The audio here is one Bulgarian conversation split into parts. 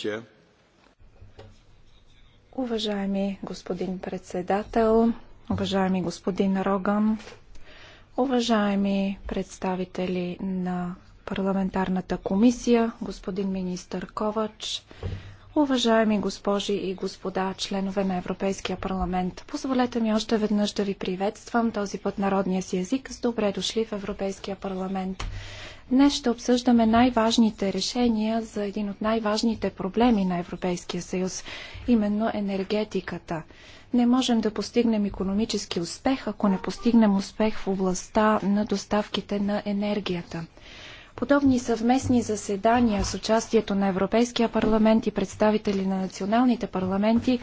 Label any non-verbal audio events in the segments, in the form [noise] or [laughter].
chair. Уважаеми господин председател, уважаеми господин Роган, уважаеми представители на парламентарната комисия, господин министър Ковач, уважаеми госпожи и господа, членове на Европейския парламент. Позволете ми още веднъж да ви приветствам, този път народния си език, с добре дошли в Европейския парламент. Днес ще обсъждаме най-важните решения за един от най-важните проблеми на Европейския съюз, именно енергетиката. Не можем да постигнем економически успех, ако не постигнем успех в областта на доставките на енергията. Подобни съвместни заседания с участието на Европейския парламент и представители на националните парламенти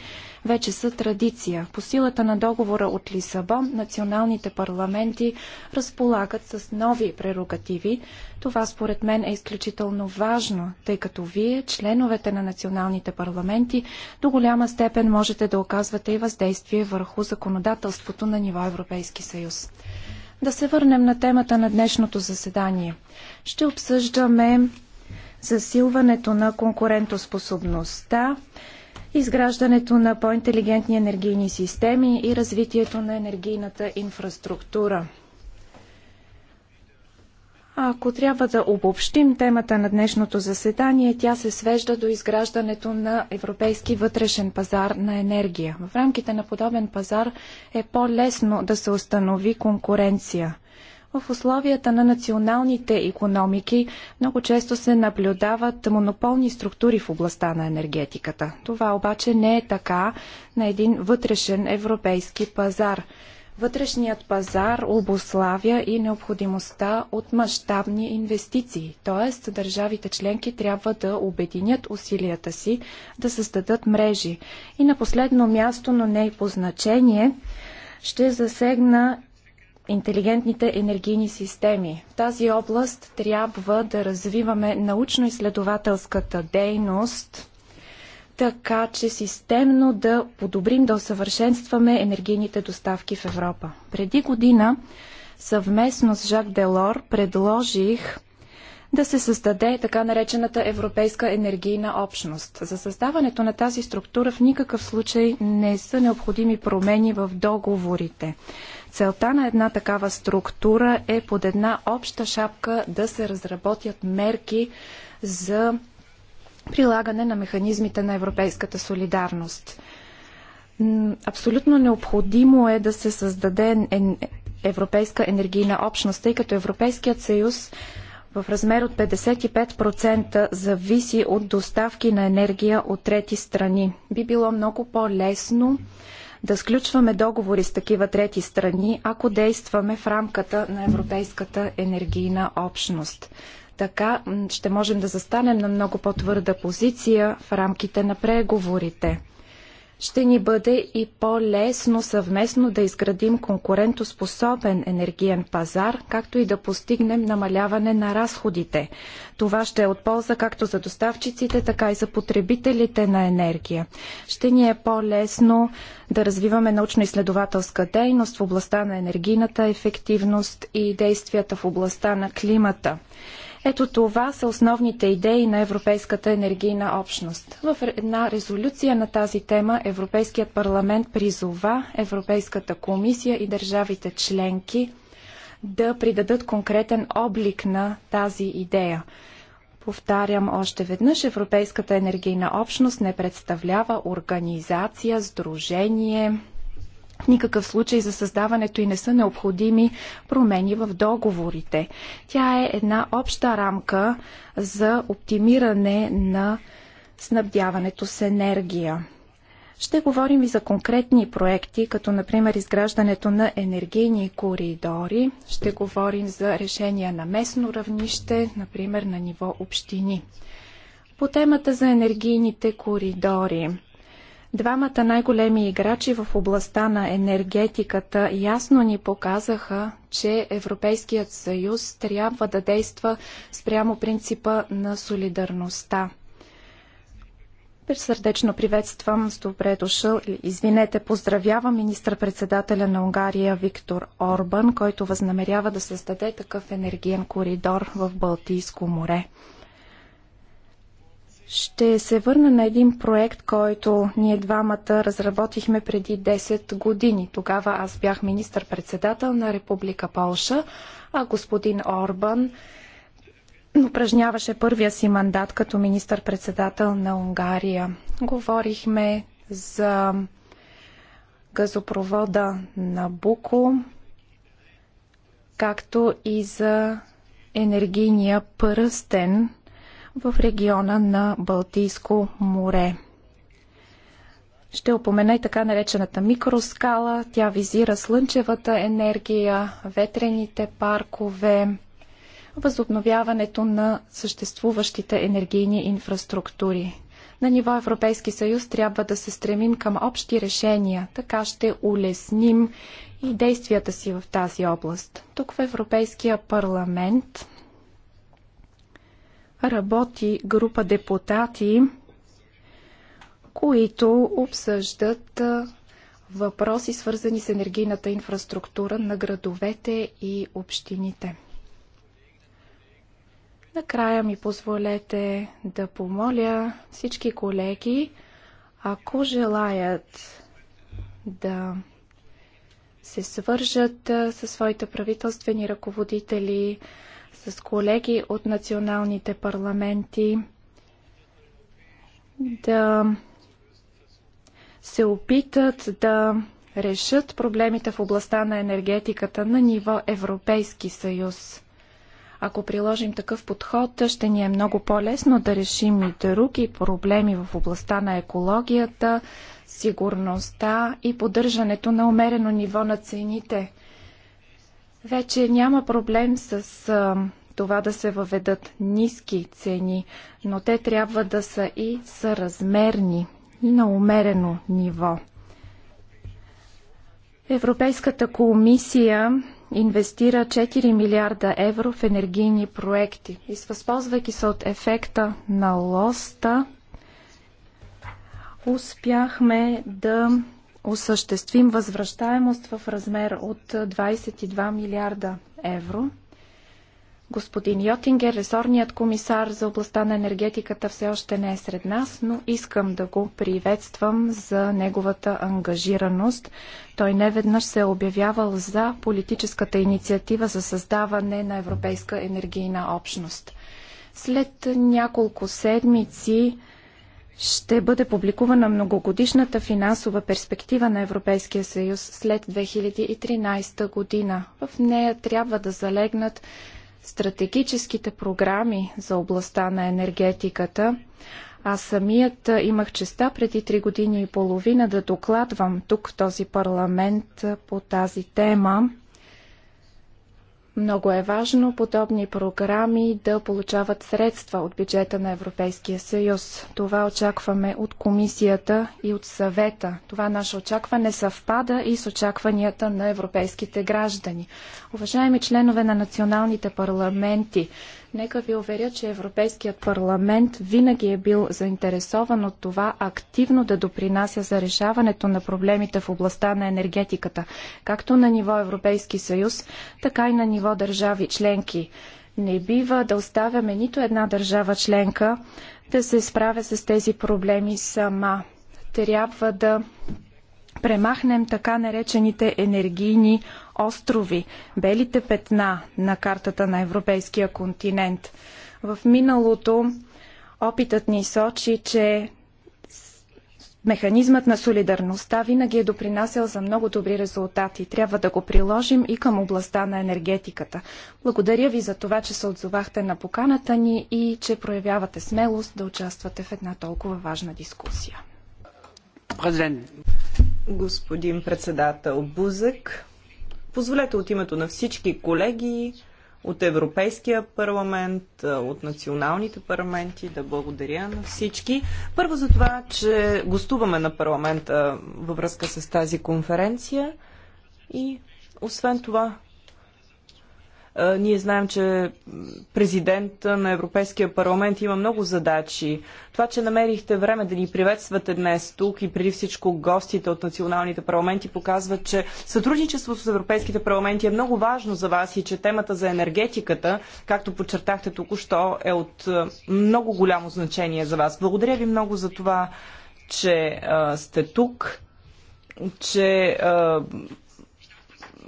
вече са традиция. По силата на договора от Лисабон, националните парламенти разполагат с нови прерогативи. Това според мен е изключително важно, тъй като вие, членовете на националните парламенти, до голяма степен можете да оказвате и въздействие върху законодателството на ниво Европейски съюз. Да се върнем на темата на днешното заседание. Ще обсъждаме засилването на конкурентоспособността, изграждането на по-интелигентни енергийни системи и развитието на енергийната инфраструктура. Ако трябва да обобщим темата на днешното заседание, тя се свежда до изграждането на европейски вътрешен пазар на енергия. В рамките на подобен пазар е по-лесно да се установи конкуренция. В условията на националните економики много често се наблюдават монополни структури в областта на енергетиката. Това обаче не е така на един вътрешен европейски пазар. Вътрешният пазар обославя и необходимостта от мащабни инвестиции, т.е. държавите членки трябва да обединят усилията си да създадат мрежи. И на последно място, но не и по значение, ще засегна интелигентните енергийни системи. В тази област трябва да развиваме научно-изследователската дейност така че системно да подобрим, да усъвършенстваме енергийните доставки в Европа. Преди година съвместно с Жак Делор предложих да се създаде така наречената Европейска енергийна общност. За създаването на тази структура в никакъв случай не са необходими промени в договорите. Целта на една такава структура е под една обща шапка да се разработят мерки за прилагане на механизмите на европейската солидарност. Абсолютно необходимо е да се създаде Европейска енергийна общност, тъй като Европейският съюз в размер от 55% зависи от доставки на енергия от трети страни. Би било много по-лесно да сключваме договори с такива трети страни, ако действаме в рамката на Европейската енергийна общност. Така ще можем да застанем на много по-твърда позиция в рамките на преговорите. Ще ни бъде и по-лесно съвместно да изградим конкурентоспособен енергиен пазар, както и да постигнем намаляване на разходите. Това ще е от полза както за доставчиците, така и за потребителите на енергия. Ще ни е по-лесно да развиваме научно-изследователска дейност в областта на енергийната ефективност и действията в областта на климата. Ето това са основните идеи на Европейската енергийна общност. В една резолюция на тази тема Европейският парламент призова Европейската комисия и държавите членки да придадат конкретен облик на тази идея. Повтарям още веднъж, Европейската енергийна общност не представлява организация, сдружение, в никакъв случай за създаването и не са необходими промени в договорите. Тя е една обща рамка за оптимиране на снабдяването с енергия. Ще говорим и за конкретни проекти, като например изграждането на енергийни коридори. Ще говорим за решения на местно равнище, например на ниво общини. По темата за енергийните коридори. Двамата най-големи играчи в областта на енергетиката ясно ни показаха, че Европейският съюз трябва да действа спрямо принципа на солидарността. Сърдечно приветствам, с добре дошъл, извинете, поздравявам министър председателя на Унгария Виктор Орбан, който възнамерява да създаде такъв енергиен коридор в Балтийско море. Ще се върна на един проект, който ние двамата разработихме преди 10 години. Тогава аз бях министър-председател на Република Полша, а господин Орбан упражняваше първия си мандат като министър-председател на Унгария. Говорихме за газопровода на Буко, както и за енергийния пръстен, в региона на Балтийско море. Ще опомена и така наречената микроскала. Тя визира слънчевата енергия, ветрените паркове, възобновяването на съществуващите енергийни инфраструктури. На ниво Европейски съюз трябва да се стремим към общи решения, така ще улесним и действията си в тази област. Тук в Европейския парламент работи група депутати, които обсъждат въпроси, свързани с енергийната инфраструктура на градовете и общините. Накрая ми позволете да помоля всички колеги, ако желаят да се свържат със своите правителствени ръководители, с колеги от националните парламенти да се опитат да решат проблемите в областта на енергетиката на ниво Европейски съюз. Ако приложим такъв подход, ще ни е много по-лесно да решим и други проблеми в областта на екологията, сигурността и поддържането на умерено ниво на цените – вече няма проблем с това да се въведат ниски цени, но те трябва да са и съразмерни и на умерено ниво. Европейската комисия инвестира 4 милиарда евро в енергийни проекти. И възползвайки се от ефекта на лоста, успяхме да осъществим възвръщаемост в размер от 22 милиарда евро. Господин Йотингер, ресорният комисар за областта на енергетиката все още не е сред нас, но искам да го приветствам за неговата ангажираност. Той неведнъж се е обявявал за политическата инициатива за създаване на Европейска енергийна общност. След няколко седмици ще бъде публикувана многогодишната финансова перспектива на Европейския съюз след 2013 година. В нея трябва да залегнат стратегическите програми за областта на енергетиката. А самият имах честа преди три години и половина да докладвам тук в този парламент по тази тема. Много е важно подобни програми да получават средства от бюджета на Европейския съюз. Това очакваме от комисията и от съвета. Това наше очакване съвпада и с очакванията на европейските граждани. Уважаеми членове на националните парламенти, Нека ви уверя, че Европейският парламент винаги е бил заинтересован от това активно да допринася за решаването на проблемите в областта на енергетиката, както на ниво Европейски съюз, така и на ниво държави членки. Не бива да оставяме нито една държава членка да се справя с тези проблеми сама. Трябва да премахнем така наречените енергийни острови, белите петна на картата на европейския континент. В миналото опитът ни сочи, че механизмът на солидарността винаги е допринасял за много добри резултати. Трябва да го приложим и към областта на енергетиката. Благодаря ви за това, че се отзовахте на поканата ни и че проявявате смелост да участвате в една толкова важна дискусия. Президент господин председател Бузък. Позволете от името на всички колеги от Европейския парламент, от националните парламенти да благодаря на всички. Първо за това, че гостуваме на парламента във връзка с тази конференция и освен това е, ние знаем, че президент на Европейския парламент има много задачи. Това, че намерихте време да ни приветствате днес тук и преди всичко гостите от националните парламенти, показва, че сътрудничеството с европейските парламенти е много важно за вас и че темата за енергетиката, както подчертахте току-що, е от е, много голямо значение за вас. Благодаря ви много за това, че а, е, сте тук че а,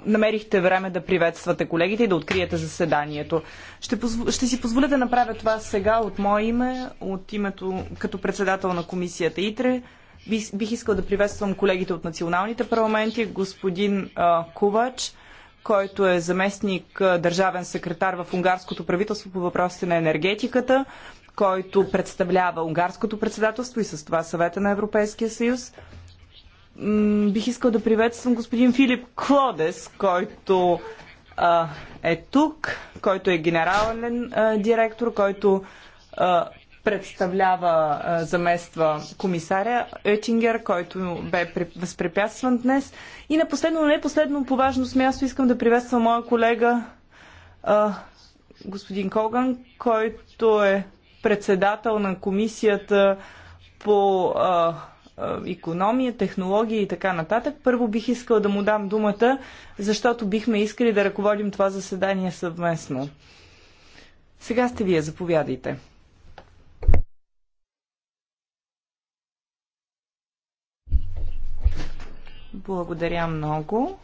намерихте време да приветствате колегите и да откриете заседанието. Ще, позв... ще си позволя да направя това сега от мое име, от името като председател на комисията ИТРЕ. Бих, бих искал да приветствам колегите от националните парламенти, господин а, Кувач, който е заместник а, държавен секретар в унгарското правителство по въпросите на енергетиката, който представлява унгарското председателство и с това съвета на Европейския съюз бих искал да приветствам господин Филип Клодес, който а, е тук, който е генерален а, директор, който а, представлява, а, замества комисаря Етингер, който бе възпрепятстван днес. И на последно, но не последно по важност място искам да приветствам моя колега а, господин Коган, който е председател на комисията по а, економия, технологии и така нататък. Първо бих искал да му дам думата, защото бихме искали да ръководим това заседание съвместно. Сега сте вие, заповядайте. Благодаря много.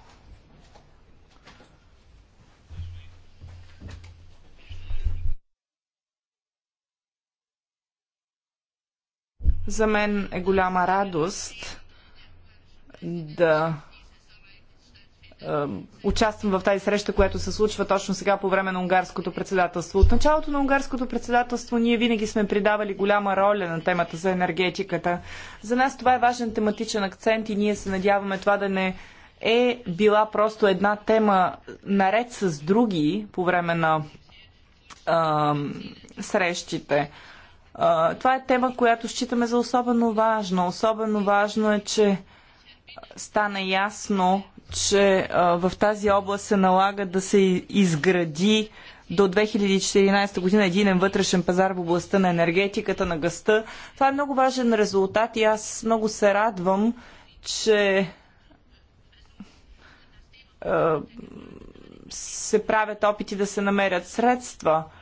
За мен е голяма радост да участвам в тази среща, която се случва точно сега по време на унгарското председателство. От началото на унгарското председателство ние винаги сме придавали голяма роля на темата за енергетиката. За нас това е важен тематичен акцент и ние се надяваме това да не е била просто една тема наред с други по време на а, срещите. Това е тема, която считаме за особено важна. Особено важно е, че стана ясно, че в тази област се налага да се изгради до 2014 година единен вътрешен пазар в областта на енергетиката, на гъста. Това е много важен резултат и аз много се радвам, че се правят опити да се намерят средства –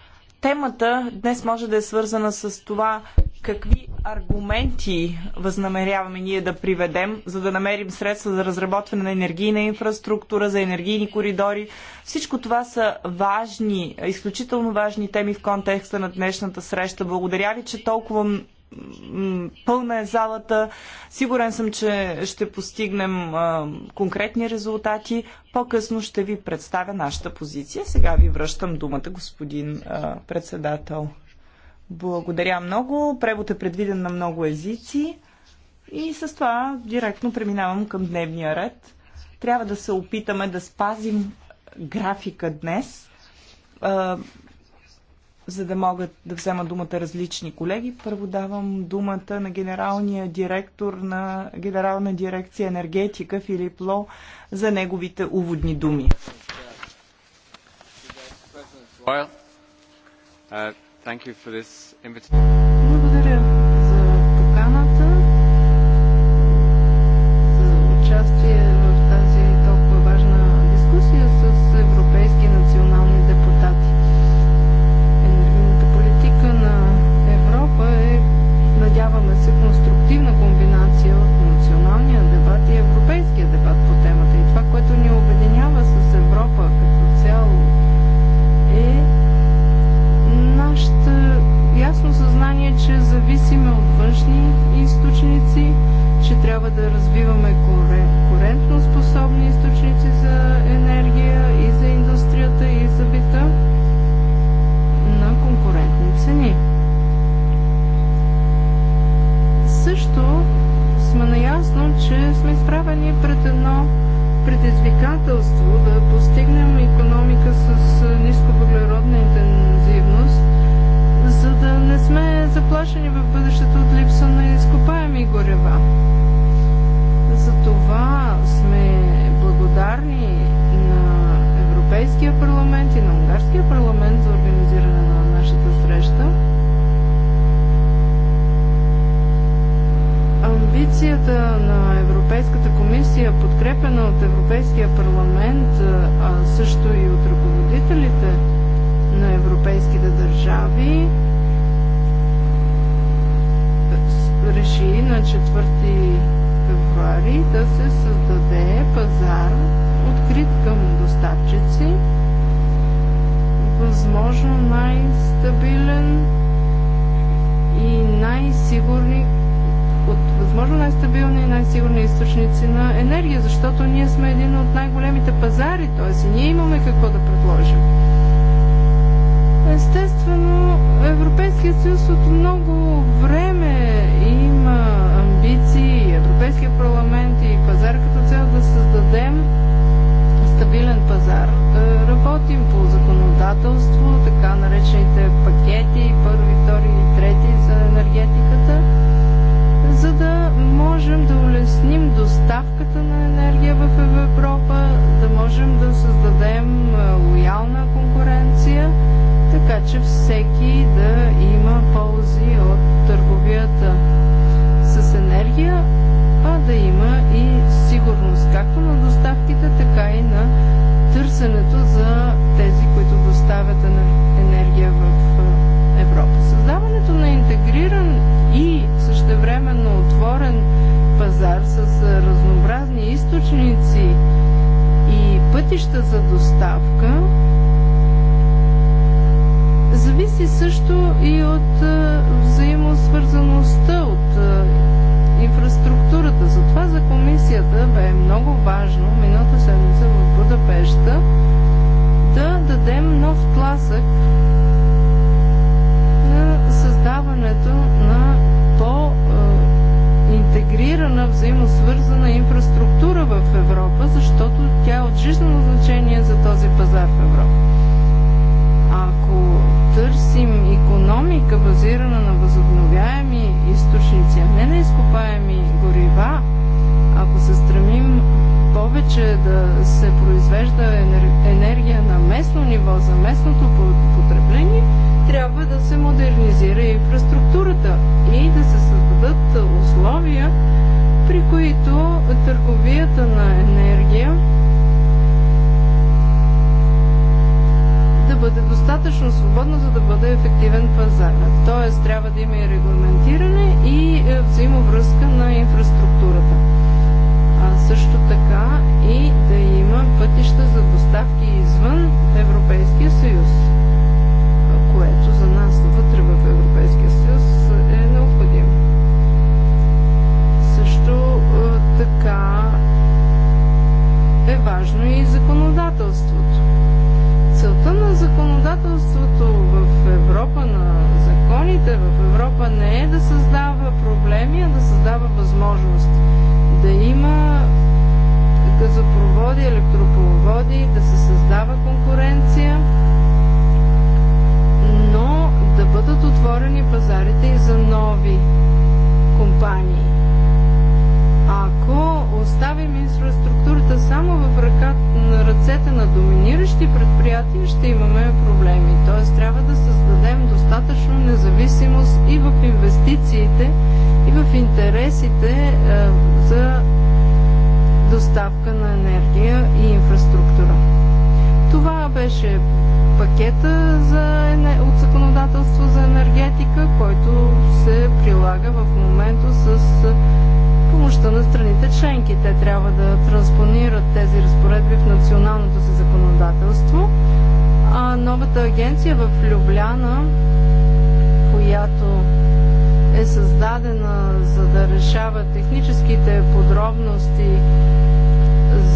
темата днес може да е свързана с това какви аргументи възнамеряваме ние да приведем, за да намерим средства за разработване на енергийна инфраструктура, за енергийни коридори. Всичко това са важни, изключително важни теми в контекста на днешната среща. Благодаря ви, че толкова пълна е залата. Сигурен съм, че ще постигнем конкретни резултати. По-късно ще ви представя нашата позиция. Сега ви връщам думата, господин председател. Благодаря много. Превод е предвиден на много езици. И с това директно преминавам към дневния ред. Трябва да се опитаме да спазим графика днес за да могат да вземат думата различни колеги. Първо давам думата на генералния директор на Генерална дирекция енергетика Филип Ло за неговите уводни думи. Well, uh, thank you for this invitation. тласък на създаването на по-интегрирана, е, взаимосвързана инфраструктура в Европа, защото тя е от жизнено значение за този пазар в Европа. Ако търсим економика базирана на възобновяеми източници, а не на изкопаеми горива, повече да се произвежда енергия на местно ниво за местното потребление, трябва да се модернизира инфраструктурата и да се създадат условия, при които търговията на енергия да бъде достатъчно свободна, за да бъде ефективен пазар. Тоест трябва да има и регламентиране и е, взаимовръзка на инфраструктурата също така и да има пътища за доставки извън Европейския съюз, което за нас вътре в Европейския съюз е необходимо. Също така е важно и законодателството. Целта на законодателството в Европа, на законите в Европа не е да създава проблеми, а да създава възможности да има газопроводи, електропроводи, да се създава конкуренция, но да бъдат отворени пазарите и за нови компании ако оставим инфраструктурата само в ръка, на ръцете на доминиращи предприятия, ще имаме проблеми. Т.е. трябва да създадем достатъчно независимост и в инвестициите, и в интересите а, е, за доставка на енергия и инфраструктура. Това беше пакета за, ене... от законодателство за енергетика, който се прилага в момента с помощта на страните членки. Те трябва да транспонират тези разпоредби в националното си законодателство. А новата агенция в Любляна, която е създадена за да решава техническите подробности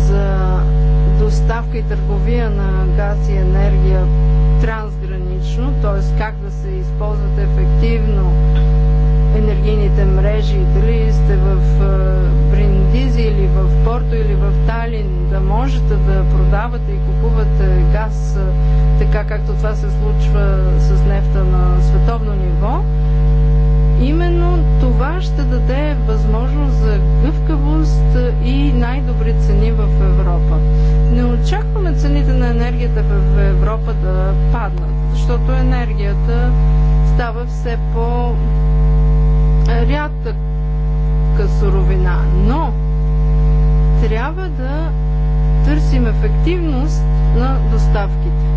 за доставка и търговия на газ и енергия трансгранично, т.е. как да се използват ефективно енергийните мрежи, дали сте в е, Бриндизи или в Порто или в Талин, да можете да продавате и купувате газ, е, така както това се случва с нефта на световно ниво, именно това ще даде възможност за гъвкавост и най-добри цени в Европа. Не очакваме цените на енергията в Европа да паднат, защото енергията става все по- рядка суровина, но трябва да търсим ефективност на доставките.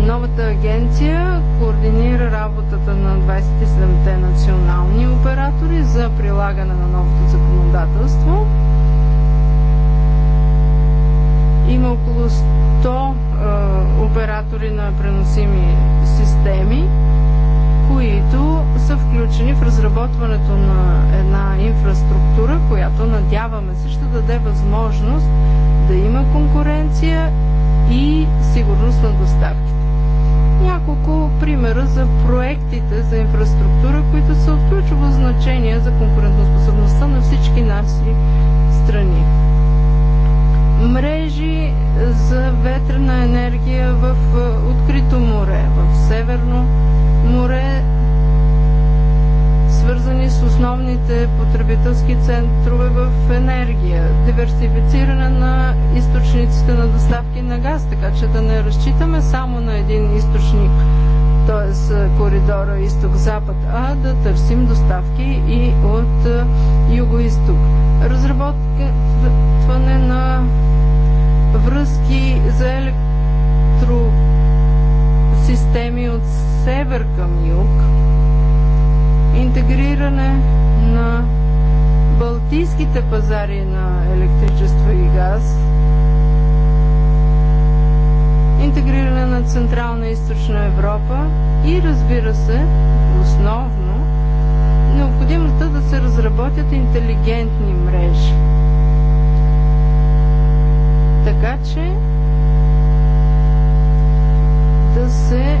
Новата агенция координира работата на 27-те национални оператори за прилагане на новото законодателство. Има около 100 е, оператори на преносими системи които са включени в разработването на една инфраструктура, която надяваме се ще даде възможност да има конкуренция и сигурност на доставките. Няколко примера за проектите за инфраструктура, които са от ключово значение за конкурентоспособността на всички наши страни. Мрежи за ветрена енергия в е, открито море, в северно море, свързани с основните потребителски центрове в енергия, диверсифициране на източниците на доставки на газ, така че да не разчитаме само на един източник, т.е. коридора изток-запад, а да търсим доставки и от е, юго-исток. Разработване на връзки за електро системи от север към юг, интегриране на балтийските пазари на електричество и газ, интегриране на Централна и Източна Европа и разбира се, основно, необходимостта да се разработят интелигентни мрежи. Така че да се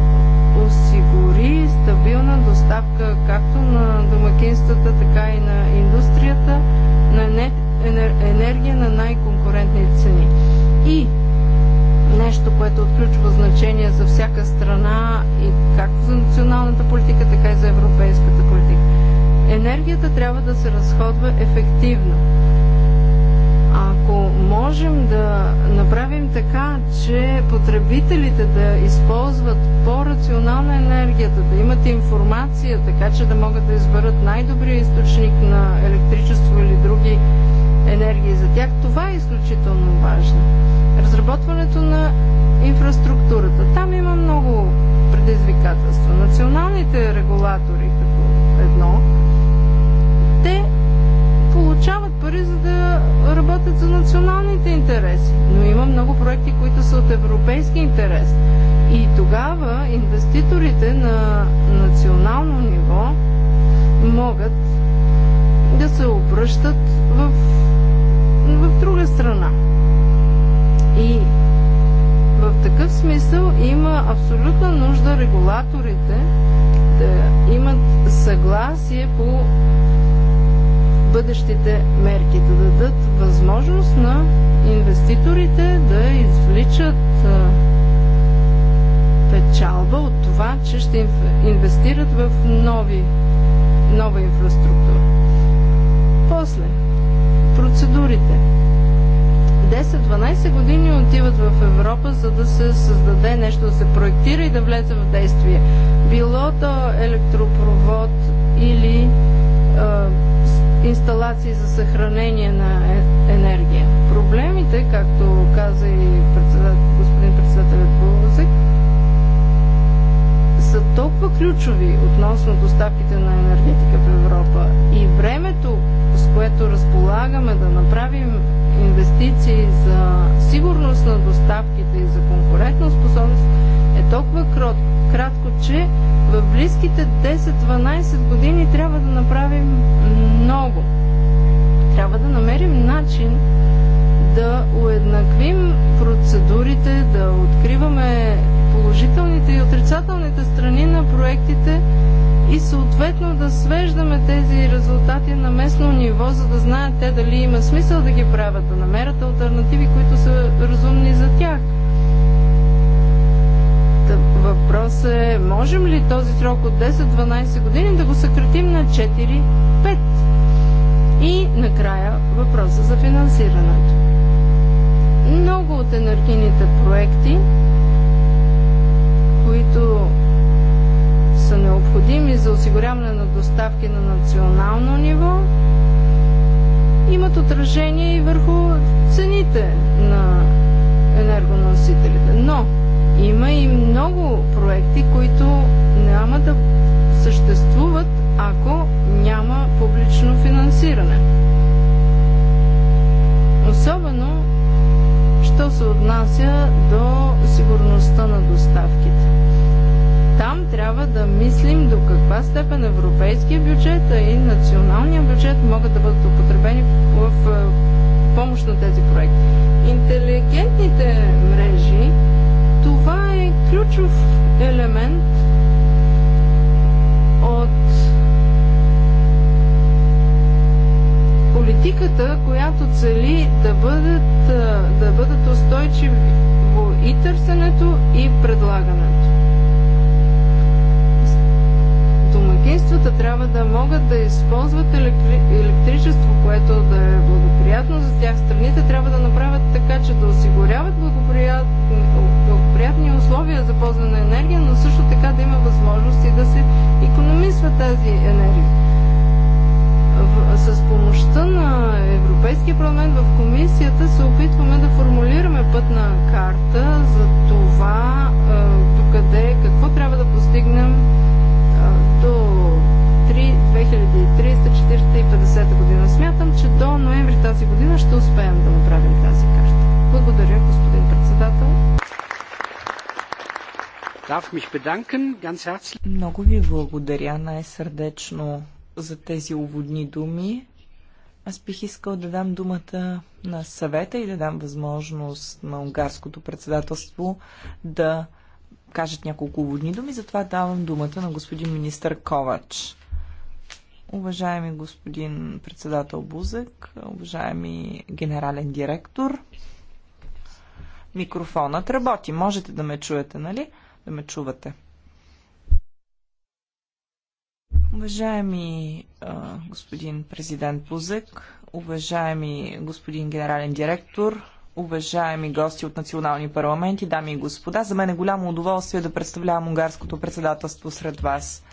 осигури стабилна доставка както на домакинствата, така и на индустрията на енергия на най-конкурентни цени. И нещо, което отключва значение за всяка страна и както за националната политика, така и за европейската политика. Енергията трябва да се разходва ефективно ако можем да направим така, че потребителите да използват по рационална енергията, да имат информация, така че да могат да изберат най-добрия източник на електричество или други енергии за тях, това е изключително важно. Разработването на инфраструктурата. Там има много предизвикателства. Националните регулатори като едно, те пари, за да работят за националните интереси. Но има много проекти, които са от европейски интерес. И тогава инвеститорите на национално ниво могат да се обръщат в, в друга страна. И в такъв смисъл има абсолютна нужда регулаторите да имат съгласие по бъдещите мерки, да дадат възможност на инвеститорите да извличат печалба от това, че ще инвестират в нови, нова инфраструктура. После, процедурите. 10-12 години отиват в Европа, за да се създаде нещо, да се проектира и да влезе в действие. Било то електропровод или инсталации за съхранение на е, енергия. Проблемите, както каза и председател, господин председателят Булзек, са толкова ключови относно доставките на енергетика в Европа и времето, с което разполагаме да направим инвестиции за сигурност на доставките и за конкурентна способност е толкова кротко, кратко, че в близките 10-12 години трябва да направим много. Трябва да намерим начин да уеднаквим процедурите, да откриваме положителните и отрицателните страни на проектите и съответно да свеждаме тези резултати на местно ниво, за да знаят те дали има смисъл да ги правят, да намерят альтернативи, които са разумни за тях – Въпрос е, можем ли този срок от 10-12 години да го съкратим на 4-5? И накрая въпроса за финансирането. Много от енергийните проекти, които са необходими за осигуряване на доставки на национално ниво, имат отражение и върху цените на енергоносителите. Но има и много проекти, които няма да съществуват, ако няма публично финансиране. Особено, що се отнася до сигурността на доставките. Там трябва да мислим до каква степен европейския бюджет, и националния бюджет могат да бъдат употребени в помощ на тези проекти. Интелигентните мрежи това е ключов елемент от политиката, която цели да бъдат, да бъдат во и търсенето, и предлагането. Домакинствата трябва да могат да използват електри... електричество, което да е благоприятно за тях. Страните трябва да направят така, че да осигуряват благоприятни условия за ползване на енергия, но също така да има възможности да се економисва тази енергия. С помощта на Европейския парламент в комисията се опитваме да формулираме пътна карта за това къде, какво трябва да постигнем до 2050 година. Смятам, че до ноември тази година ще успеем да направим тази карта. Благодаря, господин председател. Много ви благодаря най-сърдечно за тези уводни думи. Аз бих искал да дам думата на съвета и да дам възможност на унгарското председателство да кажат няколко уводни думи, затова давам думата на господин министър Ковач. Уважаеми господин председател Бузък, уважаеми генерален директор, Микрофонът работи. Можете да ме чуете, нали? Да ме чувате. Уважаеми а, господин президент Пузек, уважаеми господин генерален директор, уважаеми гости от национални парламенти, дами и господа, за мен е голямо удоволствие да представлявам унгарското председателство сред вас.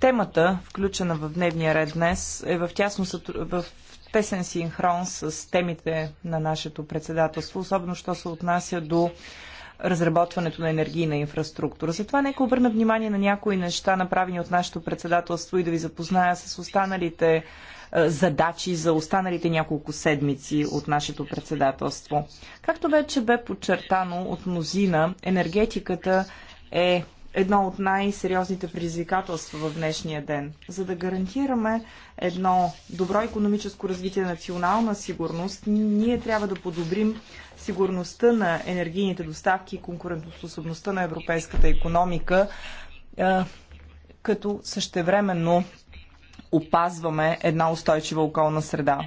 Темата, включена в дневния ред днес, е в тясно, в тесен синхрон с темите на нашето председателство, особено що се отнася до разработването на енергийна инфраструктура. Затова нека обърна внимание на някои неща, направени от нашето председателство и да ви запозная с останалите е, задачи за останалите няколко седмици от нашето председателство. Както вече бе подчертано от мнозина, енергетиката е едно от най-сериозните предизвикателства в днешния ден. За да гарантираме едно добро економическо развитие на национална сигурност, ние трябва да подобрим сигурността на енергийните доставки и конкурентоспособността на европейската економика, е, като същевременно опазваме една устойчива околна среда.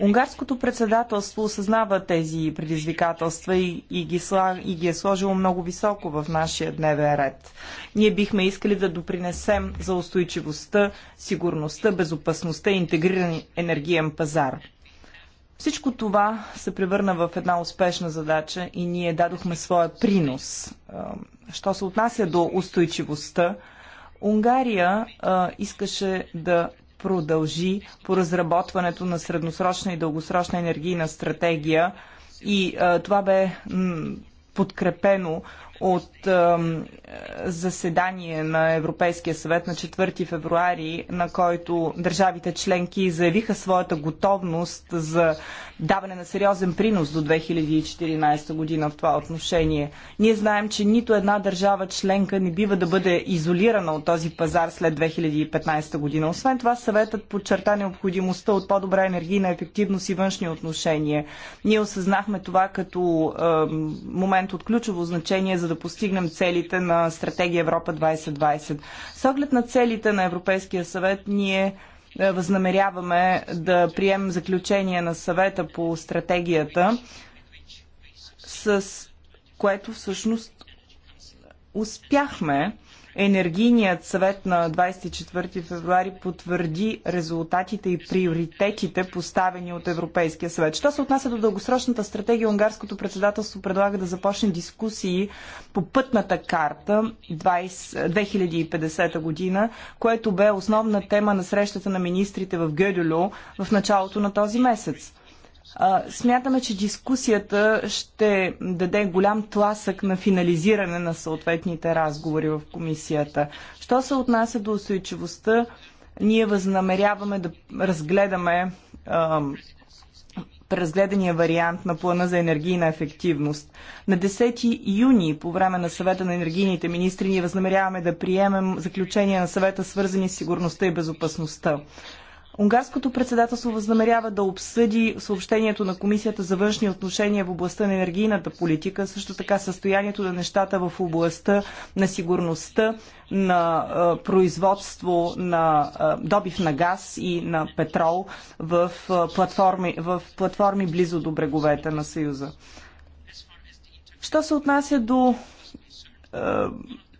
Унгарското председателство осъзнава тези предизвикателства и, и, ги сла, и ги е сложило много високо в нашия дневен ред. Ние бихме искали да допринесем за устойчивостта, сигурността, безопасността и интегриран енергиен пазар. Всичко това се превърна в една успешна задача и ние дадохме своя принос. Е, що се отнася до устойчивостта, Унгария а, е, искаше да продължи по разработването на средносрочна и дългосрочна енергийна стратегия и а, това бе подкрепено от заседание на Европейския съвет на 4 февруари, на който държавите членки заявиха своята готовност за даване на сериозен принос до 2014 година в това отношение. Ние знаем, че нито една държава членка не бива да бъде изолирана от този пазар след 2015 година. Освен това, съветът подчерта необходимостта от по-добра енергийна ефективност и външни отношения. Ние осъзнахме това като момент от ключово значение за да постигнем целите на стратегия Европа 2020. С оглед на целите на Европейския съвет ние е, възнамеряваме да приемем заключение на съвета по стратегията, с което всъщност успяхме Енергийният съвет на 24 февруари потвърди резултатите и приоритетите поставени от Европейския съвет. Що се отнася до дългосрочната стратегия, унгарското председателство предлага да започне дискусии по пътната карта 20, 2050 година, което бе основна тема на срещата на министрите в Гъделю в началото на този месец. Смятаме, че дискусията ще даде голям тласък на финализиране на съответните разговори в комисията. Що се отнася до устойчивостта, ние възнамеряваме да разгледаме преразгледания вариант на плана за енергийна ефективност. На 10 юни, по време на съвета на енергийните министри, ние възнамеряваме да приемем заключения на съвета, свързани с сигурността и безопасността. Унгарското председателство възнамерява да обсъди съобщението на Комисията за външни отношения в областта на енергийната политика, също така състоянието на нещата в областта на сигурността, на производство на добив на газ и на петрол в, платформи, в платформи близо до бреговете на Съюза. Що се отнася до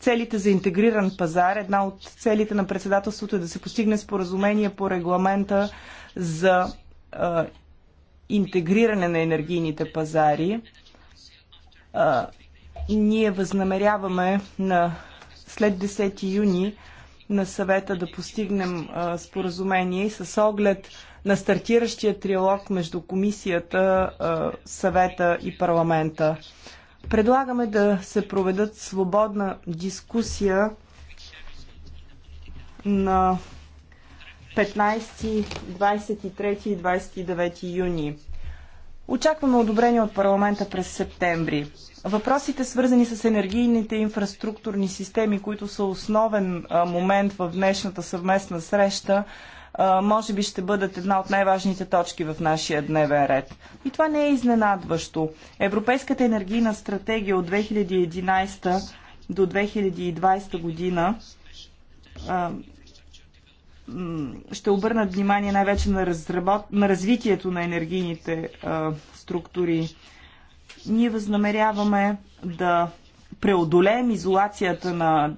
целите за интегриран пазар. Една от целите на председателството е да се постигне споразумение по регламента за а, интегриране на енергийните пазари. А, ние възнамеряваме на след 10 юни на съвета да постигнем а, споразумение и с оглед на стартиращия триалог между комисията, а, съвета и парламента. Предлагаме да се проведат свободна дискусия на 15, 23 и 29 юни. Очакваме одобрение от парламента през септември. Въпросите, свързани с енергийните инфраструктурни системи, които са основен момент в днешната съвместна среща, може би ще бъдат една от най-важните точки в нашия дневен ред. И това не е изненадващо. Европейската енергийна стратегия от 2011 до 2020 година ще обърнат внимание най-вече на, разработ... на развитието на енергийните а, структури. Ние възнамеряваме да преодолеем изолацията на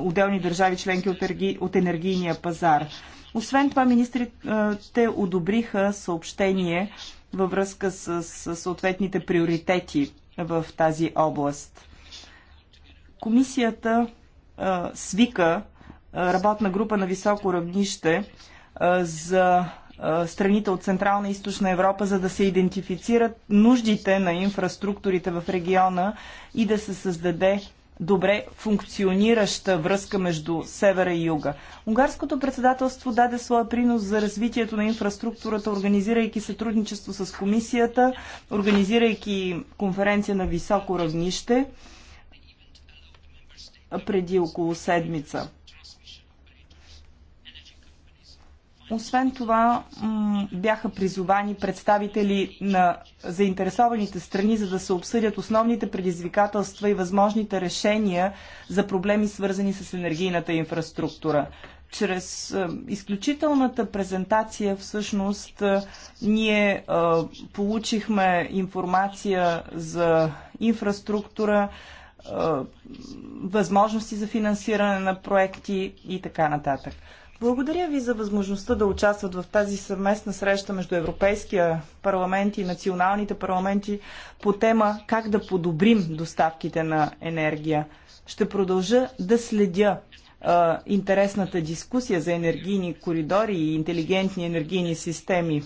отделни държави членки от, от енергийния пазар. Освен това, министрите одобриха съобщение във връзка с, с съответните приоритети в тази област. Комисията а, свика а, работна група на високо равнище а, за страните от Централна и Източна Европа, за да се идентифицират нуждите на инфраструктурите в региона и да се създаде добре функционираща връзка между севера и юга. Унгарското председателство даде своя принос за развитието на инфраструктурата, организирайки сътрудничество с комисията, организирайки конференция на високо равнище преди около седмица. Освен това, бяха призовани представители на заинтересованите страни, за да се обсъдят основните предизвикателства и възможните решения за проблеми, свързани с енергийната инфраструктура. Чрез е, изключителната презентация всъщност е, ние е, получихме информация за инфраструктура, възможности за финансиране на проекти и така нататък. Благодаря ви за възможността да участват в тази съвместна среща между Европейския парламент и националните парламенти по тема как да подобрим доставките на енергия. Ще продължа да следя а, интересната дискусия за енергийни коридори и интелигентни енергийни системи.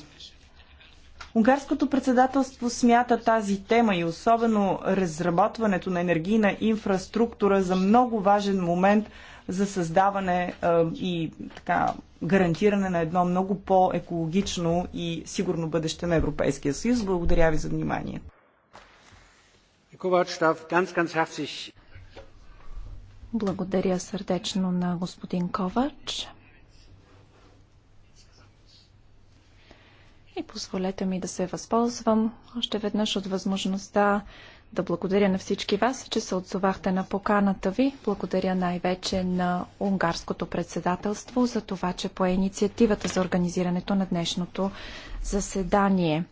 Унгарското председателство смята тази тема и особено разработването на енергийна инфраструктура за много важен момент – за създаване и така, гарантиране на едно много по-екологично и сигурно бъдеще на Европейския съюз. Благодаря ви за внимание. Благодаря сърдечно на господин Ковач. И позволете ми да се възползвам още веднъж от възможността да благодаря на всички вас, че се отзовахте на поканата ви. Благодаря най-вече на унгарското председателство за това, че пое инициативата за организирането на днешното заседание.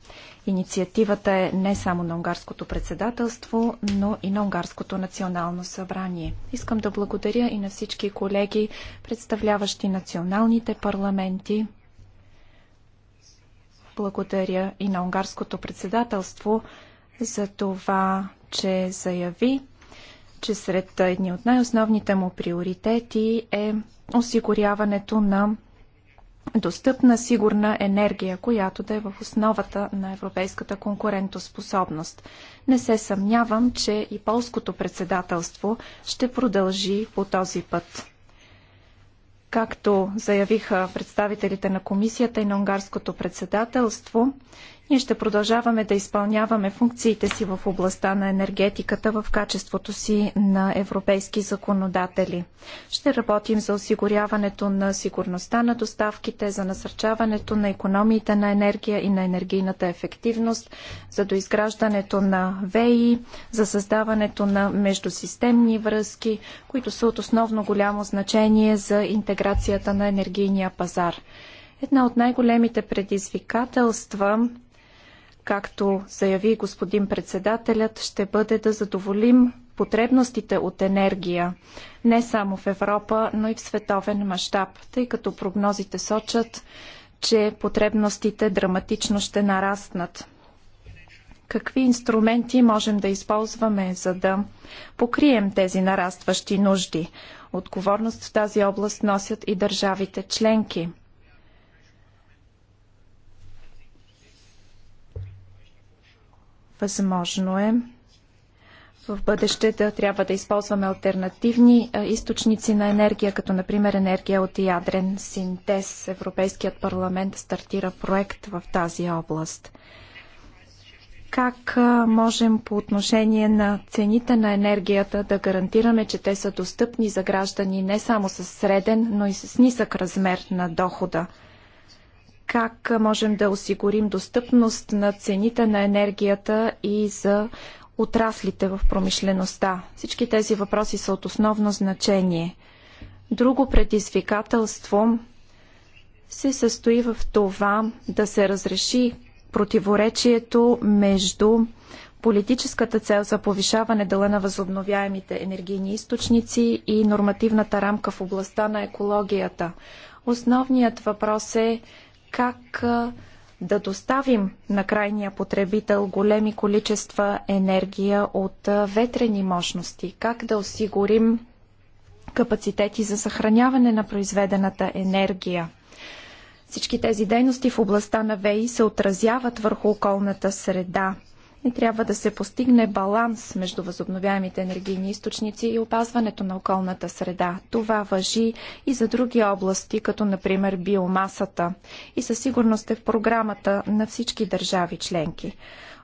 Инициативата е не само на унгарското председателство, но и на унгарското национално събрание. Искам да благодаря и на всички колеги, представляващи националните парламенти. Благодаря и на унгарското председателство, за това, че заяви, че сред едни от най-основните му приоритети е осигуряването на достъпна, сигурна енергия, която да е в основата на европейската конкурентоспособност. Не се съмнявам, че и полското председателство ще продължи по този път. Както заявиха представителите на комисията и на унгарското председателство, ние ще продължаваме да изпълняваме функциите си в областта на енергетиката в качеството си на европейски законодатели. Ще работим за осигуряването на сигурността на доставките, за насърчаването на економиите на енергия и на енергийната ефективност, за доизграждането на ВЕИ, за създаването на междусистемни връзки, които са от основно голямо значение за интеграцията на енергийния пазар. Една от най-големите предизвикателства както заяви господин председателят, ще бъде да задоволим потребностите от енергия не само в Европа, но и в световен мащаб, тъй като прогнозите сочат, че потребностите драматично ще нараснат. Какви инструменти можем да използваме, за да покрием тези нарастващи нужди? Отговорност в тази област носят и държавите членки – Възможно е в бъдеще да трябва да използваме альтернативни източници на енергия, като например енергия от ядрен синтез. Европейският парламент стартира проект в тази област. Как можем по отношение на цените на енергията да гарантираме, че те са достъпни за граждани не само с среден, но и с нисък размер на дохода? как можем да осигурим достъпност на цените на енергията и за отраслите в промишлеността. Всички тези въпроси са от основно значение. Друго предизвикателство се състои в това да се разреши противоречието между политическата цел за повишаване дела на възобновяемите енергийни източници и нормативната рамка в областта на екологията. Основният въпрос е как да доставим на крайния потребител големи количества енергия от ветрени мощности, как да осигурим капацитети за съхраняване на произведената енергия. Всички тези дейности в областта на ВЕИ се отразяват върху околната среда и трябва да се постигне баланс между възобновяемите енергийни източници и опазването на околната среда. Това въжи и за други области, като например биомасата и със сигурност е в програмата на всички държави членки.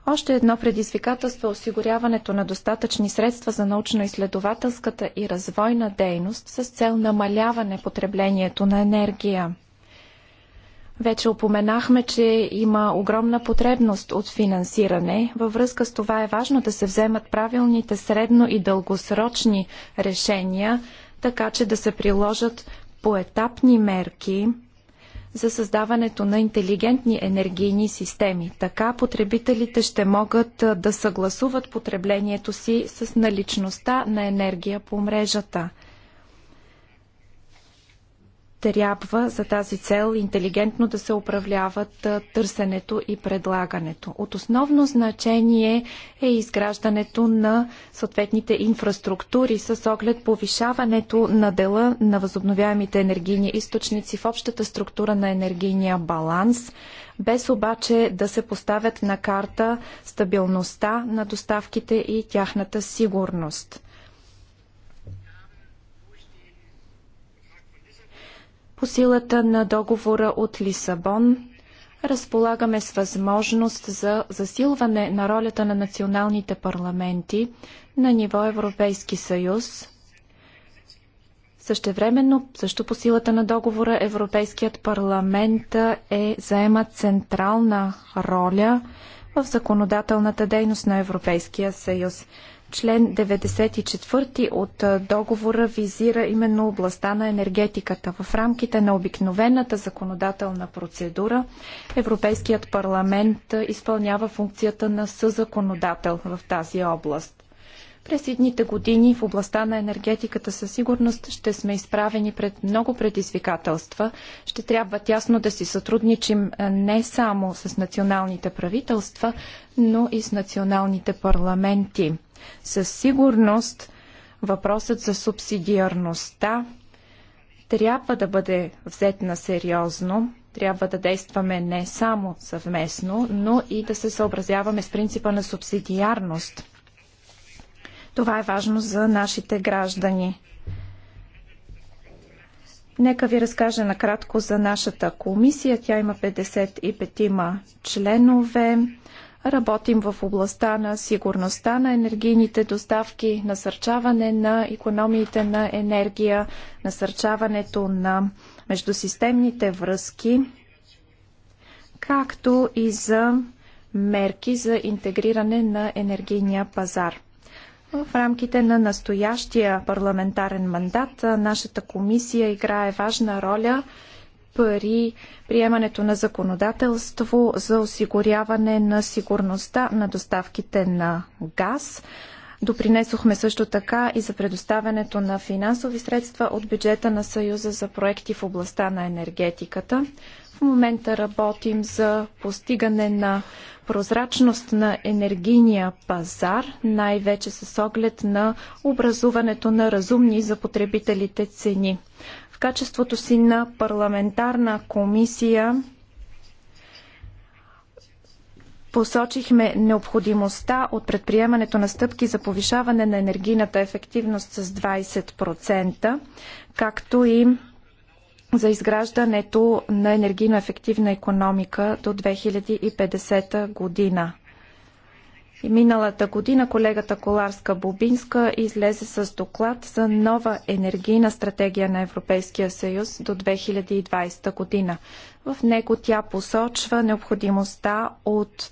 Още едно предизвикателство е осигуряването на достатъчни средства за научно-изследователската и развойна дейност с цел намаляване потреблението на енергия. Вече упоменахме, че има огромна потребност от финансиране. Във връзка с това е важно да се вземат правилните средно и дългосрочни решения, така че да се приложат поетапни мерки за създаването на интелигентни енергийни системи. Така потребителите ще могат да съгласуват потреблението си с наличността на енергия по мрежата – трябва за тази цел интелигентно да се управляват търсенето и предлагането. От основно значение е изграждането на съответните инфраструктури с оглед повишаването на дела на възобновяемите енергийни източници в общата структура на енергийния баланс, без обаче да се поставят на карта стабилността на доставките и тяхната сигурност. По силата на договора от Лисабон разполагаме с възможност за засилване на ролята на националните парламенти на ниво Европейски съюз. Същевременно, също по силата на договора, Европейският парламент е заема централна роля в законодателната дейност на Европейския съюз. Член 94 от договора визира именно областта на енергетиката. В рамките на обикновената законодателна процедура Европейският парламент изпълнява функцията на съзаконодател в тази област. През едните години в областта на енергетиката със сигурност ще сме изправени пред много предизвикателства. Ще трябва тясно да си сътрудничим не само с националните правителства, но и с националните парламенти. Със сигурност въпросът за субсидиарността трябва да бъде взет на сериозно. Трябва да действаме не само съвместно, но и да се съобразяваме с принципа на субсидиарност. Това е важно за нашите граждани. Нека ви разкажа накратко за нашата комисия. Тя има 55 членове. Работим в областта на сигурността на енергийните доставки, насърчаване на економиите на енергия, насърчаването на междусистемните връзки, както и за мерки за интегриране на енергийния пазар. В рамките на настоящия парламентарен мандат нашата комисия играе важна роля – пари приемането на законодателство за осигуряване на сигурността на доставките на газ. Допринесохме също така и за предоставянето на финансови средства от бюджета на Съюза за проекти в областта на енергетиката. В момента работим за постигане на прозрачност на енергийния пазар, най-вече с оглед на образуването на разумни за потребителите цени. В качеството си на парламентарна комисия посочихме необходимостта от предприемането на стъпки за повишаване на енергийната ефективност с 20%, както и за изграждането на енергийно ефективна економика до 2050 година. И миналата година колегата Коларска-Бубинска излезе с доклад за нова енергийна стратегия на Европейския съюз до 2020 година. В него тя посочва необходимостта от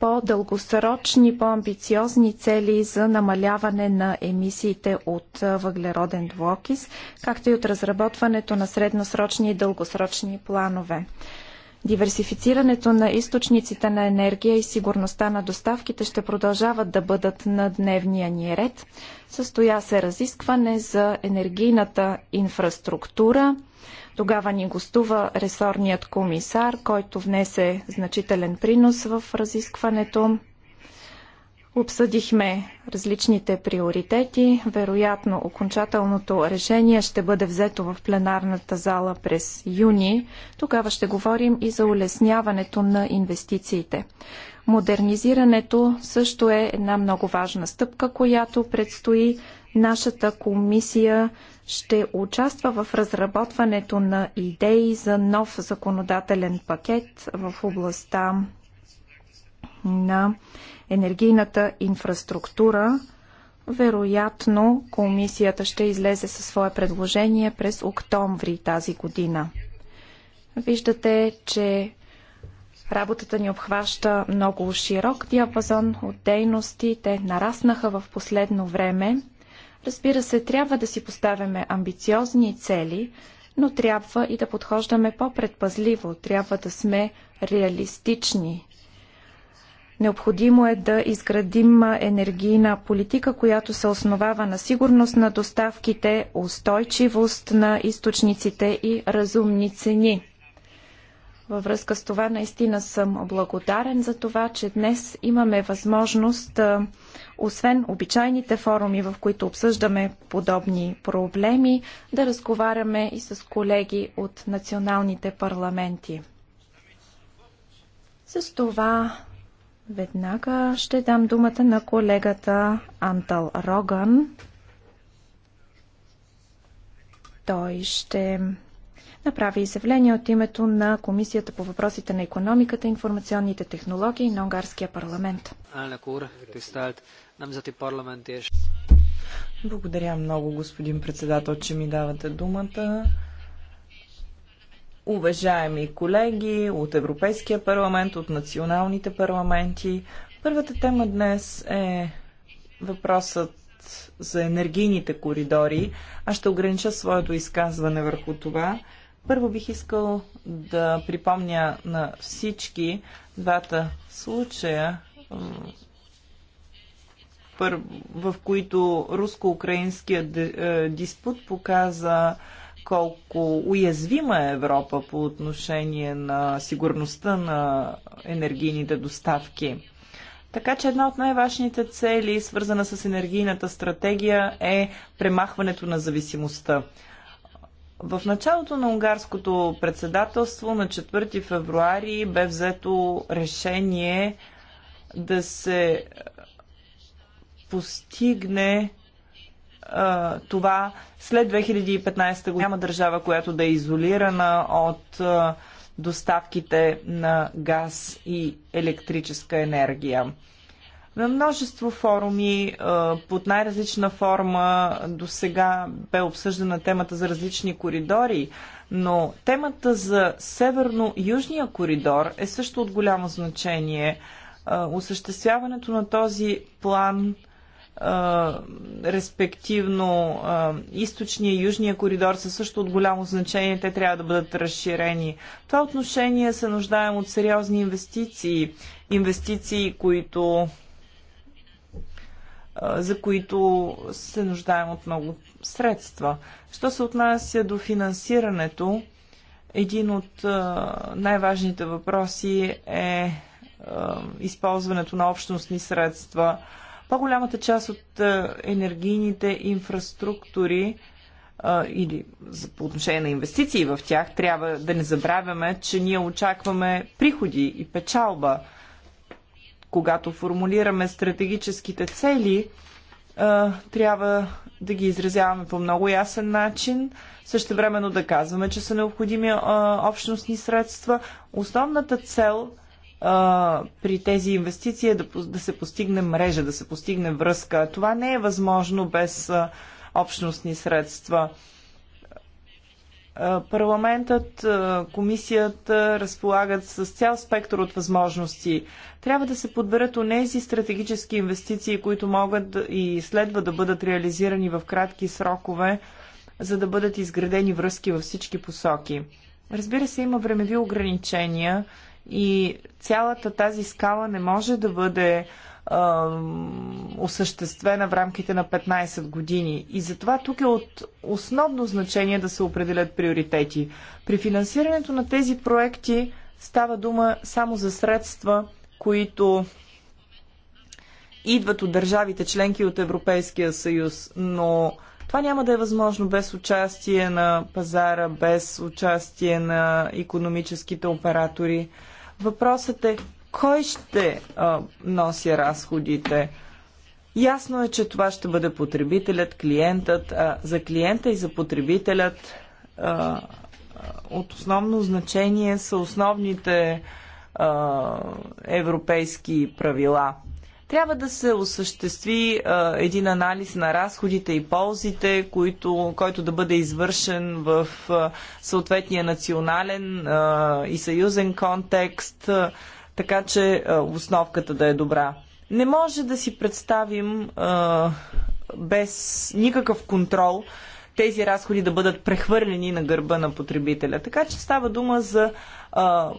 по-дългосрочни, по-амбициозни цели за намаляване на емисиите от въглероден двуокис, както и от разработването на средносрочни и дългосрочни планове. Диверсифицирането на източниците на енергия и сигурността на доставките ще продължават да бъдат на дневния ни ред. Състоя се разискване за енергийната инфраструктура. Тогава ни гостува ресорният комисар, който внесе значителен принос в разискването. Обсъдихме различните приоритети. Вероятно, окончателното решение ще бъде взето в пленарната зала през юни. Тогава ще говорим и за улесняването на инвестициите. Модернизирането също е една много важна стъпка, която предстои. Нашата комисия ще участва в разработването на идеи за нов законодателен пакет в областта на енергийната инфраструктура, вероятно комисията ще излезе със свое предложение през октомври тази година. Виждате, че Работата ни обхваща много широк диапазон от дейности. Те нараснаха в последно време. Разбира се, трябва да си поставяме амбициозни цели, но трябва и да подхождаме по-предпазливо. Трябва да сме реалистични. Необходимо е да изградим енергийна политика, която се основава на сигурност на доставките, устойчивост на източниците и разумни цени. Във връзка с това наистина съм благодарен за това, че днес имаме възможност, освен обичайните форуми, в които обсъждаме подобни проблеми, да разговаряме и с колеги от националните парламенти. С това Веднага ще дам думата на колегата Антал Роган. Той ще направи изявление от името на Комисията по въпросите на економиката, информационните технологии на Унгарския парламент. Благодаря много, господин председател, че ми давате думата. Уважаеми колеги от Европейския парламент, от националните парламенти, първата тема днес е въпросът за енергийните коридори. Аз ще огранича своето изказване върху това. Първо бих искал да припомня на всички двата случая, в които руско-украинският е, диспут показа колко уязвима е Европа по отношение на сигурността на енергийните доставки. Така че една от най-важните цели, свързана с енергийната стратегия, е премахването на зависимостта. В началото на унгарското председателство на 4 февруари бе взето решение да се постигне това след 2015 година няма държава, която да е изолирана от доставките на газ и електрическа енергия. На множество форуми под най-различна форма до сега бе обсъждана темата за различни коридори, но темата за северно-южния коридор е също от голямо значение. Осъществяването на този план респективно източния и южния коридор са също от голямо значение. Те трябва да бъдат разширени. В това отношение се нуждаем от сериозни инвестиции. Инвестиции, които за които се нуждаем от много средства. Що се отнася до финансирането, един от най-важните въпроси е използването на общностни средства – по-голямата част от е, енергийните инфраструктури е, или по отношение на инвестиции в тях, трябва да не забравяме, че ние очакваме приходи и печалба. Когато формулираме стратегическите цели, е, трябва да ги изразяваме по много ясен начин, времено да казваме, че са необходими общностни средства. Основната цел – а, при тези инвестиции е да, да се постигне мрежа, да се постигне връзка. Това не е възможно без а, общностни средства. Парламентът, комисията разполагат с цял спектър от възможности. Трябва да се подберат онези стратегически инвестиции, които могат и следва да бъдат реализирани в кратки срокове, за да бъдат изградени връзки във всички посоки. Разбира се, има времеви ограничения и цялата тази скала не може да бъде а, осъществена в рамките на 15 години. И затова тук е от основно значение да се определят приоритети. При финансирането на тези проекти става дума само за средства, които идват от държавите членки от Европейския съюз, но това няма да е възможно без участие на пазара, без участие на економическите оператори. Въпросът е кой ще а, носи разходите. Ясно е, че това ще бъде потребителят, клиентът. А, за клиента и за потребителят а, от основно значение са основните а, европейски правила – трябва да се осъществи а, един анализ на разходите и ползите, които, който да бъде извършен в а, съответния национален а, и съюзен контекст, а, така че а, основката да е добра. Не може да си представим а, без никакъв контрол тези разходи да бъдат прехвърлени на гърба на потребителя. Така че става дума за а,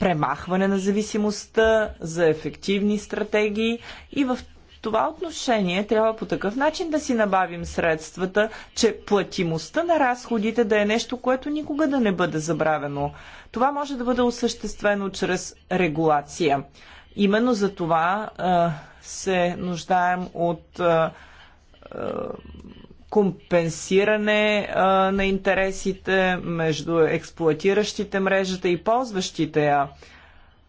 премахване на зависимостта, за ефективни стратегии и в това отношение трябва по такъв начин да си набавим средствата, че платимостта на разходите да е нещо, което никога да не бъде забравено. Това може да бъде осъществено чрез регулация. Именно за това а, се нуждаем от а, а, компенсиране а, на интересите между експлуатиращите мрежата и ползващите я.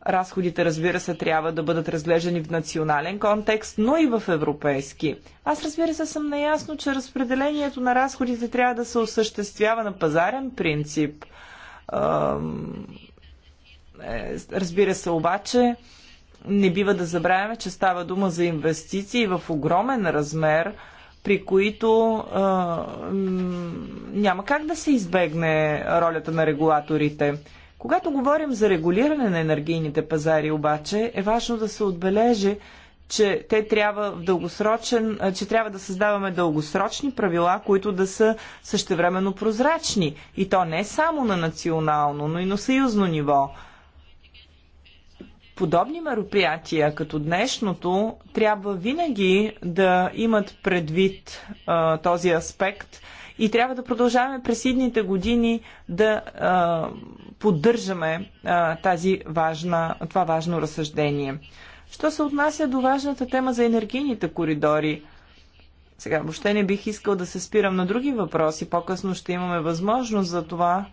Разходите, разбира се, трябва да бъдат разглеждани в национален контекст, но и в европейски. Аз, разбира се, съм наясно, че разпределението на разходите трябва да се осъществява на пазарен принцип. Е, разбира се, обаче, не бива да забравяме, че става дума за инвестиции в огромен размер – при които а, няма как да се избегне ролята на регулаторите. Когато говорим за регулиране на енергийните пазари, обаче, е важно да се отбележи, че те трябва в дългосрочен, че трябва да създаваме дългосрочни правила, които да са същевременно прозрачни. И то не само на национално, но и на съюзно ниво подобни мероприятия като днешното трябва винаги да имат предвид а, този аспект и трябва да продължаваме през идните години да а, поддържаме а, тази важна, това важно разсъждение. Що се отнася до важната тема за енергийните коридори, сега въобще не бих искал да се спирам на други въпроси, по-късно ще имаме възможност за това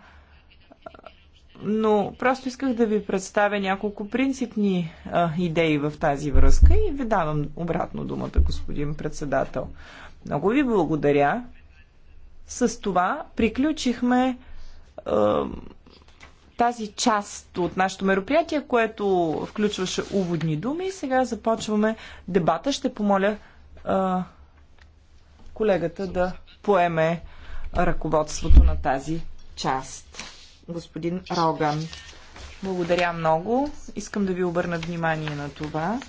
но просто исках да ви представя няколко принципни а, идеи в тази връзка и ви давам обратно думата, господин председател. Много ви благодаря. С това приключихме а, тази част от нашето мероприятие, което включваше уводни думи. сега започваме дебата. Ще помоля а, колегата да поеме ръководството на тази част господин Роган. Благодаря много. Искам да ви обърна внимание на това,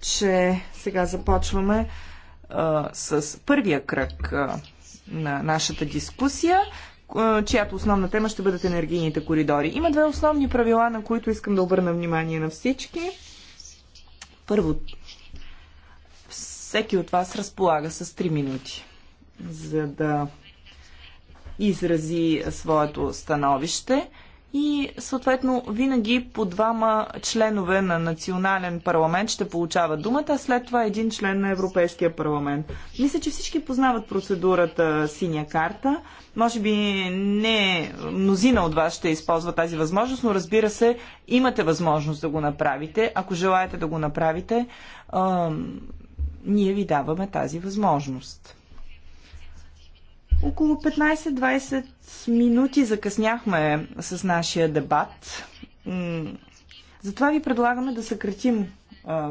че сега започваме а, с първия кръг а, на нашата дискусия, а, чиято основна тема ще бъдат енергийните коридори. Има две основни правила, на които искам да обърна внимание на всички. Първо, всеки от вас разполага с 3 минути, за да изрази своето становище и съответно винаги по двама членове на национален парламент ще получават думата, а след това един член на Европейския парламент. Мисля, че всички познават процедурата синя карта. Може би не мнозина от вас ще използва тази възможност, но разбира се, имате възможност да го направите. Ако желаете да го направите, ние ви даваме тази възможност. Около 15-20 минути закъсняхме с нашия дебат. Затова ви предлагаме да съкратим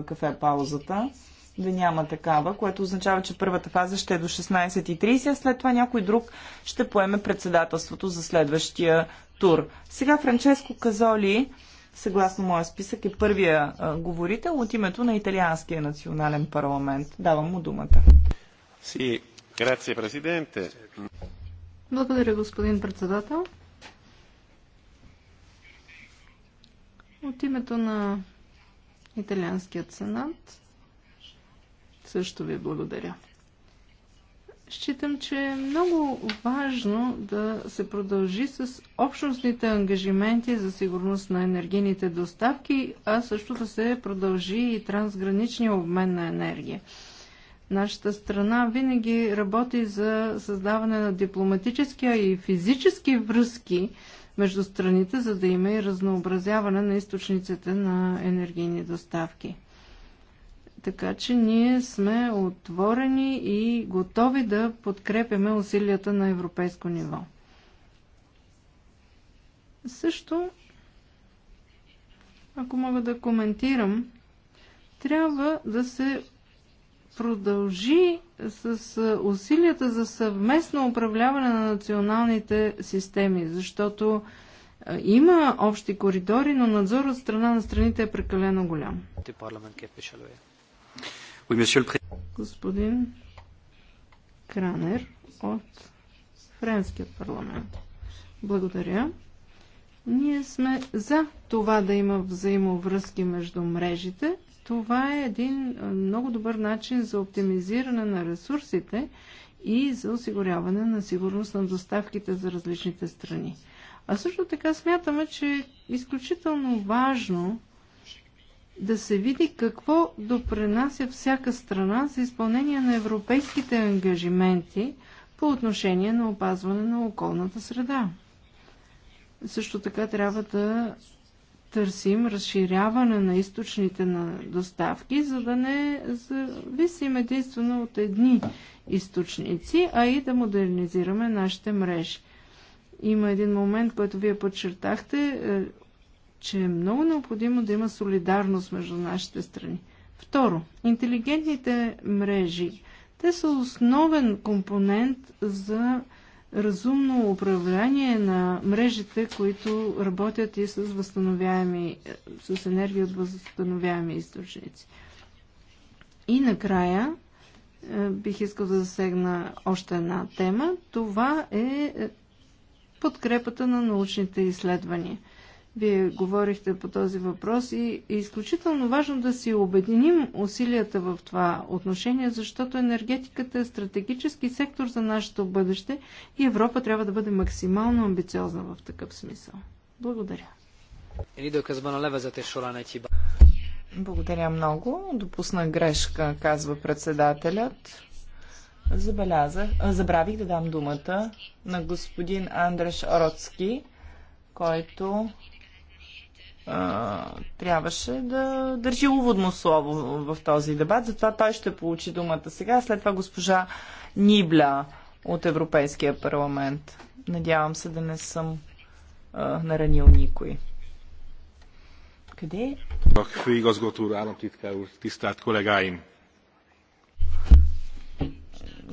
кафе паузата, да няма такава, което означава, че първата фаза ще е до 16.30, а след това някой друг ще поеме председателството за следващия тур. Сега Франческо Казоли, съгласно моя списък, е първия говорител от името на Италианския национален парламент. Давам му думата. Си, благодаря, господин председател. От името на Италианският сенат също ви благодаря. Считам, че е много важно да се продължи с общностните ангажименти за сигурност на енергийните доставки, а също да се продължи и трансграничния обмен на енергия. Нашата страна винаги работи за създаване на дипломатически и физически връзки между страните, за да има и разнообразяване на източниците на енергийни доставки. Така че ние сме отворени и готови да подкрепяме усилията на европейско ниво. Също, ако мога да коментирам, трябва да се продължи с усилията за съвместно управляване на националните системи, защото има общи коридори, но надзор от страна на страните е прекалено голям. Господин Кранер от Френският парламент. Благодаря. Ние сме за това да има взаимовръзки между мрежите, това е един много добър начин за оптимизиране на ресурсите и за осигуряване на сигурност на доставките за различните страни. А също така смятаме, че е изключително важно да се види какво допренася всяка страна за изпълнение на европейските ангажименти по отношение на опазване на околната среда. Също така трябва да търсим разширяване на източните на доставки, за да не зависим единствено от едни източници, а и да модернизираме нашите мрежи. Има един момент, който вие подчертахте, е, че е много необходимо да има солидарност между нашите страни. Второ, интелигентните мрежи. Те са основен компонент за разумно управление на мрежите, които работят и с възстановяеми, е, с енергия от възстановяеми източници. И накрая е, бих искал да засегна още една тема. Това е, е подкрепата на научните изследвания – вие говорихте по този въпрос и е изключително важно да си обединим усилията в това отношение, защото енергетиката е стратегически сектор за нашето бъдеще и Европа трябва да бъде максимално амбициозна в такъв смисъл. Благодаря. Благодаря много. Допусна грешка, казва председателят. Забелязах, забравих да дам думата на господин Андреш Ороцки, който а, трябваше да държи уводно слово в този дебат. Затова той ще получи думата сега. След това госпожа Нибля от Европейския парламент. Надявам се да не съм а, наранил никой. Къде?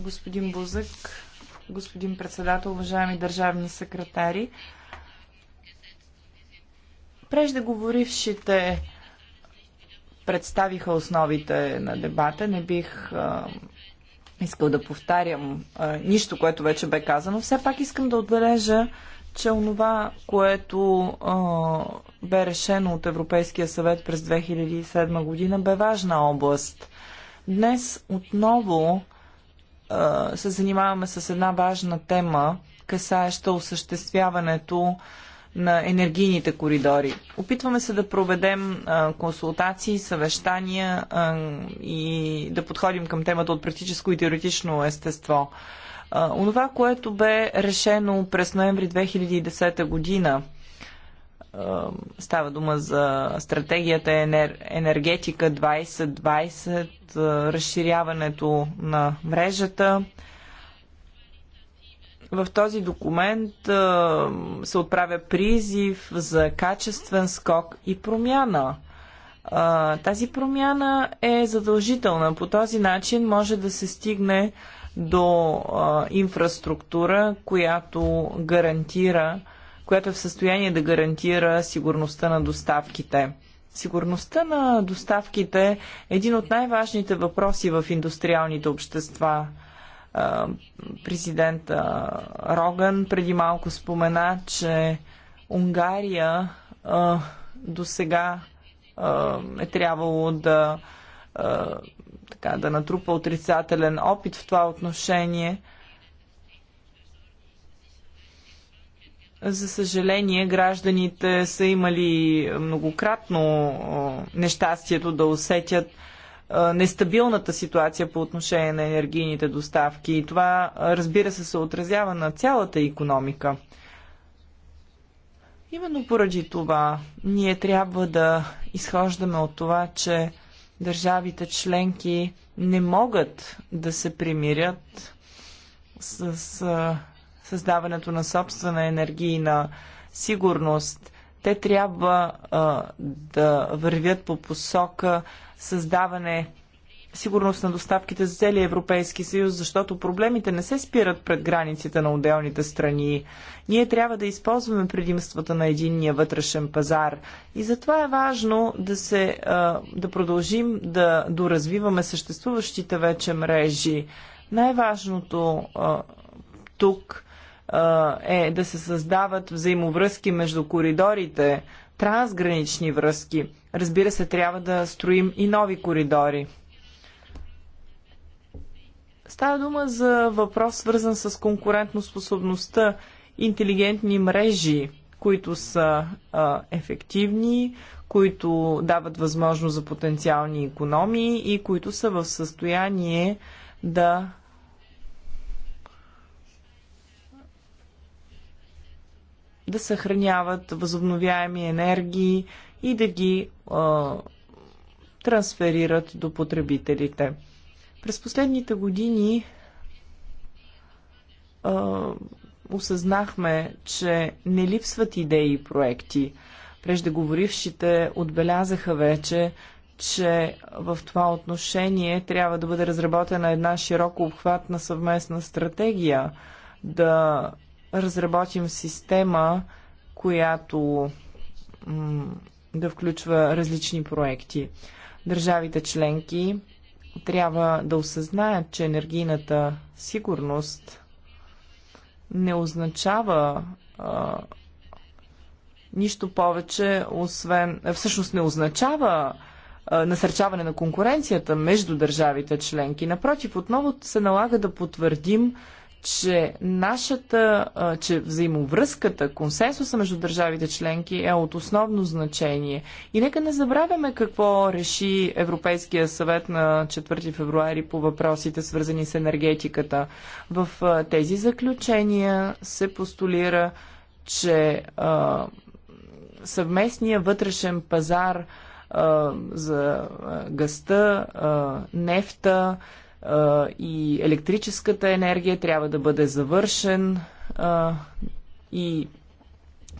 Господин Бузък, господин председател, уважаеми държавни секретари, Преждеговорившите представиха основите на дебата. Не бих а, искал да повтарям а, нищо, което вече бе казано. Все пак искам да отбележа, че онова, което а, бе решено от Европейския съвет през 2007 година, бе важна област. Днес отново а, се занимаваме с една важна тема, касаеща осъществяването на енергийните коридори. Опитваме се да проведем а, консултации, съвещания а, и да подходим към темата от практическо и теоретично естество. А, онова, което бе решено през ноември 2010 година, става дума за стратегията енер... енергетика 2020, разширяването на мрежата, в този документ се отправя призив за качествен скок и промяна. Тази промяна е задължителна. По този начин може да се стигне до инфраструктура, която гарантира, която е в състояние да гарантира сигурността на доставките. Сигурността на доставките е един от най-важните въпроси в индустриалните общества – президента Роган преди малко спомена, че Унгария до сега е трябвало да, така, да натрупа отрицателен опит в това отношение. За съжаление, гражданите са имали многократно нещастието да усетят нестабилната ситуация по отношение на енергийните доставки. И това, разбира се, се отразява на цялата економика. Именно поради това ние трябва да изхождаме от това, че държавите членки не могат да се примирят с, създаването на собствена енергийна сигурност. Те трябва а, да вървят по посока създаване сигурност на доставките за целия Европейски съюз, защото проблемите не се спират пред границите на отделните страни. Ние трябва да използваме предимствата на единния вътрешен пазар. И затова е важно да, се, да продължим да доразвиваме съществуващите вече мрежи. Най-важното тук е да се създават взаимовръзки между коридорите, трансгранични връзки. Разбира се, трябва да строим и нови коридори. Става дума за въпрос, свързан с конкурентноспособността, интелигентни мрежи, които са а, ефективни, които дават възможност за потенциални економии и които са в състояние да да съхраняват възобновяеми енергии и да ги а, трансферират до потребителите. През последните години а, осъзнахме, че не липсват идеи и проекти. Преждеговорившите отбелязаха вече, че в това отношение трябва да бъде разработена една широко обхватна съвместна стратегия, да разработим система, която да включва различни проекти. Държавите членки трябва да осъзнаят, че енергийната сигурност не означава а, нищо повече, освен. Всъщност не означава а, насърчаване на конкуренцията между държавите членки. Напротив, отново се налага да потвърдим че нашата, че взаимовръзката, консенсуса между държавите членки е от основно значение. И нека не забравяме какво реши Европейския съвет на 4 февруари по въпросите свързани с енергетиката. В тези заключения се постулира, че съвместният съвместния вътрешен пазар за гъста, нефта, и електрическата енергия трябва да бъде завършен и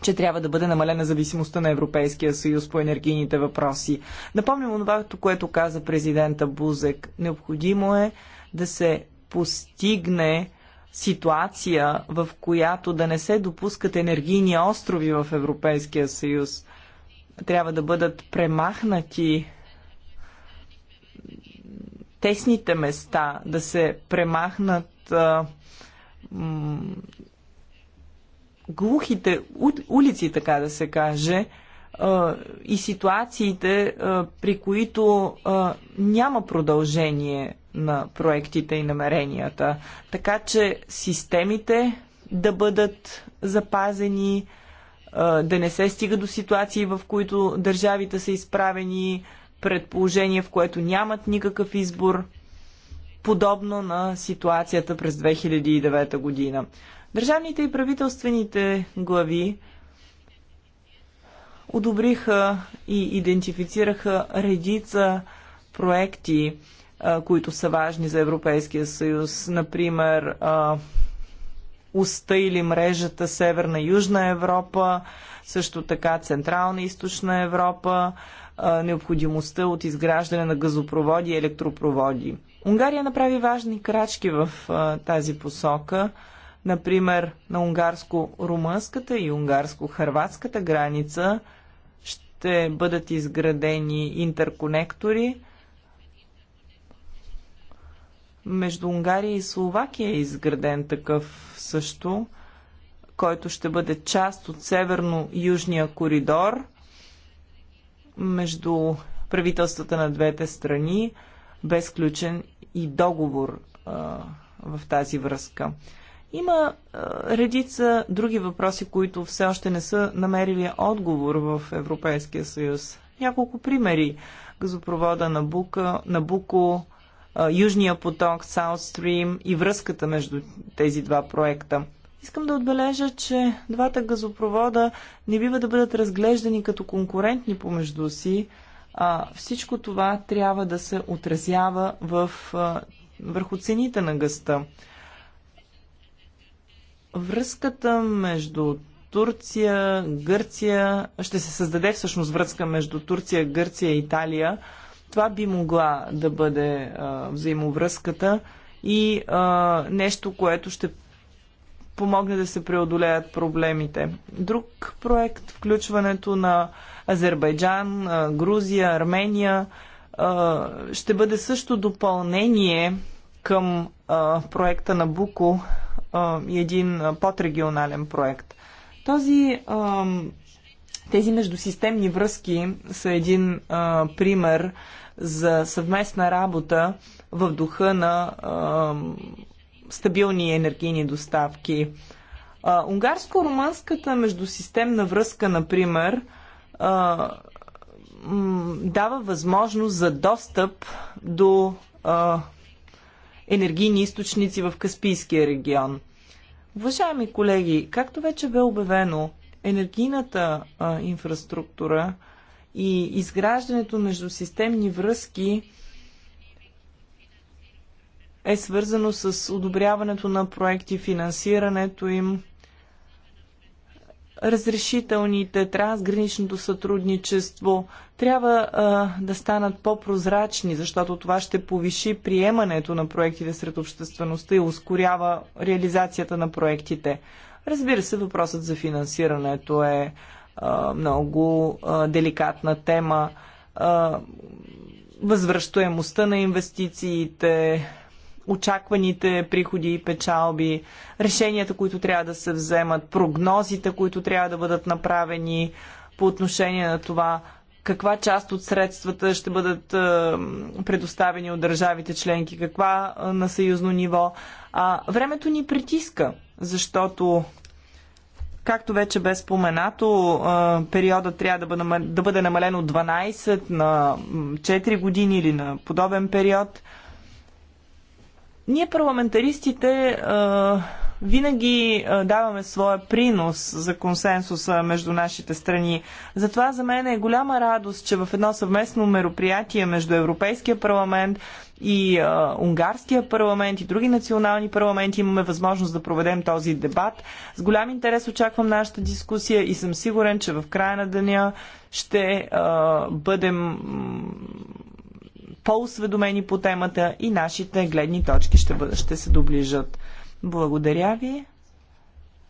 че трябва да бъде намалена зависимостта на Европейския съюз по енергийните въпроси. Напомням това, което каза президента Бузек. Необходимо е да се постигне ситуация, в която да не се допускат енергийни острови в Европейския съюз. Трябва да бъдат премахнати тесните места, да се премахнат а, глухите улици, така да се каже, а, и ситуациите, а, при които а, няма продължение на проектите и намеренията. Така че системите да бъдат запазени, да не се стига до ситуации, в които държавите са изправени предположение, в което нямат никакъв избор, подобно на ситуацията през 2009 година. Държавните и правителствените глави одобриха и идентифицираха редица проекти, които са важни за Европейския съюз. Например, уста или мрежата Северна-Южна и Европа, също така Централна и Източна Европа, необходимостта от изграждане на газопроводи и електропроводи. Унгария направи важни крачки в тази посока. Например, на унгарско-румънската и унгарско-хрватската граница ще бъдат изградени интерконектори. Между Унгария и Словакия е изграден такъв също, който ще бъде част от северно-южния коридор – между правителствата на двете страни бе сключен и договор а, в тази връзка. Има а, редица други въпроси, които все още не са намерили отговор в Европейския съюз. Няколко примери. Газопровода на Бука, а, Южния поток, Саутстрим и връзката между тези два проекта. Искам да отбележа, че двата газопровода не бива да бъдат разглеждани като конкурентни помежду си. А, всичко това трябва да се отразява в, а, върху цените на гъста. Връзката между Турция, Гърция, ще се създаде всъщност връзка между Турция, Гърция и Италия. Това би могла да бъде а, взаимовръзката и а, нещо, което ще помогне да се преодолеят проблемите. Друг проект, включването на Азербайджан, Грузия, Армения, ще бъде също допълнение към проекта на Буко и един подрегионален проект. Този, тези междусистемни връзки са един пример за съвместна работа в духа на стабилни енергийни доставки. Унгарско-румънската междусистемна връзка, например, а, дава възможност за достъп до а, енергийни източници в Каспийския регион. Уважаеми колеги, както вече бе обявено, енергийната а, инфраструктура и изграждането между системни връзки е свързано с одобряването на проекти, финансирането им, разрешителните, трансграничното сътрудничество трябва а, да станат по-прозрачни, защото това ще повиши приемането на проектите сред обществеността и ускорява реализацията на проектите. Разбира се, въпросът за финансирането е а, много а, деликатна тема. А, възвръщаемостта на инвестициите, очакваните приходи и печалби, решенията, които трябва да се вземат, прогнозите, които трябва да бъдат направени по отношение на това каква част от средствата ще бъдат е, предоставени от държавите членки, каква е, на съюзно ниво. А, времето ни притиска, защото, както вече бе споменато, е, периода трябва да бъде, да бъде намален от 12 на 4 години или на подобен период – ние парламентаристите винаги даваме своя принос за консенсуса между нашите страни. Затова за мен е голяма радост, че в едно съвместно мероприятие между Европейския парламент и а, Унгарския парламент и други национални парламенти имаме възможност да проведем този дебат. С голям интерес очаквам нашата дискусия и съм сигурен, че в края на деня ще а, бъдем по-осведомени по темата и нашите гледни точки ще, бъдат, ще се доближат. Благодаря ви.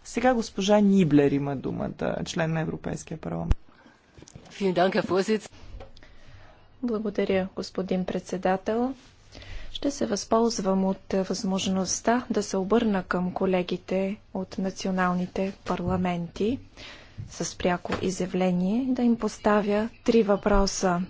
Сега госпожа Ниблер има думата, член на Европейския парламент. Благодаря, господин председател. Ще се възползвам от е, възможността да се обърна към колегите от националните парламенти с пряко изявление да им поставя три въпроса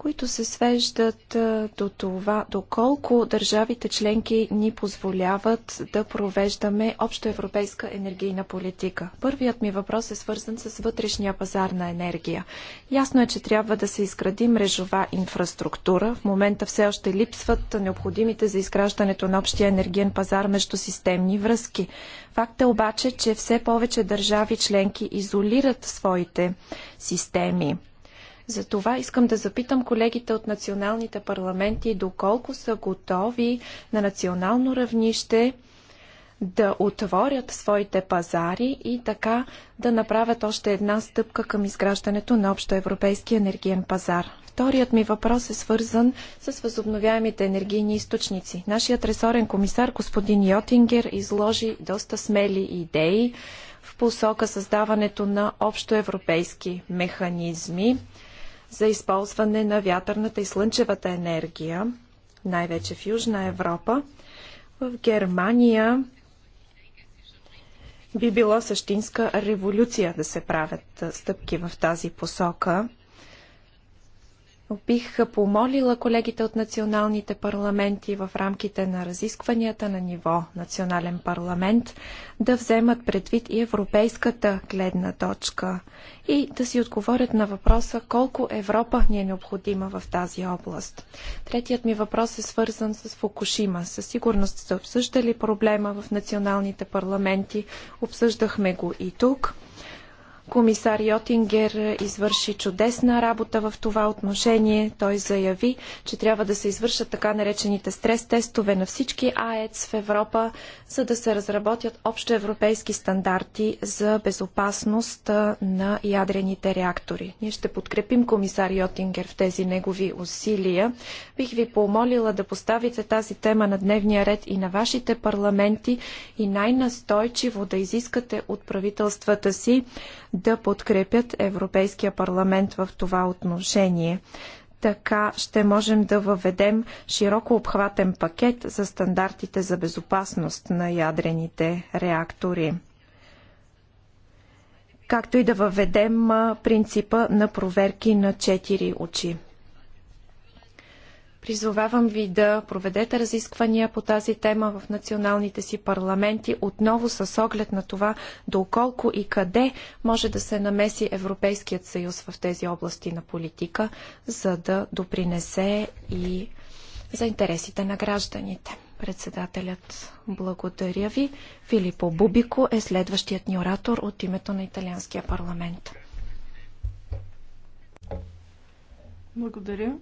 които се свеждат до това, доколко държавите членки ни позволяват да провеждаме общоевропейска енергийна политика. Първият ми въпрос е свързан с вътрешния пазар на енергия. Ясно е, че трябва да се изгради мрежова инфраструктура. В момента все още липсват необходимите за изграждането на общия енергиен пазар между системни връзки. Факт е обаче, че все повече държави членки изолират своите системи затова искам да запитам колегите от националните парламенти доколко са готови на национално равнище да отворят своите пазари и така да направят още една стъпка към изграждането на общоевропейски енергиен пазар. Вторият ми въпрос е свързан с възобновяемите енергийни източници. Нашият ресорен комисар господин Йотингер изложи доста смели идеи в посока създаването на общоевропейски механизми за използване на вятърната и слънчевата енергия, най-вече в Южна Европа. В Германия би било същинска революция да се правят стъпки в тази посока. Бих помолила колегите от националните парламенти в рамките на разискванията на ниво национален парламент да вземат предвид и европейската гледна точка и да си отговорят на въпроса колко Европа ни е необходима в тази област. Третият ми въпрос е свързан с Фукушима. Със сигурност сте обсъждали проблема в националните парламенти. Обсъждахме го и тук. Комисар Йотингер извърши чудесна работа в това отношение. Той заяви, че трябва да се извършат така наречените стрес-тестове на всички АЕЦ в Европа, за да се разработят общоевропейски стандарти за безопасност на ядрените реактори. Ние ще подкрепим комисар Йотингер в тези негови усилия. Бих ви помолила да поставите тази тема на дневния ред и на вашите парламенти и най-настойчиво да изискате от правителствата си да подкрепят Европейския парламент в това отношение. Така ще можем да въведем широко обхватен пакет за стандартите за безопасност на ядрените реактори както и да въведем принципа на проверки на четири очи. Призовавам ви да проведете разисквания по тази тема в националните си парламенти, отново с оглед на това доколко и къде може да се намеси Европейският съюз в тези области на политика, за да допринесе и за интересите на гражданите. Председателят, благодаря ви. Филипо Бубико е следващият ни оратор от името на Италианския парламент. Благодаря.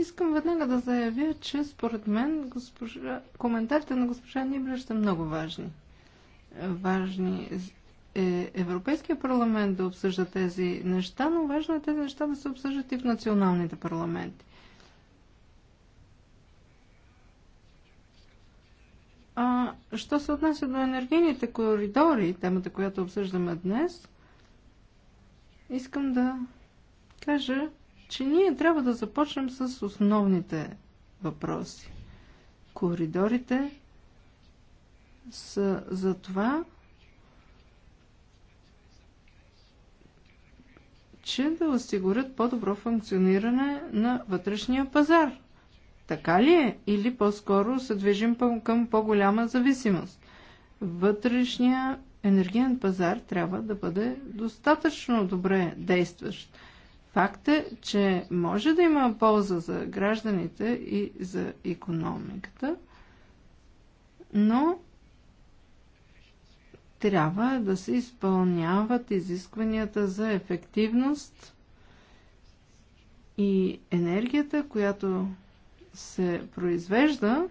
Искам веднага да заявя, че според мен госпожа... коментарите на госпожа Ниблер са много важни. Важни е Европейския парламент да обсъжда тези неща, но важно е тези неща да се обсъждат и в националните парламенти. А, що се отнася до енергийните коридори, темата, която обсъждаме днес, искам да кажа, че ние трябва да започнем с основните въпроси. Коридорите са за това, че да осигурят по-добро функциониране на вътрешния пазар. Така ли е? Или по-скоро се движим към по-голяма зависимост? Вътрешния енергиен пазар трябва да бъде достатъчно добре действащ. Факт е, че може да има полза за гражданите и за економиката, но трябва да се изпълняват изискванията за ефективност и енергията, която се произвежда,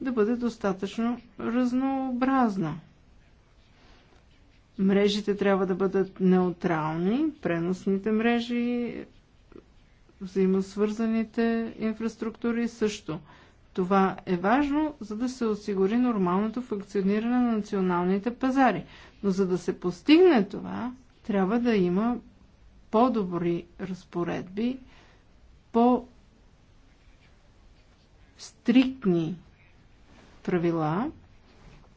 да бъде достатъчно разнообразна. Мрежите трябва да бъдат неутрални, преносните мрежи, взаимосвързаните инфраструктури също. Това е важно, за да се осигури нормалното функциониране на националните пазари. Но за да се постигне това, трябва да има по-добри разпоредби, по-стриктни правила,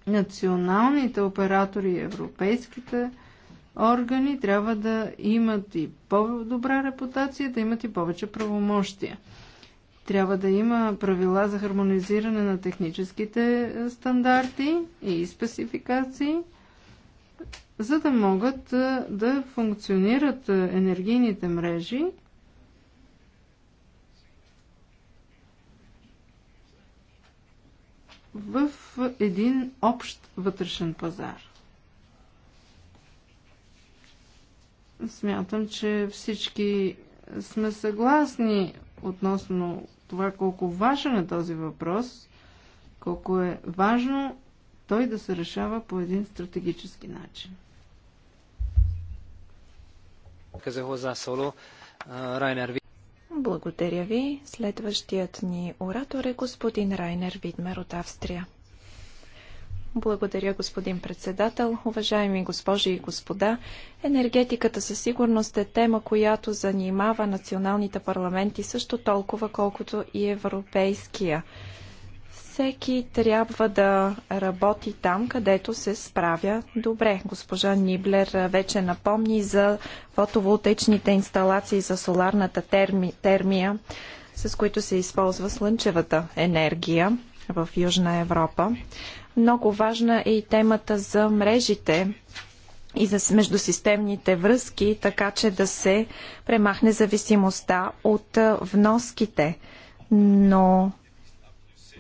националните оператори и европейските органи трябва да имат и по-добра репутация, да имат и повече правомощия. Трябва да има правила за хармонизиране на техническите е, стандарти и спецификации, за да могат е, да функционират е, енергийните мрежи в един общ вътрешен пазар. Смятам, че всички сме съгласни относно това колко важен е този въпрос, колко е важно той да се решава по един стратегически начин. Райнер благодаря ви. Следващият ни оратор е господин Райнер Видмер от Австрия. Благодаря, господин председател. Уважаеми госпожи и господа, енергетиката със сигурност е тема, която занимава националните парламенти също толкова, колкото и европейския. Всеки трябва да работи там, където се справя добре. Госпожа Ниблер вече напомни за фотоволтечните инсталации за соларната терми, термия, с които се използва слънчевата енергия в Южна Европа. Много важна е и темата за мрежите и за междусистемните връзки, така че да се премахне зависимостта от вноските. Но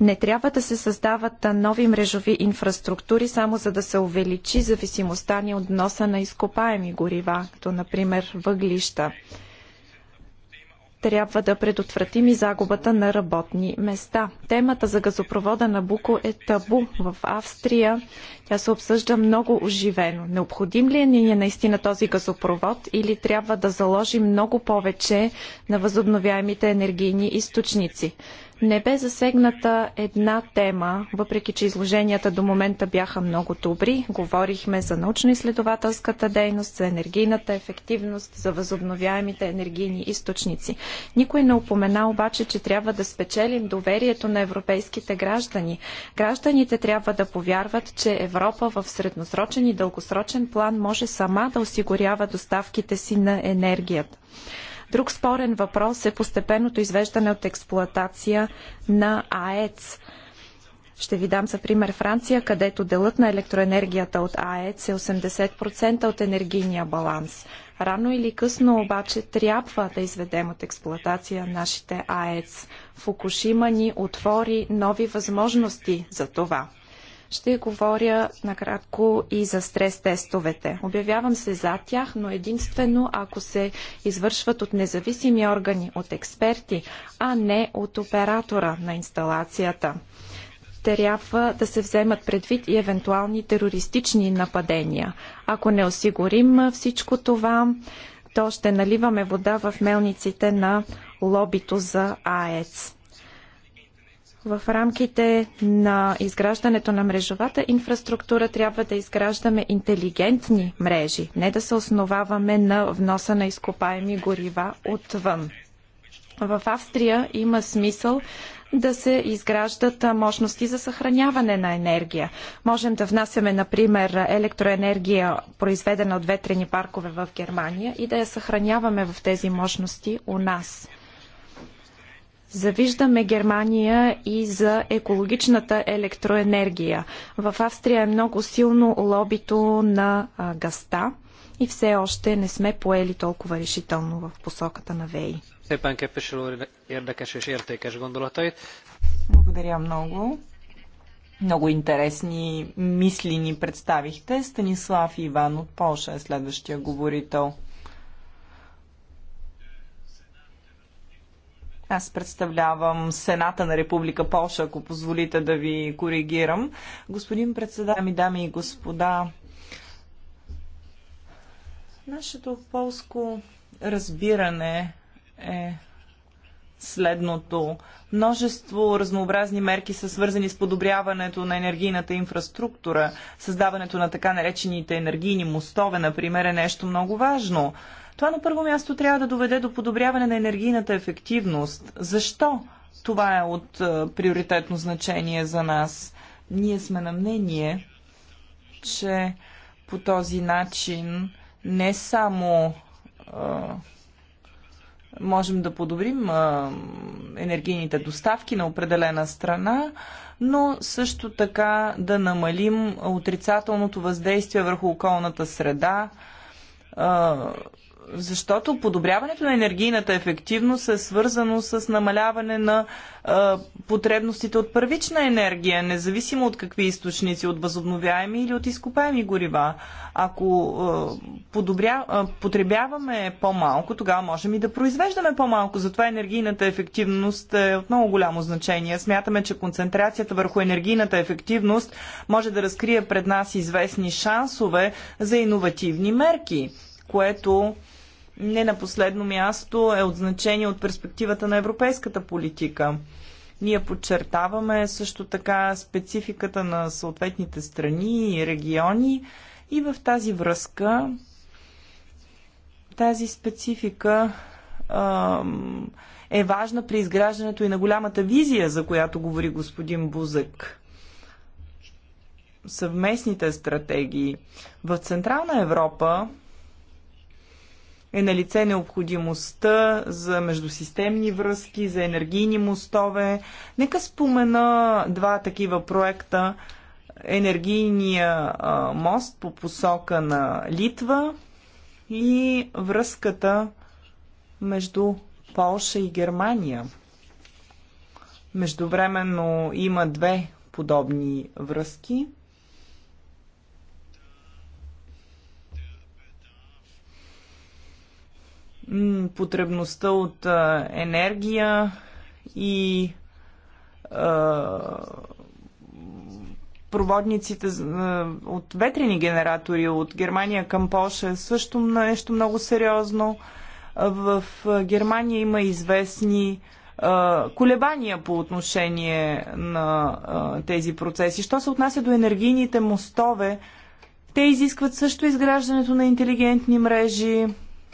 не трябва да се създават нови мрежови инфраструктури само за да се увеличи зависимостта ни от носа на изкопаеми горива, като например въглища. Трябва да предотвратим и загубата на работни места. Темата за газопровода на Буко е табу в Австрия. Тя се обсъжда много оживено. Необходим ли е ни е наистина този газопровод или трябва да заложим много повече на възобновяемите енергийни източници? не бе засегната една тема, въпреки че изложенията до момента бяха много добри. Говорихме за научно-изследователската дейност, за енергийната ефективност, за възобновяемите енергийни източници. Никой не упомена обаче, че трябва да спечелим доверието на европейските граждани. Гражданите трябва да повярват, че Европа в средносрочен и дългосрочен план може сама да осигурява доставките си на енергията. Друг спорен въпрос е постепенното извеждане от експлоатация на АЕЦ. Ще ви дам за пример Франция, където делът на електроенергията от АЕЦ е 80% от енергийния баланс. Рано или късно обаче трябва да изведем от експлоатация нашите АЕЦ. Фукушима ни отвори нови възможности за това. Ще говоря накратко и за стрес-тестовете. Обявявам се за тях, но единствено ако се извършват от независими органи, от експерти, а не от оператора на инсталацията трябва да се вземат предвид и евентуални терористични нападения. Ако не осигурим всичко това, то ще наливаме вода в мелниците на лобито за АЕЦ. В рамките на изграждането на мрежовата инфраструктура трябва да изграждаме интелигентни мрежи, не да се основаваме на вноса на изкопаеми горива отвън. В Австрия има смисъл да се изграждат мощности за съхраняване на енергия. Можем да внасяме, например, електроенергия, произведена от ветрени паркове в Германия и да я съхраняваме в тези мощности у нас. Завиждаме Германия и за екологичната електроенергия. В Австрия е много силно лобито на газта и все още не сме поели толкова решително в посоката на ВЕИ. Благодаря много. Много интересни мисли ни представихте. Станислав Иван от Польша е следващия говорител. Аз представлявам Сената на Република Полша, ако позволите да ви коригирам. Господин председател, дами и господа, нашето полско разбиране е следното. Множество разнообразни мерки са свързани с подобряването на енергийната инфраструктура. Създаването на така наречените енергийни мостове, например, е нещо много важно. Това на първо място трябва да доведе до подобряване на енергийната ефективност. Защо това е от е, приоритетно значение за нас? Ние сме на мнение, че по този начин не само а, е, можем да подобрим а, е, енергийните доставки на определена страна, но също така да намалим отрицателното въздействие върху околната среда, а, защото подобряването на енергийната ефективност е свързано с намаляване на потребностите от първична енергия, независимо от какви източници, от възобновяеми или от изкопаеми горива. Ако подобря, потребяваме по-малко, тогава можем и да произвеждаме по-малко. Затова енергийната ефективност е от много голямо значение. Смятаме, че концентрацията върху енергийната ефективност може да разкрие пред нас известни шансове за иновативни мерки което не на последно място е от значение от перспективата на европейската политика. Ние подчертаваме също така спецификата на съответните страни и региони и в тази връзка тази специфика е важна при изграждането и на голямата визия, за която говори господин Бузък. Съвместните стратегии. В Централна Европа е на лице необходимостта за междусистемни връзки, за енергийни мостове. Нека спомена два такива проекта. Енергийния мост по посока на Литва и връзката между Полша и Германия. Междувременно има две подобни връзки – потребността от енергия и проводниците от ветрени генератори от Германия към Польша е също нещо много сериозно. В Германия има известни колебания по отношение на тези процеси. Що се отнася до енергийните мостове, те изискват също изграждането на интелигентни мрежи,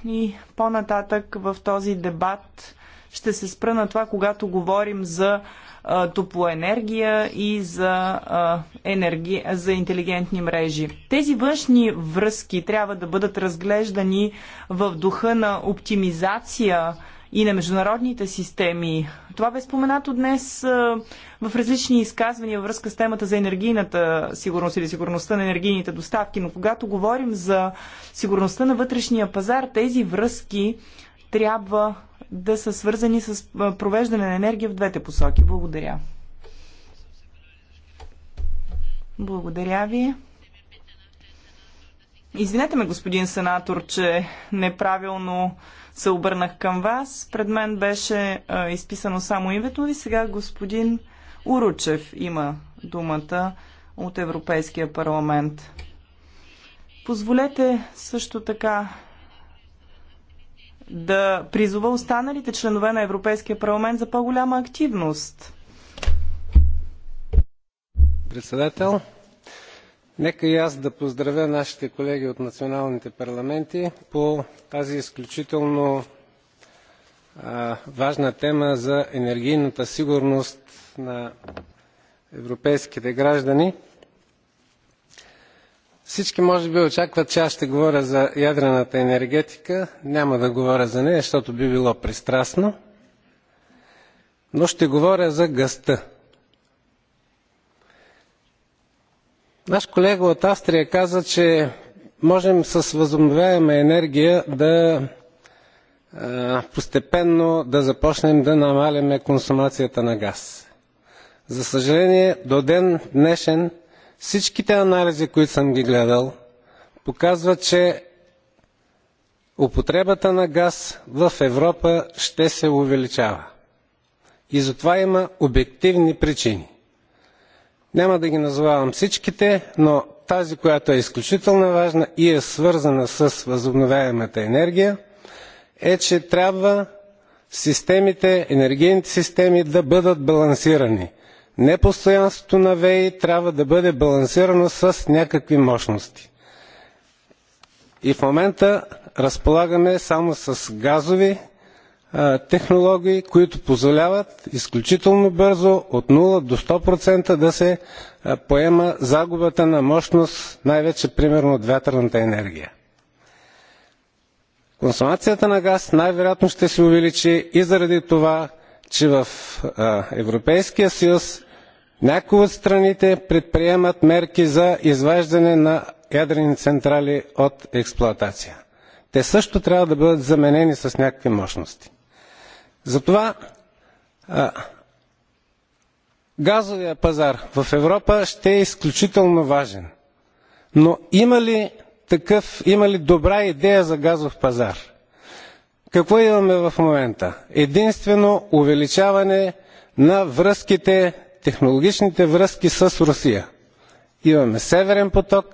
и по-нататък в този дебат ще се спра на това, когато говорим за а, топлоенергия и за, а, енерги... за интелигентни мрежи. Тези външни връзки трябва да бъдат разглеждани в духа на оптимизация и на международните системи. Това бе споменато днес в различни изказвания във връзка с темата за енергийната сигурност или сигурността на енергийните доставки, но когато говорим за сигурността на вътрешния пазар, тези връзки трябва да са свързани с провеждане на енергия в двете посоки. Благодаря. Благодаря ви. Извинете ме, господин сенатор, че неправилно се обърнах към вас. Пред мен беше а, изписано само името ви. Сега господин Уручев има думата от Европейския парламент. Позволете също така да призова останалите членове на Европейския парламент за по-голяма активност. Председател, нека и аз да поздравя нашите колеги от националните парламенти по тази изключително важна тема за енергийната сигурност на европейските граждани. Всички може би очакват, че аз ще говоря за ядрената енергетика. Няма да говоря за нея, защото би било пристрастно. Но ще говоря за гъста. Наш колега от Австрия каза, че можем с възобновяема енергия да постепенно да започнем да намаляме консумацията на газ. За съжаление, до ден днешен всичките анализи, които съм ги гледал, показват, че употребата на газ в Европа ще се увеличава. И за това има обективни причини. Няма да ги назовавам всичките, но тази, която е изключително важна и е свързана с възобновяемата енергия, е, че трябва системите, енергийните системи да бъдат балансирани. Непостоянството на ВЕИ трябва да бъде балансирано с някакви мощности. И в момента разполагаме само с газови технологии, които позволяват изключително бързо от 0 до 100% да се поема загубата на мощност, най-вече примерно от вятърната енергия. Консумацията на газ най-вероятно ще се увеличи и заради това, че в Европейския съюз някои от страните предприемат мерки за изваждане на ядрени централи от експлоатация. Те също трябва да бъдат заменени с някакви мощности. Затова газовия пазар в Европа ще е изключително важен. Но има ли такъв, има ли добра идея за газов пазар? Какво имаме в момента? Единствено увеличаване на връзките, технологичните връзки с Русия. Имаме Северен поток,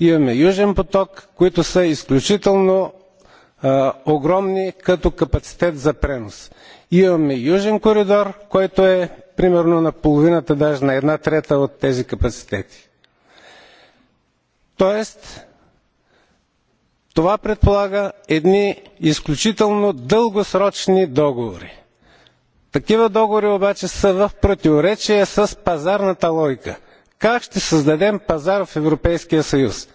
имаме Южен поток, които са изключително огромни като капацитет за пренос. Имаме Южен коридор, който е примерно на половината, даже на една трета от тези капацитети. Тоест, това предполага едни изключително дългосрочни договори. Такива договори обаче са в противоречие с пазарната логика. Как ще създадем пазар в Европейския съюз?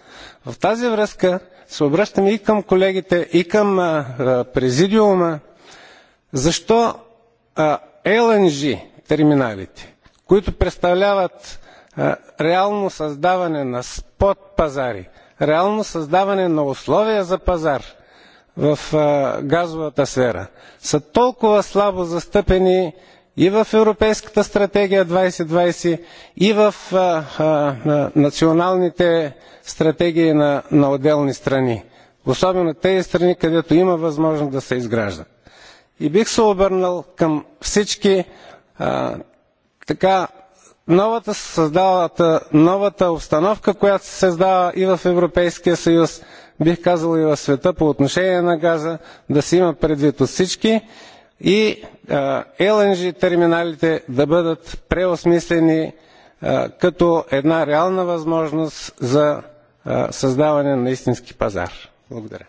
В тази връзка се обръщам и към колегите, и към президиума. Защо LNG терминалите, които представляват реално създаване на спот пазари, реално създаване на условия за пазар в газовата сфера, са толкова слабо застъпени и в Европейската стратегия 2020, и в а, а, националните стратегии на, на отделни страни. Особено тези страни, където има възможност да се изграждат. И бих се обърнал към всички а, така новата създалата, новата обстановка, която се създава и в Европейския съюз, бих казал и в света по отношение на газа, да се има предвид от всички и LNG терминалите да бъдат преосмислени като една реална възможност за създаване на истински пазар. Благодаря.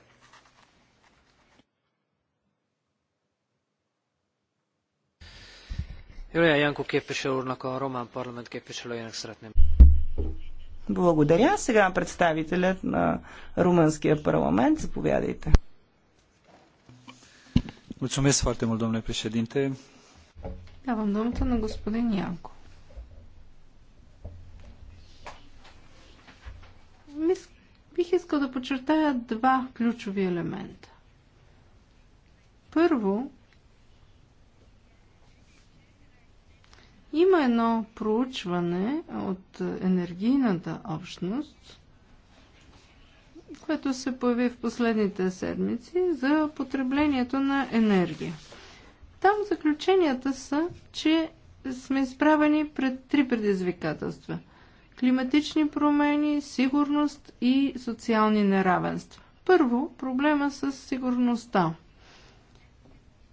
Благодаря. Сега представителят на Румънския парламент. Заповядайте. Mulțumesc foarte mult, domnule președinte. Давам думата на господин Янко. Бих искал да подчертая два ключови елемента. Първо, има едно проучване от енергийната общност, което се появи в последните седмици за потреблението на енергия. Там заключенията са, че сме изправени пред три предизвикателства – климатични промени, сигурност и социални неравенства. Първо, проблема с сигурността.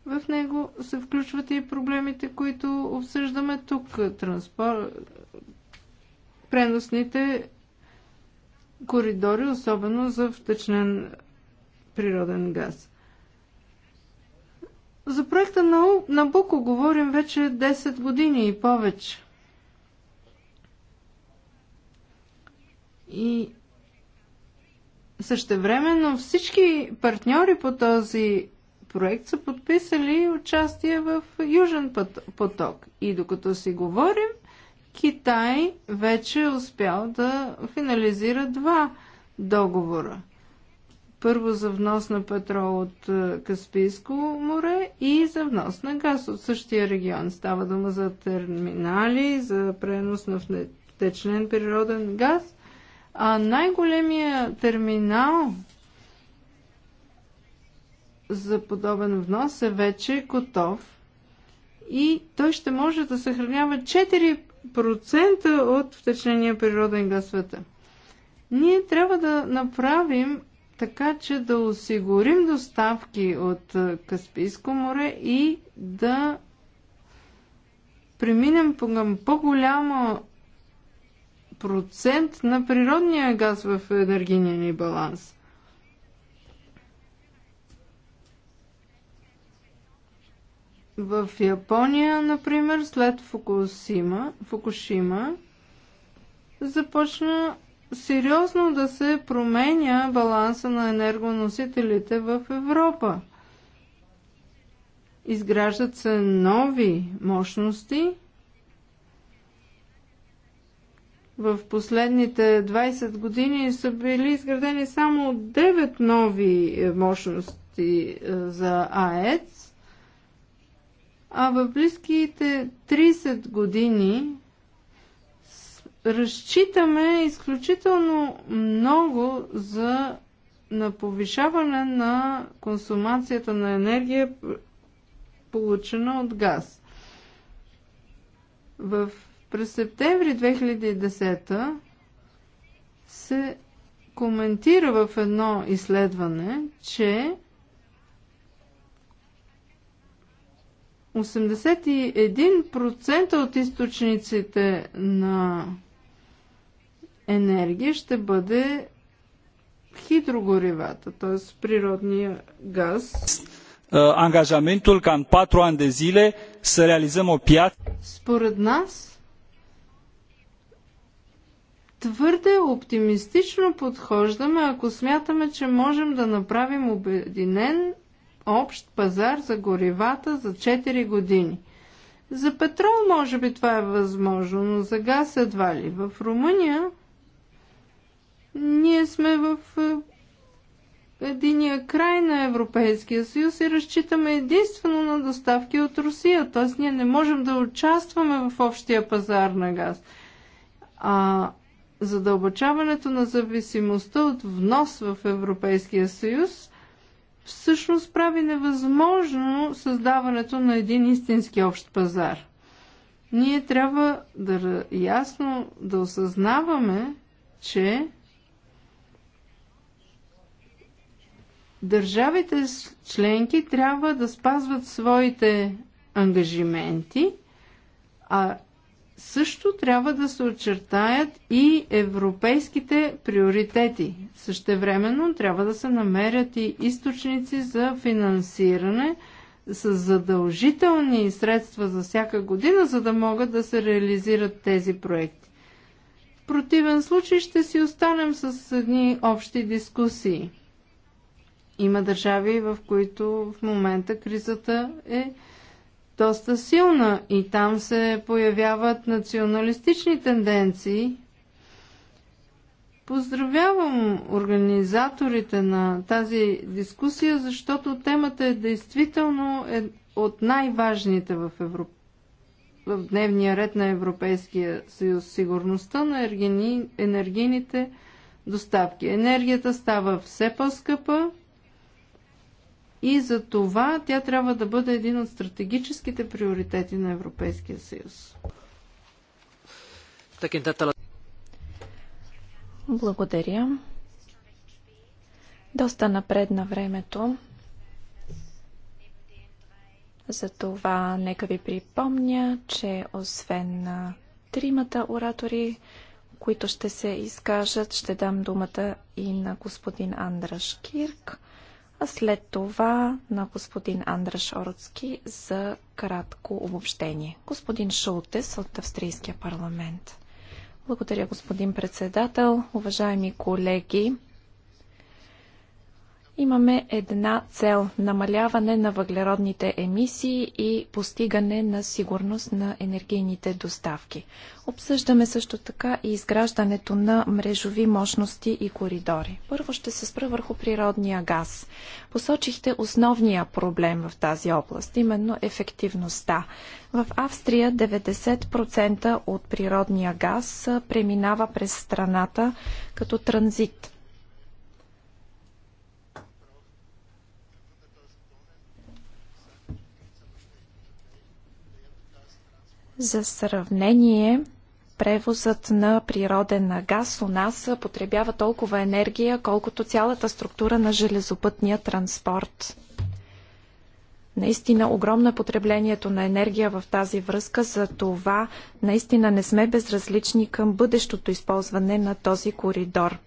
В него се включват и проблемите, които обсъждаме тук. Транспорт, преносните коридори, особено за втечнен природен газ. За проекта на Набуко говорим вече 10 години и повече. И същевременно всички партньори по този проект са подписали участие в Южен поток. И докато си говорим, Китай вече е успял да финализира два договора. Първо за внос на петрол от е, Каспийско море и за внос на газ от същия регион. Става дума за терминали, за пренос на втечнен природен газ. А най-големия терминал за подобен внос е вече готов и той ще може да съхранява процента от втечнения природен газ света. Ние трябва да направим така, че да осигурим доставки от Каспийско море и да преминем към по-голяма процент на природния газ в енергийния ни баланс. В Япония, например, след Фукусима, Фукушима, започна сериозно да се променя баланса на енергоносителите в Европа. Изграждат се нови мощности. В последните 20 години са били изградени само 9 нови мощности е, за АЕЦ а в близките 30 години разчитаме изключително много за на повишаване на консумацията на енергия, получена от газ. В, през септември 2010 се коментира в едно изследване, че 81% от източниците на енергия ще бъде хидрогоривата, т.е. природния газ. Angajamentul ca în patru ani de zile să realizăm o piață. Според нас, твърде оптимистично подхождаме, ако смятаме, че можем да направим обединен общ пазар за горивата за 4 години. За петрол може би това е възможно, но за газ едва ли. В Румъния ние сме в е, единия край на Европейския съюз и разчитаме единствено на доставки от Русия. Т.е. ние не можем да участваме в общия пазар на газ. А задълбочаването на зависимостта от внос в Европейския съюз всъщност прави невъзможно създаването на един истински общ пазар. Ние трябва да ясно да осъзнаваме, че държавите членки трябва да спазват своите ангажименти, а също трябва да се очертаят и европейските приоритети. Същевременно трябва да се намерят и източници за финансиране с задължителни средства за всяка година, за да могат да се реализират тези проекти. В противен случай ще си останем с едни общи дискусии. Има държави, в които в момента кризата е доста силна и там се появяват националистични тенденции. Поздравявам организаторите на тази дискусия, защото темата е действително е от най-важните в, Европ... в дневния ред на Европейския съюз. Сигурността на енергийните доставки. Енергията става все по-скъпа, и за това тя трябва да бъде един от стратегическите приоритети на Европейския съюз. Благодаря. Доста напред на времето. това нека ви припомня, че освен на тримата оратори, които ще се изкажат, ще дам думата и на господин Андраш Кирк а след това на господин Андраш Ороцки за кратко обобщение. Господин Шултес от Австрийския парламент. Благодаря, господин председател. Уважаеми колеги, Имаме една цел – намаляване на въглеродните емисии и постигане на сигурност на енергийните доставки. Обсъждаме също така и изграждането на мрежови мощности и коридори. Първо ще се спра върху природния газ. Посочихте основния проблем в тази област, именно ефективността. В Австрия 90% от природния газ преминава през страната като транзит. За сравнение, превозът на природен газ у нас потребява толкова енергия, колкото цялата структура на железопътния транспорт. Наистина огромно е потреблението на енергия в тази връзка, за това наистина не сме безразлични към бъдещото използване на този коридор.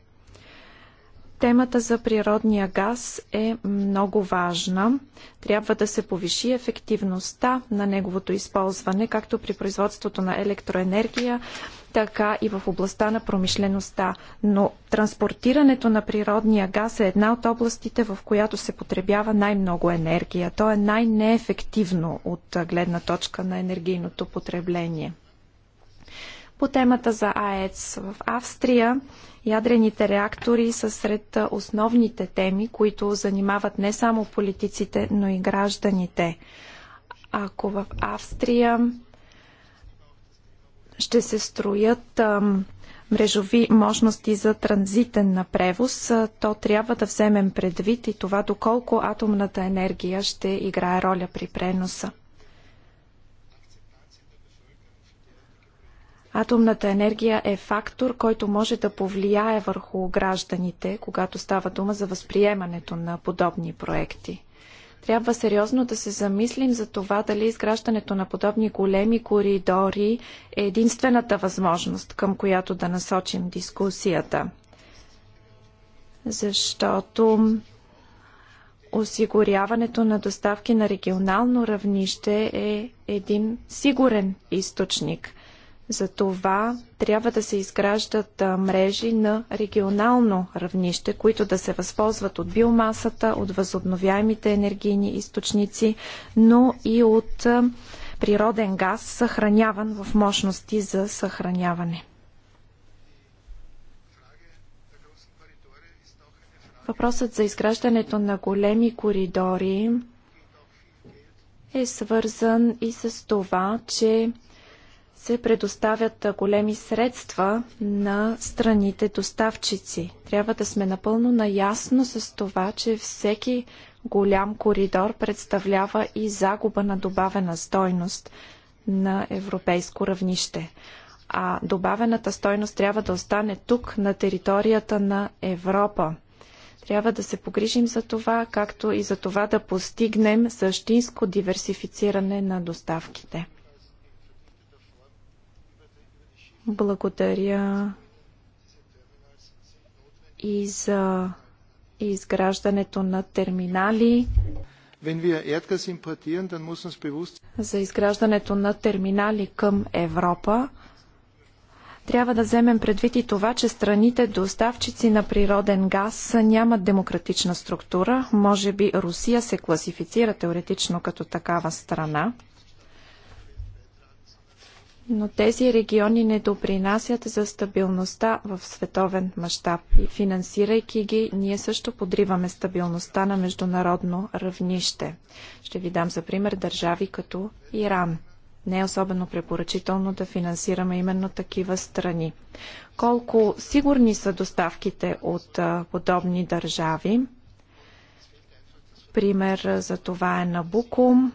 Темата за природния газ е много важна. Трябва да се повиши ефективността на неговото използване, както при производството на електроенергия, така и в областта на промишлеността. Но транспортирането на природния газ е една от областите, в която се потребява най-много енергия. То е най-неефективно от гледна точка на енергийното потребление. По темата за АЕЦ в Австрия Ядрените реактори са сред основните теми, които занимават не само политиците, но и гражданите. Ако в Австрия ще се строят мрежови мощности за транзитен на превоз, то трябва да вземем предвид и това доколко атомната енергия ще играе роля при преноса. Атомната енергия е фактор, който може да повлияе върху гражданите, когато става дума за възприемането на подобни проекти. Трябва сериозно да се замислим за това дали изграждането на подобни големи коридори е единствената възможност, към която да насочим дискусията. Защото осигуряването на доставки на регионално равнище е един сигурен източник – затова трябва да се изграждат мрежи на регионално равнище, които да се възползват от биомасата, от възобновяемите енергийни източници, но и от природен газ, съхраняван в мощности за съхраняване. Въпросът за изграждането на големи коридори е свързан и с това, че се предоставят големи средства на страните доставчици. Трябва да сме напълно наясно с това, че всеки голям коридор представлява и загуба на добавена стойност на европейско равнище. А добавената стойност трябва да остане тук, на територията на Европа. Трябва да се погрижим за това, както и за това да постигнем същинско диверсифициране на доставките. Благодаря и за изграждането на терминали. За изграждането на терминали към Европа трябва да вземем предвид и това, че страните доставчици на природен газ нямат демократична структура. Може би Русия се класифицира теоретично като такава страна но тези региони не допринасят за стабилността в световен мащаб и финансирайки ги, ние също подриваме стабилността на международно равнище. Ще ви дам за пример държави като Иран. Не е особено препоръчително да финансираме именно такива страни. Колко сигурни са доставките от подобни държави? Пример за това е Набукум,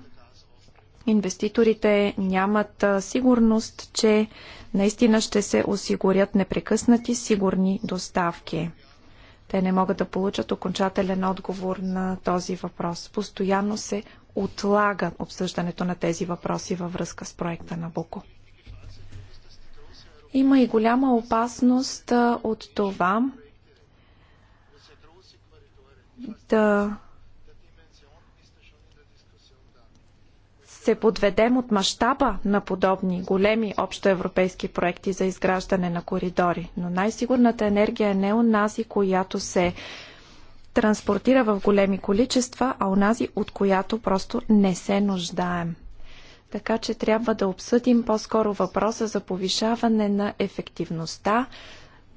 инвеститорите нямат сигурност, че наистина ще се осигурят непрекъснати сигурни доставки. Те не могат да получат окончателен отговор на този въпрос. Постоянно се отлага обсъждането на тези въпроси във връзка с проекта на Буко. Има и голяма опасност от това да се подведем от мащаба на подобни големи общоевропейски проекти за изграждане на коридори. Но най-сигурната енергия е не онази, която се транспортира в големи количества, а онази, от която просто не се нуждаем. Така че трябва да обсъдим по-скоро въпроса за повишаване на ефективността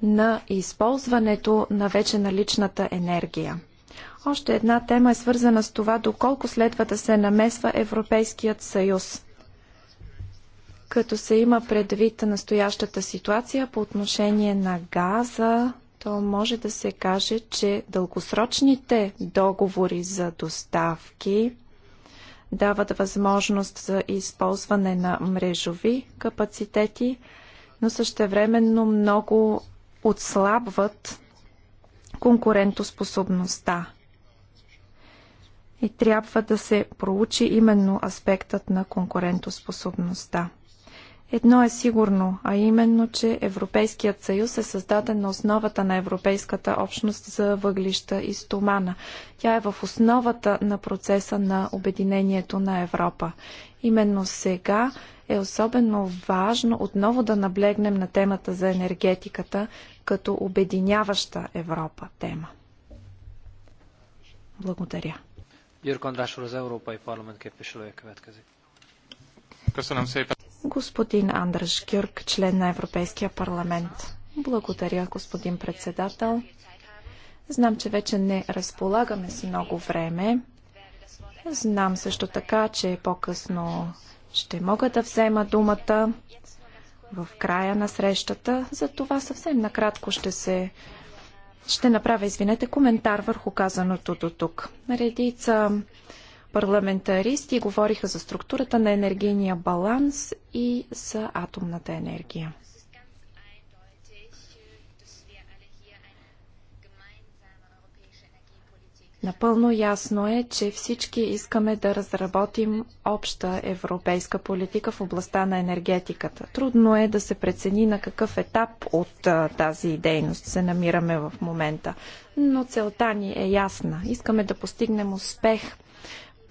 на използването на вече наличната енергия. Още една тема е свързана с това доколко следва да се намесва Европейският съюз. Като се има предвид настоящата ситуация по отношение на газа, то може да се каже, че дългосрочните договори за доставки дават възможност за използване на мрежови капацитети, но същевременно много отслабват конкурентоспособността. И трябва да се проучи именно аспектът на конкурентоспособността. Едно е сигурно, а именно, че Европейският съюз е създаден на основата на Европейската общност за въглища и стомана. Тя е в основата на процеса на обединението на Европа. Именно сега е особено важно отново да наблегнем на темата за енергетиката като обединяваща Европа тема. Благодаря. Господин Андраш Гюрк, член на Европейския парламент. Благодаря, господин председател. Знам, че вече не разполагаме с много време. Знам също така, че по-късно ще мога да взема думата в края на срещата. За това съвсем накратко ще се ще направя, извинете, коментар върху казаното до тук. Редица парламентаристи говориха за структурата на енергийния баланс и за атомната енергия. Напълно ясно е, че всички искаме да разработим обща европейска политика в областта на енергетиката. Трудно е да се прецени на какъв етап от а, тази дейност се намираме в момента, но целта ни е ясна. Искаме да постигнем успех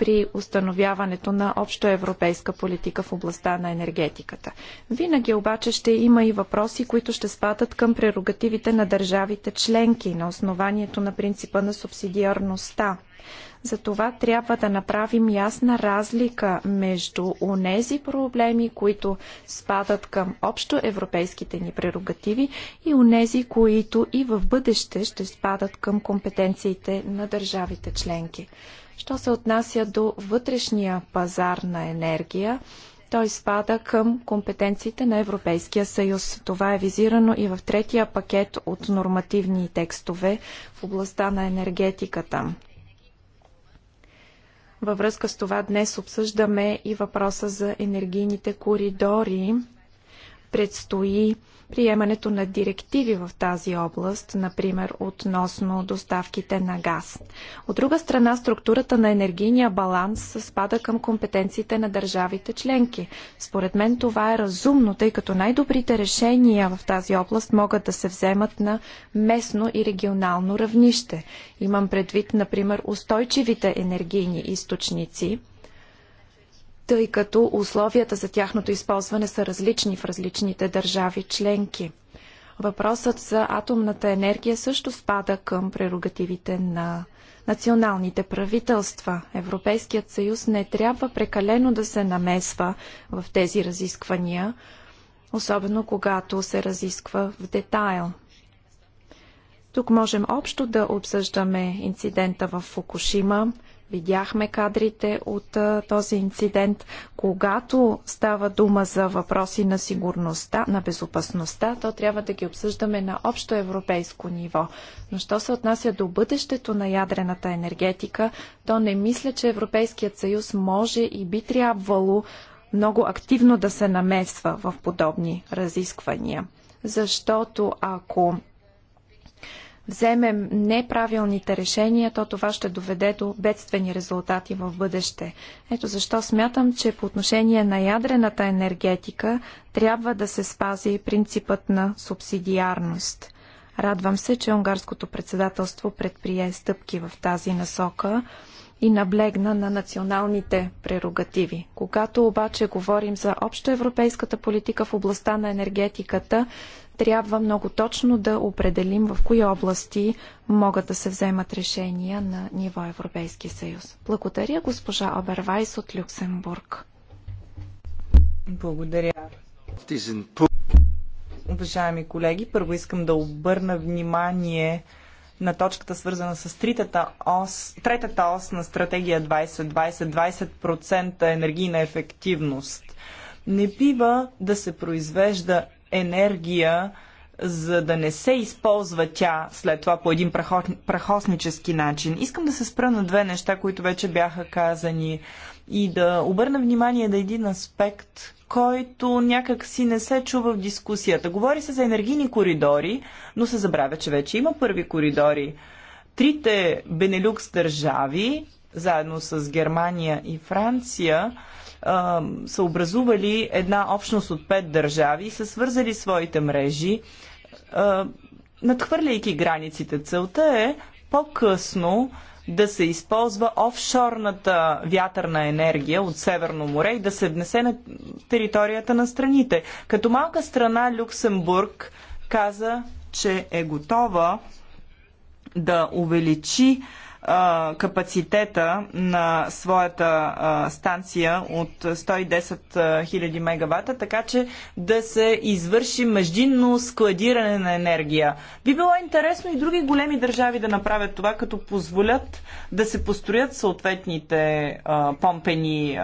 при установяването на общоевропейска политика в областта на енергетиката. Винаги обаче ще има и въпроси, които ще спадат към прерогативите на държавите членки на основанието на принципа на субсидиарността. Затова трябва да направим ясна разлика между онези проблеми, които спадат към общо европейските ни прерогативи и онези, които и в бъдеще ще спадат към компетенциите на държавите членки. Що се отнася до вътрешния пазар на енергия, той спада към компетенциите на Европейския съюз. Това е визирано и в третия пакет от нормативни текстове в областта на енергетиката. Във връзка с това днес обсъждаме и въпроса за енергийните коридори. Предстои приемането на директиви в тази област, например относно доставките на газ. От друга страна, структурата на енергийния баланс спада към компетенциите на държавите членки. Според мен това е разумно, тъй като най-добрите решения в тази област могат да се вземат на местно и регионално равнище. Имам предвид, например, устойчивите енергийни източници, тъй като условията за тяхното използване са различни в различните държави членки. Въпросът за атомната енергия също спада към прерогативите на националните правителства. Европейският съюз не трябва прекалено да се намесва в тези разисквания, особено когато се разисква в детайл. Тук можем общо да обсъждаме инцидента в Фукушима, Видяхме кадрите от този инцидент. Когато става дума за въпроси на сигурността, на безопасността, то трябва да ги обсъждаме на общо европейско ниво. Но що се отнася до бъдещето на ядрената енергетика, то не мисля, че Европейският съюз може и би трябвало много активно да се намесва в подобни разисквания. Защото ако вземем неправилните решения, то това ще доведе до бедствени резултати в бъдеще. Ето защо смятам, че по отношение на ядрената енергетика трябва да се спази принципът на субсидиарност. Радвам се, че унгарското председателство предприе стъпки в тази насока и наблегна на националните прерогативи. Когато обаче говорим за общоевропейската политика в областта на енергетиката, трябва много точно да определим в кои области могат да се вземат решения на ниво Европейски съюз. Благодаря госпожа Обервайс от Люксембург. Благодаря. Уважаеми колеги, първо искам да обърна внимание на точката свързана с третата ос, третата ос на стратегия 2020 20% енергийна ефективност. Не бива да се произвежда енергия, за да не се използва тя след това по един прахоснически начин. Искам да се спра на две неща, които вече бяха казани и да обърна внимание на един аспект, който някак си не се чува в дискусията. Говори се за енергийни коридори, но се забравя, че вече има първи коридори. Трите Бенелюкс държави, заедно с Германия и Франция, са образували една общност от пет държави и са свързали своите мрежи, а, надхвърляйки границите. Целта е по-късно да се използва офшорната вятърна енергия от Северно море и да се внесе на територията на страните. Като малка страна Люксембург каза, че е готова да увеличи капацитета на своята станция от 110 000 мегавата, така че да се извърши междинно складиране на енергия. Би било интересно и други големи държави да направят това, като позволят да се построят съответните помпени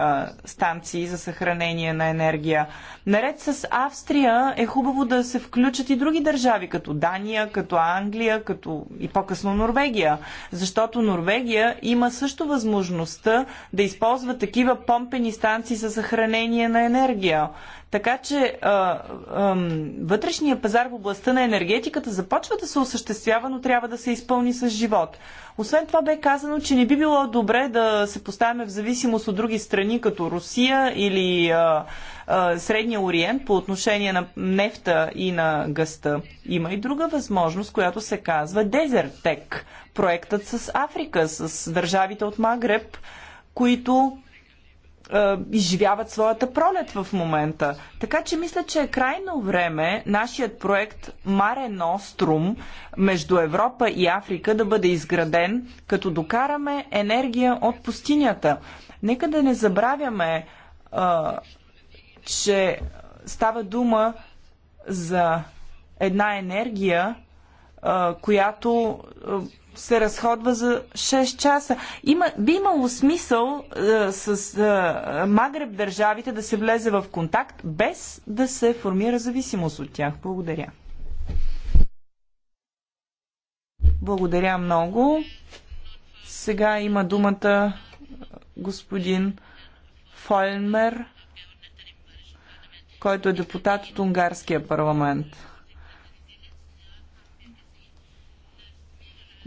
станции за съхранение на енергия. Наред с Австрия е хубаво да се включат и други държави, като Дания, като Англия, като и по-късно Норвегия, защото Норвегия има също възможността да използва такива помпени станции за съхранение на енергия. Така че а, а, вътрешния пазар в областта на енергетиката започва да се осъществява, но трябва да се изпълни с живот. Освен това бе казано, че не би било добре да се поставяме в зависимост от други страни, като Русия или а, а, Средния Ориент по отношение на нефта и на гъста. Има и друга възможност, която се казва Дезертек, проектът с Африка, с държавите от Магреб, които е, изживяват своята пролет в момента. Така че мисля, че е крайно време нашият проект Маре Нострум между Европа и Африка да бъде изграден, като докараме енергия от пустинята. Нека да не забравяме, а, е, че става дума за една енергия, а, е, която. А, се разходва за 6 часа. Има, би имало смисъл е, с е, Магреб държавите да се влезе в контакт, без да се формира зависимост от тях. Благодаря. Благодаря много. Сега има думата господин Фолмер, който е депутат от Унгарския парламент.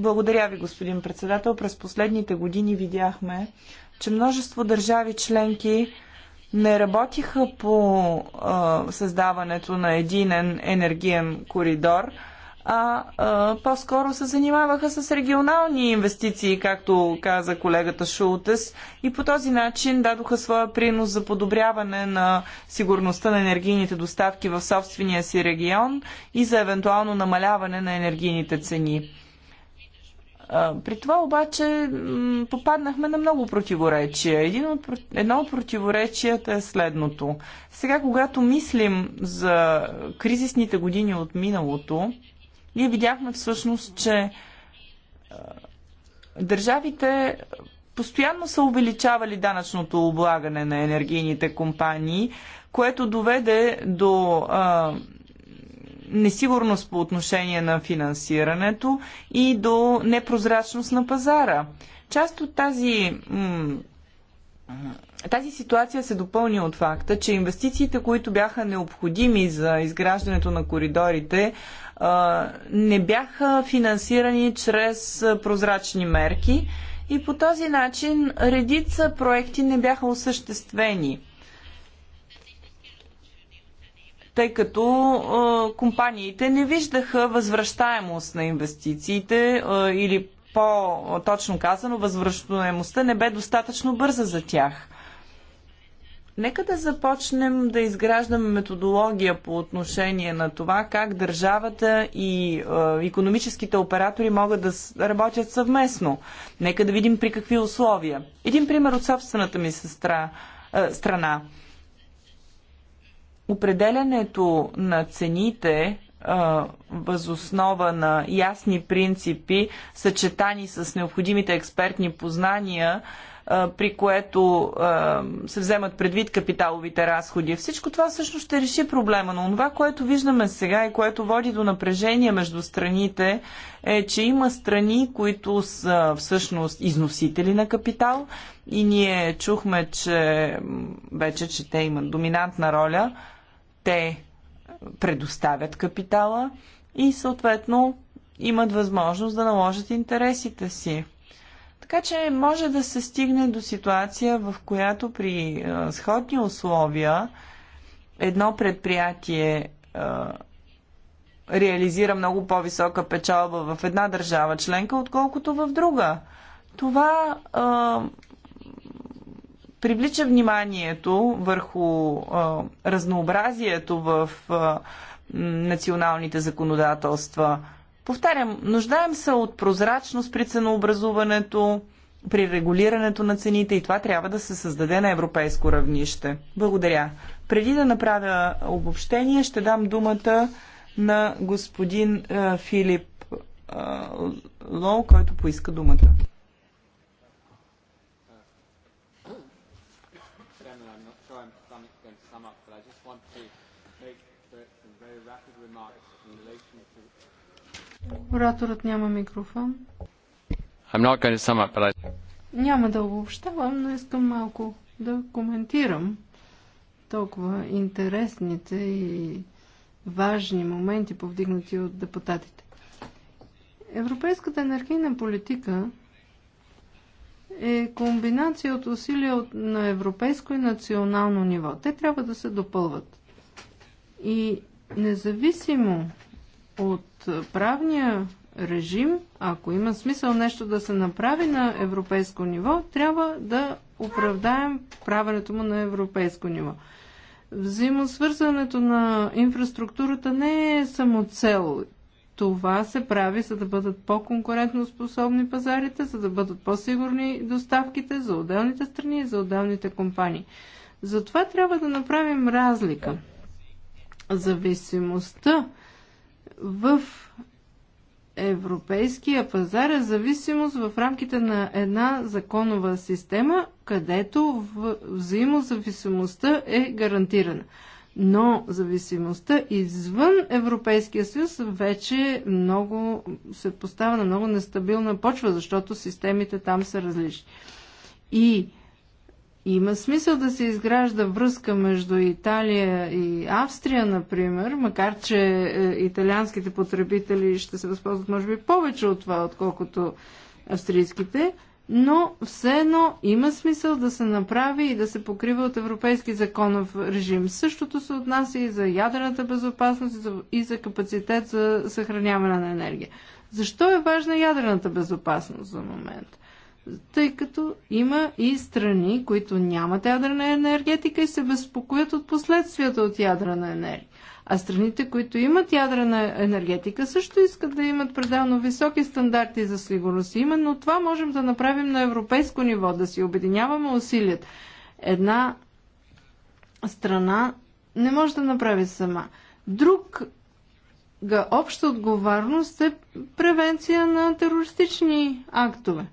Благодаря ви, господин председател. През последните години видяхме, че множество държави членки не работиха по а, създаването на единен енергиен коридор, а, а по-скоро се занимаваха с регионални инвестиции, както каза колегата Шултес, и по този начин дадоха своя принос за подобряване на сигурността на енергийните доставки в собствения си регион и за евентуално намаляване на енергийните цени. При това обаче попаднахме на много противоречия. Един от, едно от противоречията е следното. Сега, когато мислим за кризисните години от миналото, ние видяхме всъщност, че държавите постоянно са увеличавали данъчното облагане на енергийните компании, което доведе до а, несигурност по отношение на финансирането и до непрозрачност на пазара. Част от тази тази ситуация се допълни от факта, че инвестициите, които бяха необходими за изграждането на коридорите, не бяха финансирани чрез прозрачни мерки и по този начин редица проекти не бяха осъществени тъй като компаниите не виждаха възвръщаемост на инвестициите или по-точно казано, възвръщаемостта не бе достатъчно бърза за тях. Нека да започнем да изграждаме методология по отношение на това как държавата и е, економическите оператори могат да работят съвместно. Нека да видим при какви условия. Един пример от собствената ми сестра, е, страна. Определянето на цените възоснова на ясни принципи, съчетани с необходимите експертни познания, при което се вземат предвид капиталовите разходи. Всичко това всъщност ще реши проблема, но това, което виждаме сега и което води до напрежение между страните, е, че има страни, които са всъщност износители на капитал и ние чухме, че вече, че те имат доминантна роля – те предоставят капитала и съответно имат възможност да наложат интересите си. Така че може да се стигне до ситуация, в която при а, сходни условия едно предприятие а, реализира много по-висока печалба в една държава членка, отколкото в друга. Това а, привлича вниманието върху а, разнообразието в а, националните законодателства. Повтарям, нуждаем се от прозрачност при ценообразуването, при регулирането на цените и това трябва да се създаде на европейско равнище. Благодаря. Преди да направя обобщение, ще дам думата на господин а, Филип Лоу, който поиска думата. Ораторът няма микрофон. I'm not going to sum up, but I... Няма да обобщавам, но искам малко да коментирам толкова интересните и важни моменти, повдигнати от депутатите. Европейската енергийна политика е комбинация от усилия на европейско и национално ниво. Те трябва да се допълват. И независимо от правния режим, ако има смисъл нещо да се направи на европейско ниво, трябва да оправдаем правенето му на европейско ниво. Взаимосвързването на инфраструктурата не е само цел. Това се прави, за да бъдат по-конкурентно способни пазарите, за да бъдат по-сигурни доставките за отделните страни и за отделните компании. Затова трябва да направим разлика. Зависимостта в европейския пазар е зависимост в рамките на една законова система, където взаимозависимостта е гарантирана. Но зависимостта извън Европейския съюз вече много се поставя на много нестабилна почва, защото системите там са различни. И има смисъл да се изгражда връзка между Италия и Австрия, например, макар че е, италианските потребители ще се възползват, може би, повече от това, отколкото австрийските, но все едно има смисъл да се направи и да се покрива от европейски законов режим. Същото се отнася и за ядрената безопасност и за капацитет за съхраняване на енергия. Защо е важна ядрената безопасност за момента? тъй като има и страни, които нямат ядрена енергетика и се безпокоят от последствията от ядрена енергия. А страните, които имат ядрена енергетика, също искат да имат пределно високи стандарти за сигурност. именно това можем да направим на европейско ниво, да си обединяваме усилият. Една страна не може да направи сама. Друг обща отговорност е превенция на терористични актове.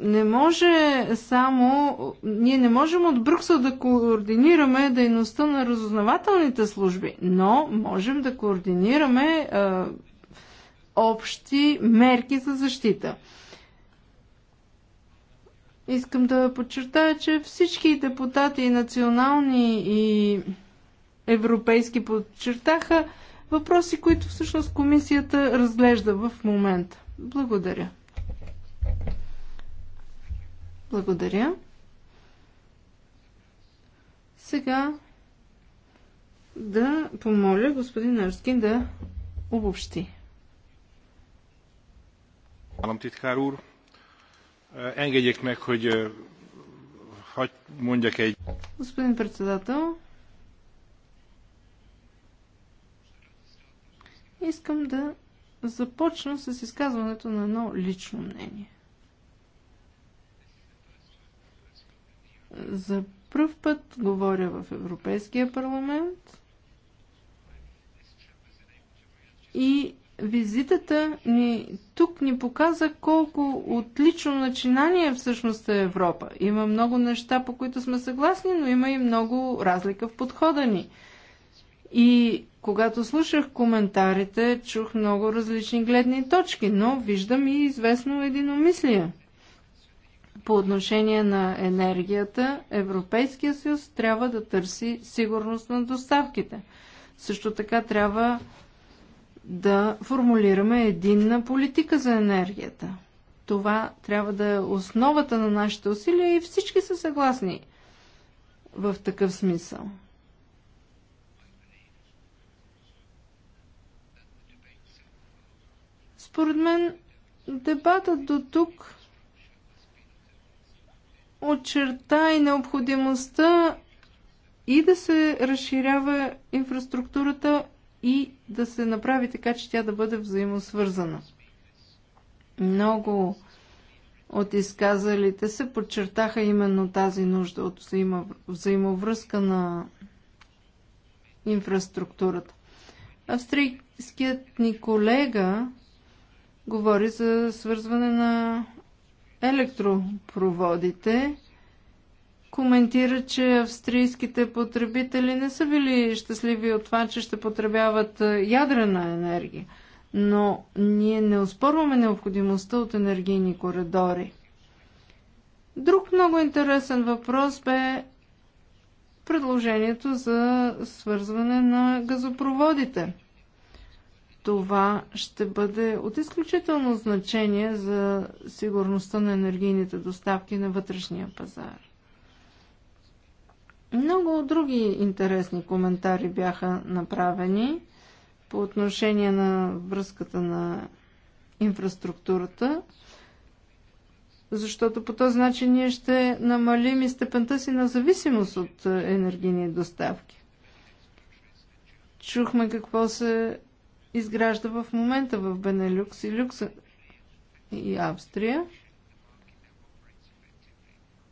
Не може само. Ние не можем от Брюксел да координираме дейността на разузнавателните служби, но можем да координираме общи мерки за защита. Искам да подчертая, че всички депутати, и национални и европейски, подчертаха въпроси, които всъщност комисията разглежда в момента. Благодаря. Благодаря. Сега да помоля господин Арскин да обобщи. Államtitkár úr, э, engedjék meg, hogy э, hagy mondjak egy... Господин председател, искам да започна с изказването на едно лично мнение. За първ път говоря в Европейския парламент и визитата ни тук ни показа колко отлично начинание всъщност е Европа. Има много неща, по които сме съгласни, но има и много разлика в подхода ни. И когато слушах коментарите, чух много различни гледни точки, но виждам и известно единомислие по отношение на енергията, Европейския съюз трябва да търси сигурност на доставките. Също така трябва да формулираме единна политика за енергията. Това трябва да е основата на нашите усилия и всички са съгласни в такъв смисъл. Според мен дебатът до тук очерта и необходимостта и да се разширява инфраструктурата и да се направи така, че тя да бъде взаимосвързана. Много от изказалите се подчертаха именно тази нужда от взаимо, взаимовръзка на инфраструктурата. Австрийският ни колега говори за свързване на електропроводите коментира, че австрийските потребители не са били щастливи от това, че ще потребяват ядрена енергия. Но ние не оспорваме необходимостта от енергийни коридори. Друг много интересен въпрос бе предложението за свързване на газопроводите. Това ще бъде от изключително значение за сигурността на енергийните доставки на вътрешния пазар. Много други интересни коментари бяха направени по отношение на връзката на инфраструктурата, защото по този начин ние ще намалим и степента си на зависимост от енергийни доставки. Чухме какво се изгражда в момента в Бенелюкс и Люкс и Австрия.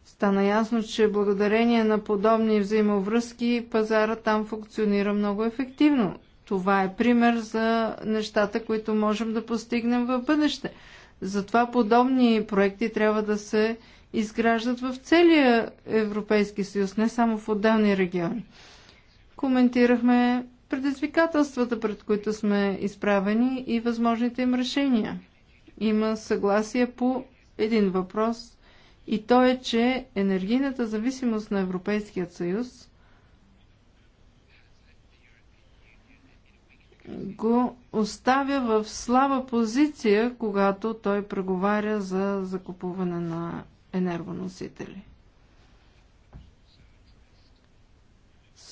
Стана ясно, че благодарение на подобни взаимовръзки пазара там функционира много ефективно. Това е пример за нещата, които можем да постигнем в бъдеще. Затова подобни проекти трябва да се изграждат в целия Европейски съюз, не само в отделни региони. Коментирахме предизвикателствата, пред които сме изправени и възможните им решения. Има съгласие по един въпрос и то е, че енергийната зависимост на Европейският съюз го оставя в слаба позиция, когато той преговаря за закупуване на енергоносители.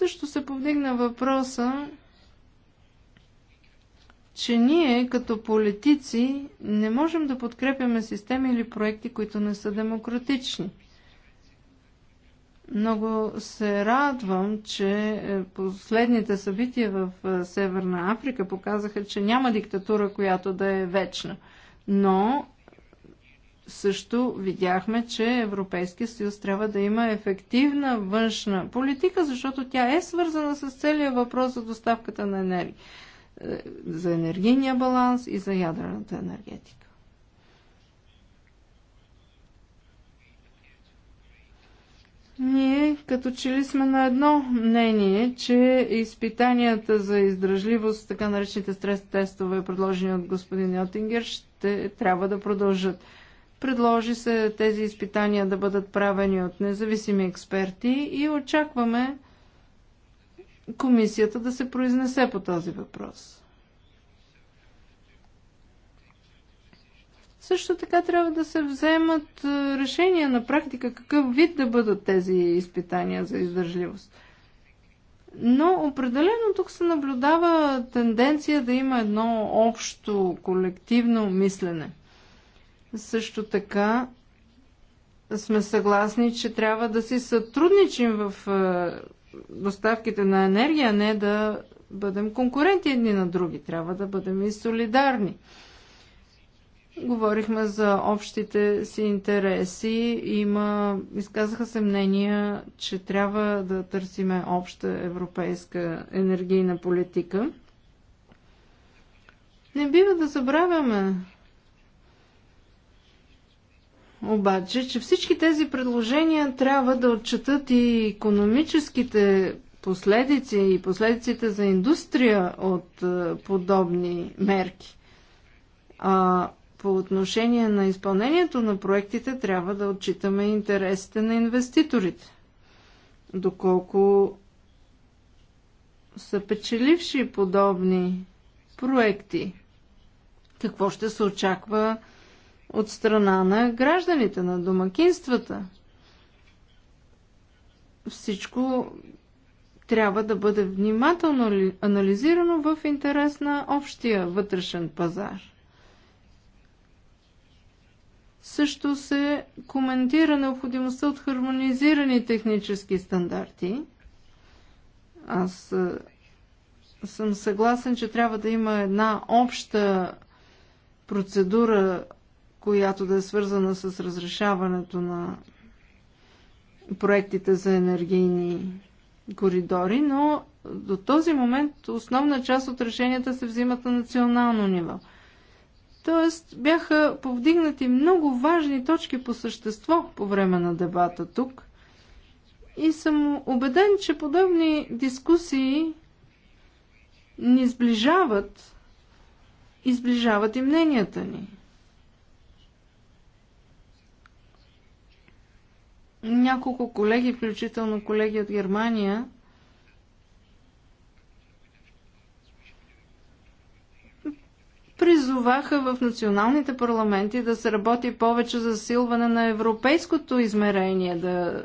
Също се повдигна въпроса, че ние като политици не можем да подкрепяме системи или проекти, които не са демократични. Много се радвам, че е, последните събития в е, Северна Африка показаха, че няма диктатура, която да е вечна. Но също видяхме, че Европейския съюз трябва да има ефективна външна политика, защото тя е свързана с целият въпрос за доставката на енергия, е, за енергийния баланс и за ядрената енергетика. Ние като че ли сме на едно мнение, че изпитанията за издръжливост, така наречените стрес тестове, предложени от господин Йотингер, ще трябва да продължат. Предложи се тези изпитания да бъдат правени от независими експерти и очакваме комисията да се произнесе по този въпрос. Също така трябва да се вземат е, решения на практика какъв вид да бъдат тези изпитания за издържливост. Но определено тук се наблюдава тенденция да има едно общо колективно мислене – също така сме съгласни, че трябва да си сътрудничим в е, доставките на енергия, не да бъдем конкуренти едни на други. Трябва да бъдем и солидарни. Говорихме за общите си интереси. Има, изказаха се мнения, че трябва да търсиме обща европейска енергийна политика. Не бива да забравяме обаче, че всички тези предложения трябва да отчетат и економическите последици и последиците за индустрия от е, подобни мерки. А по отношение на изпълнението на проектите трябва да отчитаме интересите на инвеститорите. Доколко са печеливши подобни проекти, какво ще се очаква от страна на гражданите, на домакинствата. Всичко трябва да бъде внимателно анализирано в интерес на общия вътрешен пазар. Също се коментира необходимостта от хармонизирани технически стандарти. Аз съм съгласен, че трябва да има една обща процедура която да е свързана с разрешаването на проектите за енергийни коридори, но до този момент основна част от решенията се взимат на национално ниво. Тоест бяха повдигнати много важни точки по същество по време на дебата тук и съм убеден, че подобни дискусии ни сближават и сближават и мненията ни. Няколко колеги, включително колеги от Германия, призоваха в националните парламенти да се работи повече за силване на европейското измерение, да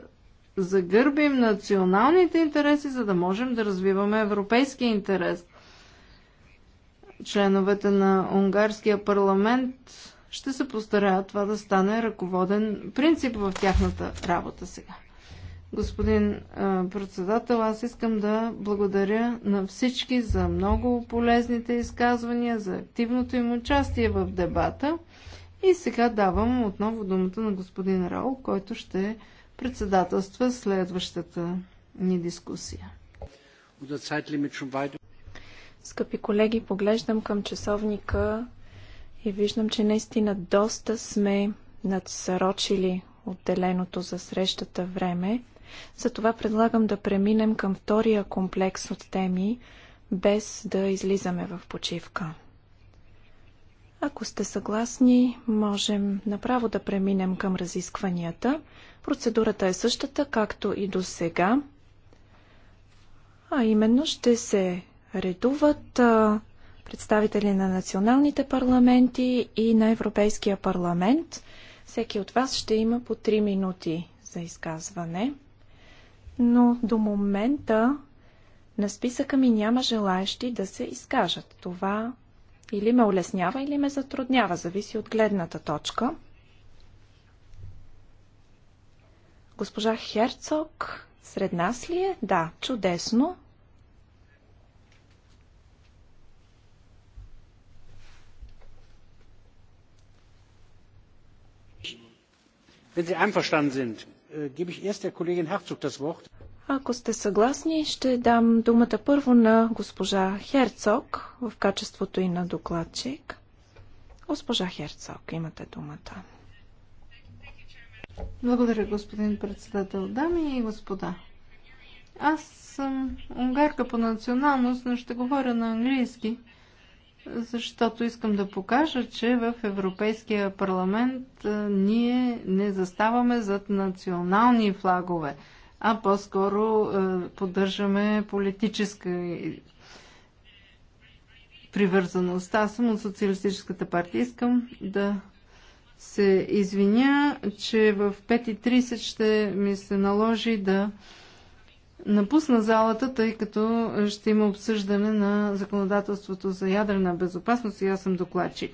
загърбим националните интереси, за да можем да развиваме европейския интерес. Членовете на унгарския парламент ще се постарая това да стане ръководен принцип в тяхната работа сега. Господин председател, аз искам да благодаря на всички за много полезните изказвания, за активното им участие в дебата. И сега давам отново думата на господин Рао, който ще председателства следващата ни дискусия. Скъпи колеги, поглеждам към часовника и виждам, че наистина доста сме надсрочили отделеното за срещата време. Затова предлагам да преминем към втория комплекс от теми, без да излизаме в почивка. Ако сте съгласни, можем направо да преминем към разискванията. Процедурата е същата, както и до сега. А именно ще се редуват представители на националните парламенти и на Европейския парламент. Всеки от вас ще има по 3 минути за изказване. Но до момента на списъка ми няма желаящи да се изкажат. Това или ме улеснява, или ме затруднява, зависи от гледната точка. Госпожа Херцог, сред нас ли е? Да, чудесно. Wenn Sie einverstanden sind, äh, gebe ich erst der Kollegin Herzog das Wort. Ако сте съгласни, ще дам думата първо на госпожа Херцог в качеството и на докладчик. Госпожа Херцог, имате думата. Благодаря, господин председател. Дами и господа, аз съм унгарка по националност, но ще говоря на английски, защото искам да покажа, че в Европейския парламент ние не заставаме зад национални флагове, а по-скоро поддържаме политическа привързаност. Аз съм от Социалистическата партия. Искам да се извиня, че в 5.30 ще ми се наложи да напусна залата, тъй като ще има обсъждане на законодателството за ядрена безопасност и аз съм докладчик.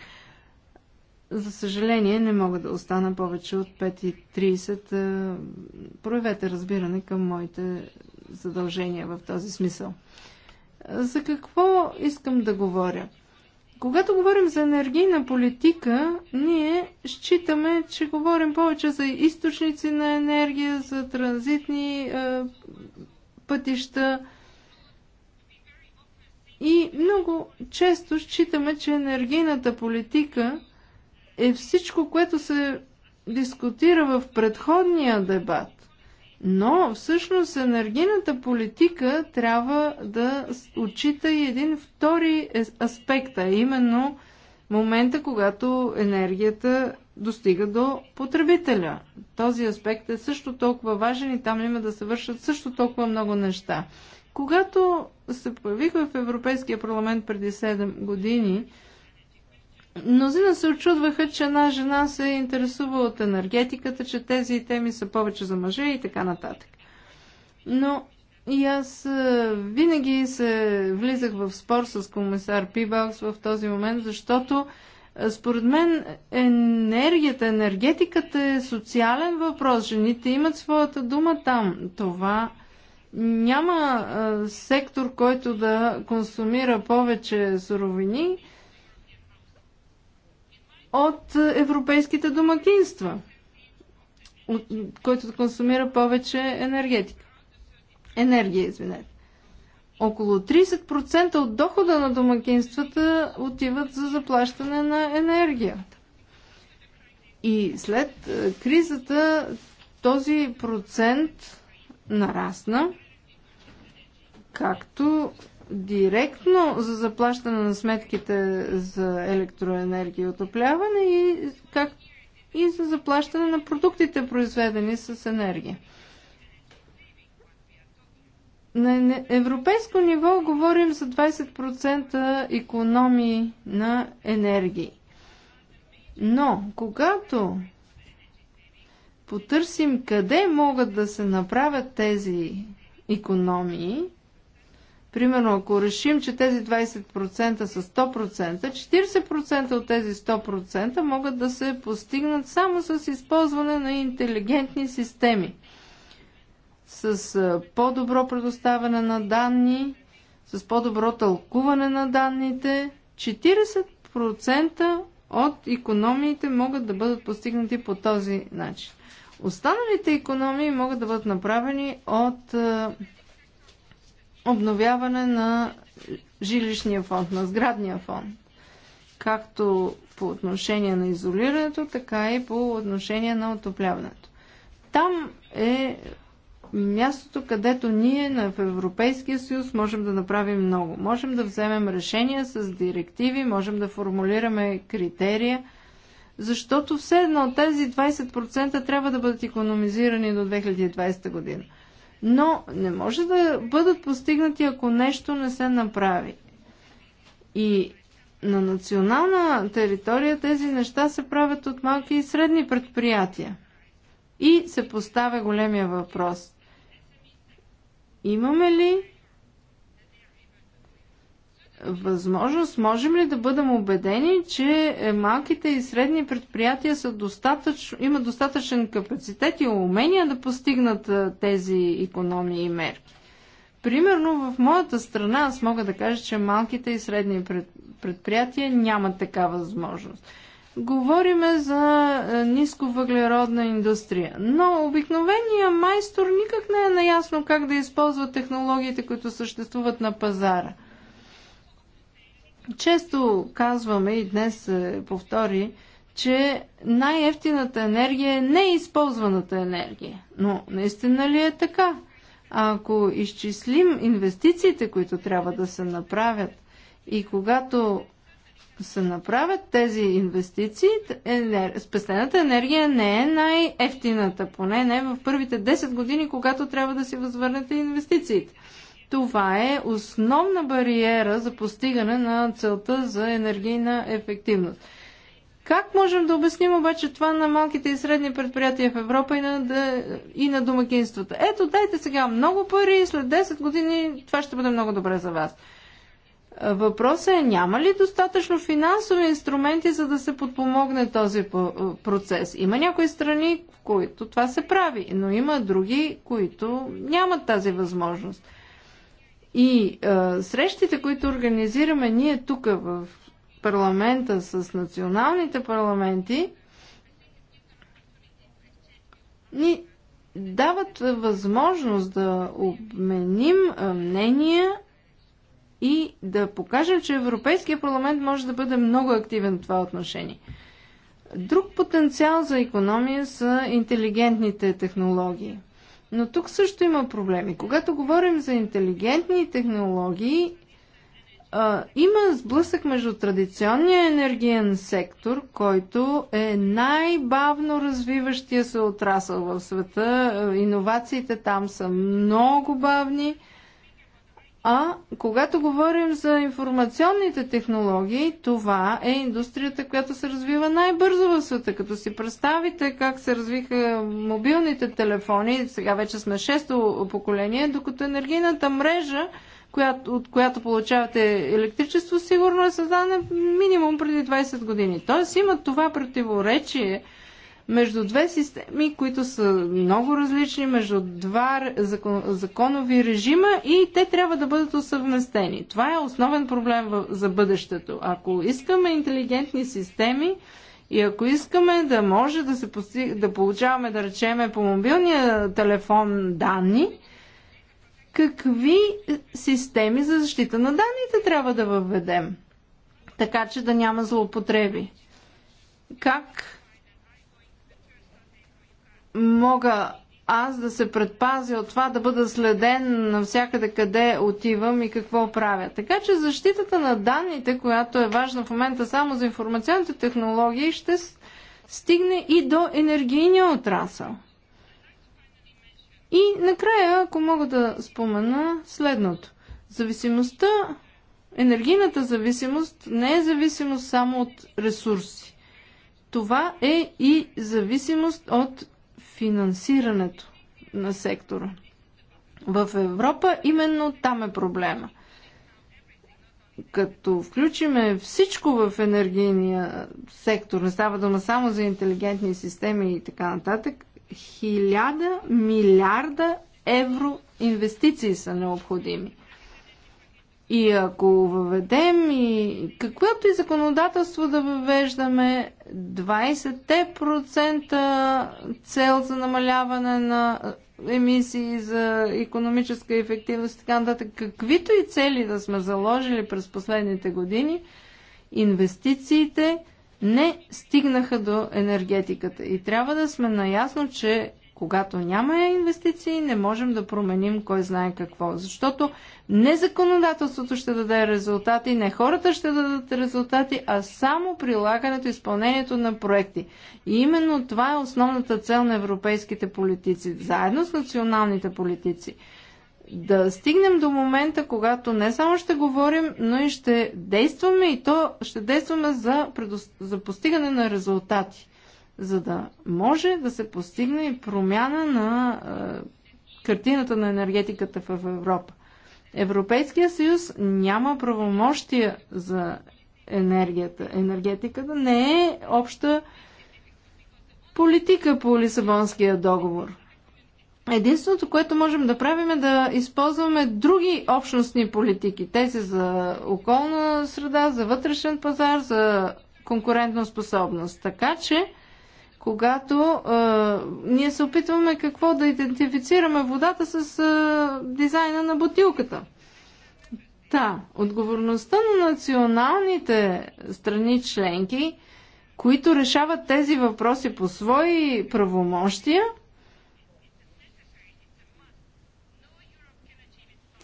За съжаление, не мога да остана повече от 5.30. Е, проявете разбиране към моите задължения в този смисъл. За какво искам да говоря? Когато говорим за енергийна политика, ние считаме, че говорим повече за източници на енергия, за транзитни е, пътища. И много често считаме, че енергийната политика е всичко, което се дискутира в предходния дебат. Но всъщност енергийната политика трябва да отчита и един втори е- аспект, а именно момента, когато енергията достига до потребителя. Този аспект е също толкова важен и там има да се вършат също толкова много неща. Когато се появих в Европейския парламент преди 7 години, мнозина се очудваха, че една жена се интересува от енергетиката, че тези теми са повече за мъже и така нататък. Но и аз е, винаги се влизах в спор с комисар Пибалс в този момент, защото според мен енергията, енергетиката е социален въпрос. Жените имат своята дума там. Това няма а, сектор, който да консумира повече суровини от европейските домакинства, от, който да консумира повече енергетика. Енергия, извинете около 30% от дохода на домакинствата отиват за заплащане на енергията. И след е, кризата този процент нарасна, както директно за заплащане на сметките за електроенергия и отопляване и, как, и за заплащане на продуктите, произведени с енергия. На европейско ниво говорим за 20% економии на енергии. Но, когато потърсим къде могат да се направят тези економии, примерно ако решим, че тези 20% са 100%, 40% от тези 100% могат да се постигнат само с използване на интелигентни системи с по-добро предоставяне на данни, с по-добро тълкуване на данните, 40% от економиите могат да бъдат постигнати по този начин. Останалите економии могат да бъдат направени от обновяване на жилищния фонд, на сградния фонд. Както по отношение на изолирането, така и по отношение на отопляването. Там е мястото, където ние в Европейския съюз можем да направим много. Можем да вземем решения с директиви, можем да формулираме критерия, защото все едно тези 20% трябва да бъдат економизирани до 2020 година. Но не може да бъдат постигнати, ако нещо не се направи. И на национална територия тези неща се правят от малки и средни предприятия. И се поставя големия въпрос. Имаме ли възможност, можем ли да бъдем убедени, че малките и средни предприятия са достатъчно, имат достатъчен капацитет и умения да постигнат тези економии и мерки? Примерно в моята страна аз мога да кажа, че малките и средни предприятия нямат такава възможност. Говориме за е, ниско въглеродна индустрия, но обикновения майстор никак не е наясно как да използва технологиите, които съществуват на пазара. Често казваме и днес се повтори, че най-ефтината енергия е неизползваната енергия. Но наистина ли е така? А ако изчислим инвестициите, които трябва да се направят, и когато се направят тези инвестиции, енер... спестената енергия не е най-ефтината, поне не в първите 10 години, когато трябва да си възвърнете инвестициите. Това е основна бариера за постигане на целта за енергийна ефективност. Как можем да обясним обаче това на малките и средни предприятия в Европа и на, да, и на домакинствата? Ето, дайте сега много пари и след 10 години това ще бъде много добре за вас. Въпросът е, няма ли достатъчно финансови инструменти, за да се подпомогне този е, процес? Има някои страни, в които това се прави, но има други, които нямат тази възможност. И е, срещите, които организираме ние тук в парламента с националните парламенти, ни дават възможност да обменим е, мнения и да покажем, че Европейския парламент може да бъде много активен в това отношение. Друг потенциал за економия са интелигентните технологии. Но тук също има проблеми. Когато говорим за интелигентни технологии, а, има сблъсък между традиционния енергиен сектор, който е най-бавно развиващия се отрасъл в света. Иновациите там са много бавни а когато говорим за информационните технологии, това е индустрията, която се развива най-бързо в света. Като си представите как се развиха мобилните телефони, сега вече сме шесто поколение, докато енергийната мрежа, която, от която получавате електричество, сигурно е създадена минимум преди 20 години. Тоест има това противоречие между две системи, които са много различни, между два законови режима и те трябва да бъдат усъвместени. Това е основен проблем за бъдещето. Ако искаме интелигентни системи и ако искаме да може да, се постиг... да получаваме, да речеме, по мобилния телефон данни, какви системи за защита на данните трябва да въведем, така че да няма злоупотреби? Как мога аз да се предпазя от това да бъда следен навсякъде къде отивам и какво правя. Така че защитата на данните, която е важна в момента само за информационните технологии, ще стигне и до енергийния отрасъл. И накрая, ако мога да спомена следното. Зависимостта, енергийната зависимост не е зависимост само от ресурси. Това е и зависимост от финансирането на сектора. В Европа именно там е проблема. Като включиме всичко в енергийния сектор, не става дума само за интелигентни системи и така нататък, хиляда милиарда евро инвестиции са необходими. И ако въведем и каквото и законодателство да въвеждаме, 20% цел за намаляване на е, емисии за економическа ефективност и така нататък, каквито и цели да сме заложили през последните години, инвестициите не стигнаха до енергетиката. И трябва да сме наясно, че когато няма инвестиции, не можем да променим кой знае какво. Защото не законодателството ще даде резултати, не хората ще дадат резултати, а само прилагането и изпълнението на проекти. И именно това е основната цел на европейските политици, заедно с националните политици да стигнем до момента, когато не само ще говорим, но и ще действаме и то ще действаме за, предо... за постигане на резултати за да може да се постигне и промяна на е, картината на енергетиката в Европа. Европейския съюз няма правомощия за енергията. Енергетиката не е обща политика по Лисабонския договор. Единственото, което можем да правим е да използваме други общностни политики. Тези за околна среда, за вътрешен пазар, за конкурентна способност. Така че когато а, ние се опитваме какво да идентифицираме водата с а, дизайна на бутилката. Да, отговорността на националните страни членки, които решават тези въпроси по свои правомощия –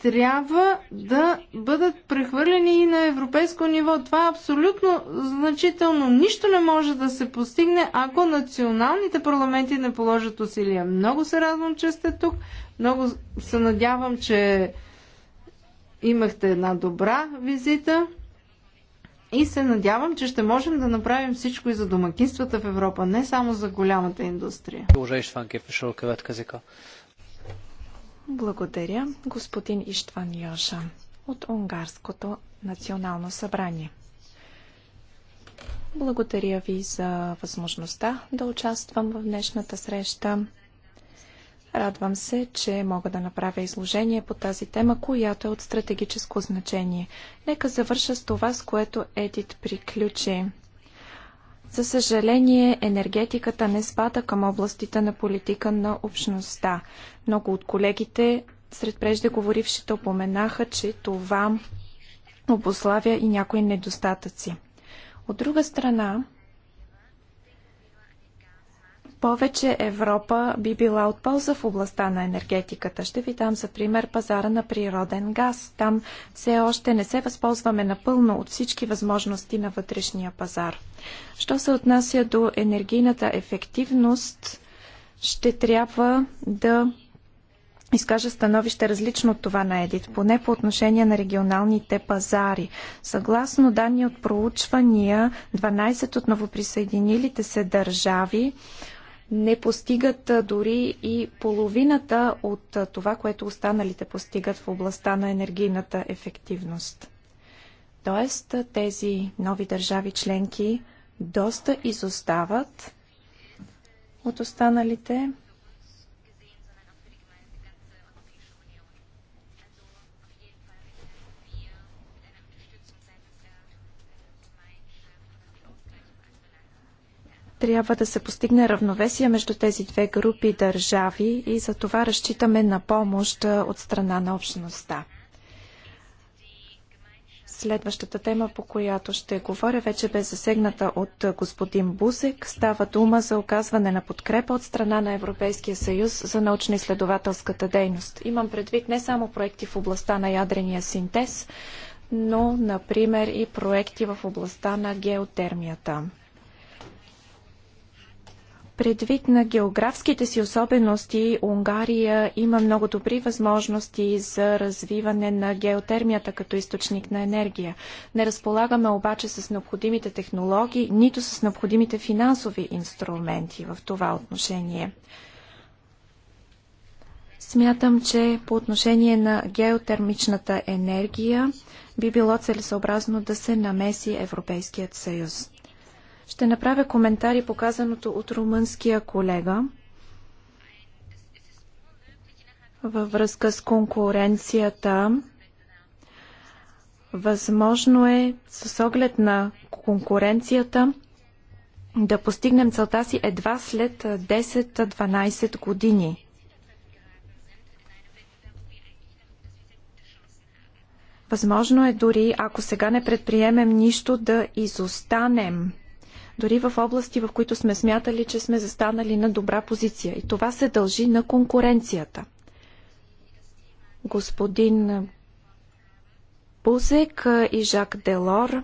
трябва да бъдат прехвърлени и на европейско ниво. Това е абсолютно значително. Нищо не може да се постигне, ако националните парламенти не положат усилия. Много се радвам, че сте тук. Много се надявам, че имахте една добра визита. И се надявам, че ще можем да направим всичко и за домакинствата в Европа, не само за голямата индустрия. Благодаря, господин Иштван Йоша от Унгарското национално събрание. Благодаря ви за възможността да участвам в днешната среща. Радвам се, че мога да направя изложение по тази тема, която е от стратегическо значение. Нека завърша с това, с което Едит приключи. За съжаление, енергетиката не спада към областите на политика на общността. Много от колегите сред преждеговорившите упоменаха, че това обославя и някои недостатъци. От друга страна, повече Европа би била от полза в областта на енергетиката. Ще ви дам за пример пазара на природен газ. Там все още не се възползваме напълно от всички възможности на вътрешния пазар. Що се отнася до енергийната ефективност, ще трябва да изкажа становище различно от това на Едит, поне по отношение на регионалните пазари. Съгласно данни от проучвания, 12 от новоприсъединилите се държави не постигат дори и половината от това, което останалите постигат в областта на енергийната ефективност. Тоест, тези нови държави членки доста изостават от останалите. Трябва да се постигне равновесие между тези две групи държави и за това разчитаме на помощ от страна на общността. Следващата тема, по която ще говоря, вече бе засегната от господин Бузек. Става дума за оказване на подкрепа от страна на Европейския съюз за научно-изследователската дейност. Имам предвид не само проекти в областта на ядрения синтез, но, например, и проекти в областта на геотермията. Предвид на географските си особености, Унгария има много добри възможности за развиване на геотермията като източник на енергия. Не разполагаме обаче с необходимите технологии, нито с необходимите финансови инструменти в това отношение. Смятам, че по отношение на геотермичната енергия би било целесообразно да се намеси Европейският съюз. Ще направя коментари показаното от румънския колега във връзка с конкуренцията. Възможно е с оглед на конкуренцията да постигнем целта си едва след 10-12 години. Възможно е дори, ако сега не предприемем нищо, да изостанем – дори в области, в които сме смятали, че сме застанали на добра позиция. И това се дължи на конкуренцията. Господин Бузек и Жак Делор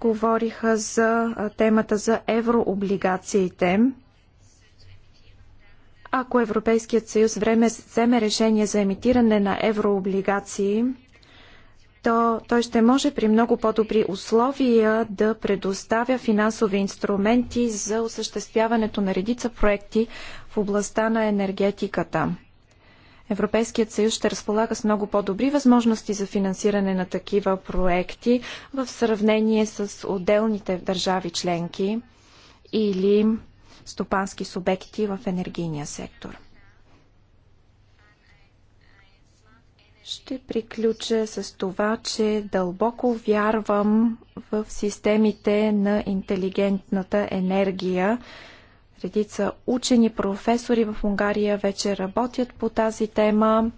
говориха за темата за еврооблигациите. Ако Европейският съюз време вземе решение за емитиране на еврооблигации, то той ще може при много по-добри условия да предоставя финансови инструменти за осъществяването на редица проекти в областта на енергетиката. Европейският съюз ще разполага с много по-добри възможности за финансиране на такива проекти в сравнение с отделните държави членки или стопански субекти в енергийния сектор. Ще приключа с това, че дълбоко вярвам в системите на интелигентната енергия. Редица учени професори в Унгария вече работят по тази тема.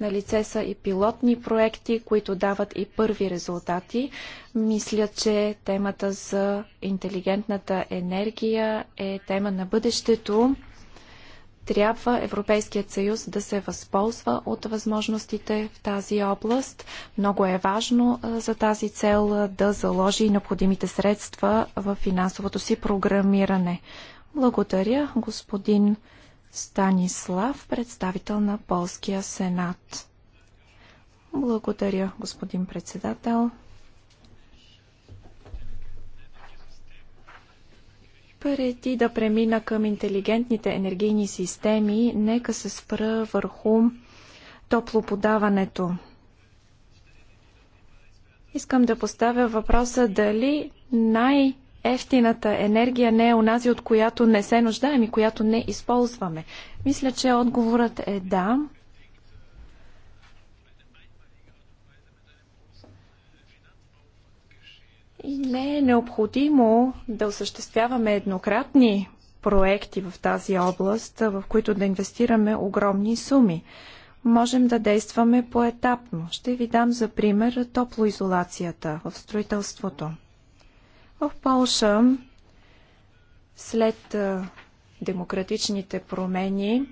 На лице са и пилотни проекти, които дават и първи резултати. Мисля, че темата за интелигентната енергия е тема на бъдещето. Трябва Европейският съюз да се възползва от възможностите в тази област. Много е важно за тази цел да заложи необходимите средства в финансовото си програмиране. Благодаря, господин Станислав, представител на Полския сенат. Благодаря, господин председател. Преди да премина към интелигентните енергийни системи, нека се спра върху топлоподаването. Искам да поставя въпроса дали най- ефтината енергия не е онази, от която не се нуждаем и която не използваме? Мисля, че отговорът е да. И не е необходимо да осъществяваме еднократни проекти в тази област, в които да инвестираме огромни суми. Можем да действаме поетапно. Ще ви дам за пример топлоизолацията в строителството. В Полша след демократичните промени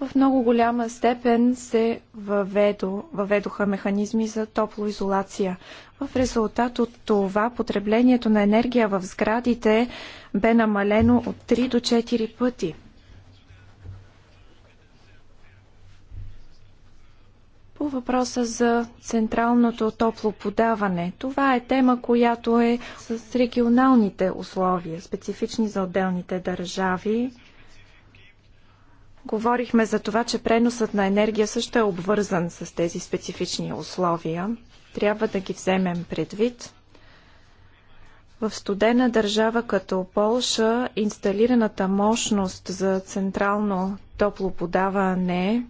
в много голяма степен се въведо, въведоха механизми за топлоизолация. В резултат от това потреблението на енергия в сградите бе намалено от 3 до 4 пъти. По въпроса за централното топло подаване. Това е тема, която е с регионалните условия, специфични за отделните държави. Говорихме за това, че преносът на енергия също е обвързан с тези специфични условия. Трябва да ги вземем предвид. В студена държава като Полша инсталираната мощност за централно топло подаване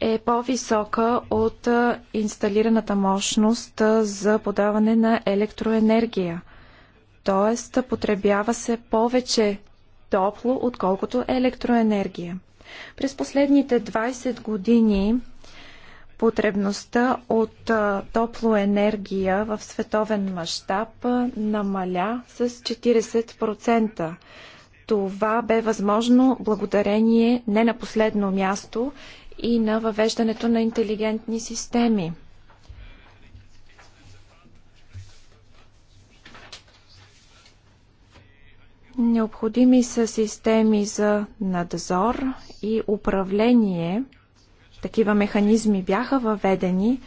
е по-висока от инсталираната мощност за подаване на електроенергия. Тоест, потребява се повече топло отколкото електроенергия. През последните 20 години потребността от топлоенергия в световен мащаб намаля с 40%. Това бе възможно благодарение не на последно място и на въвеждането на интелигентни системи. Необходими са системи за надзор и управление. Такива механизми бяха въведени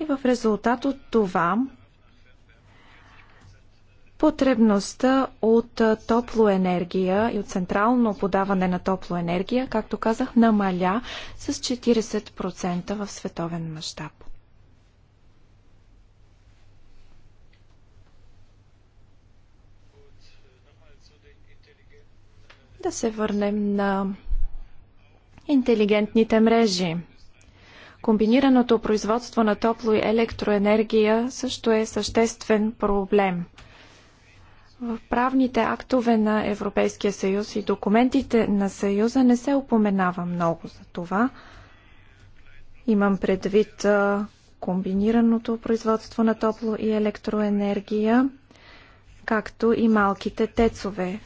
и в резултат от това потребността от топлоенергия и от централно подаване на топлоенергия, както казах, намаля с 40% в световен мащаб. Да се върнем на интелигентните мрежи. Комбинираното производство на топло и електроенергия също е съществен проблем. В правните актове на Европейския съюз и документите на съюза не се упоменава много за това. Имам предвид комбинираното производство на топло и електроенергия, както и малките тецове,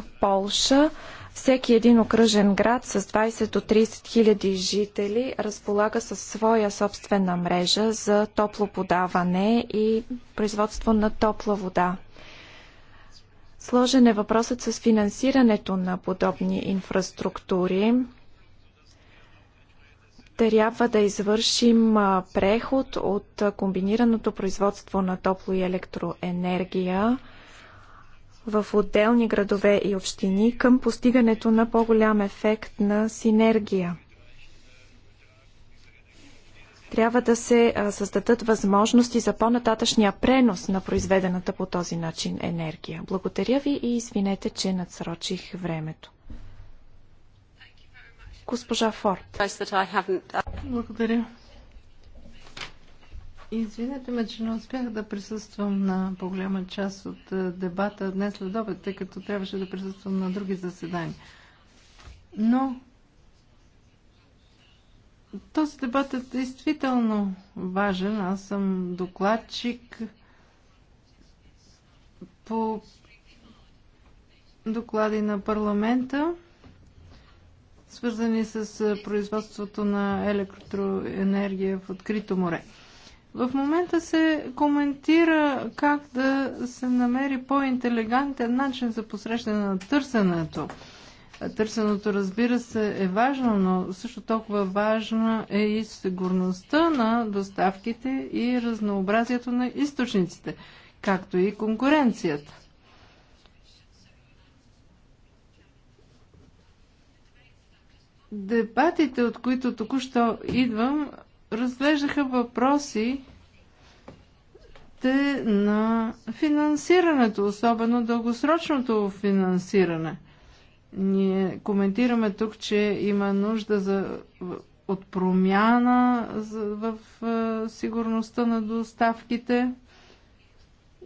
в Полша всеки един окръжен град с 20 до 30 хиляди жители разполага със своя собствена мрежа за топло подаване и производство на топла вода. Сложен е въпросът с финансирането на подобни инфраструктури. Трябва да извършим преход от комбинираното производство на топло и електроенергия – в отделни градове и общини към постигането на по-голям ефект на синергия. Трябва да се създадат възможности за по-нататъчния пренос на произведената по този начин енергия. Благодаря ви и извинете, че надсрочих времето. Госпожа Форд. Uh, Благодаря. Извинете ме, че не успях да присъствам на по-голяма част от е, дебата днес след обед, тъй като трябваше да присъствам на други заседания. Но този дебат е действително важен. Аз съм докладчик по доклади на парламента, свързани с е, производството на електроенергия в открито море. В момента се коментира как да се намери по-интелигантен начин за посрещане на търсенето. Търсеното, разбира се, е важно, но също толкова важна е и сигурността на доставките и разнообразието на източниците, както и конкуренцията. Дебатите, от които току-що идвам, разглеждаха въпроси те на финансирането, особено дългосрочното финансиране. Ние коментираме тук, че има нужда за, от промяна в, в сигурността на доставките.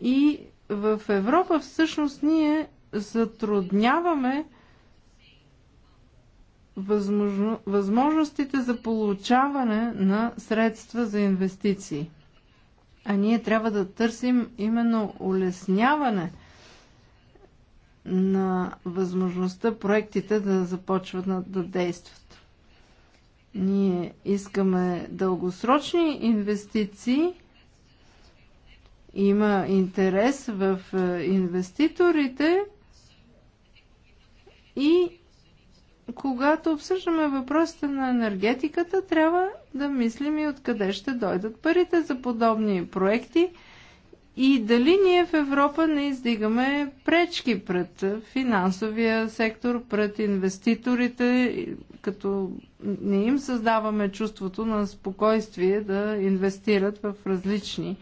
И в Европа всъщност ние затрудняваме възможно, възможностите за получаване на средства за инвестиции. А ние трябва да търсим именно улесняване на възможността проектите да започват да действат. Ние искаме дългосрочни инвестиции. Има интерес в е, инвеститорите и когато обсъждаме въпросите на енергетиката, трябва да мислим и откъде ще дойдат парите за подобни проекти и дали ние в Европа не издигаме пречки пред финансовия сектор, пред инвеститорите, като не им създаваме чувството на спокойствие да инвестират в различни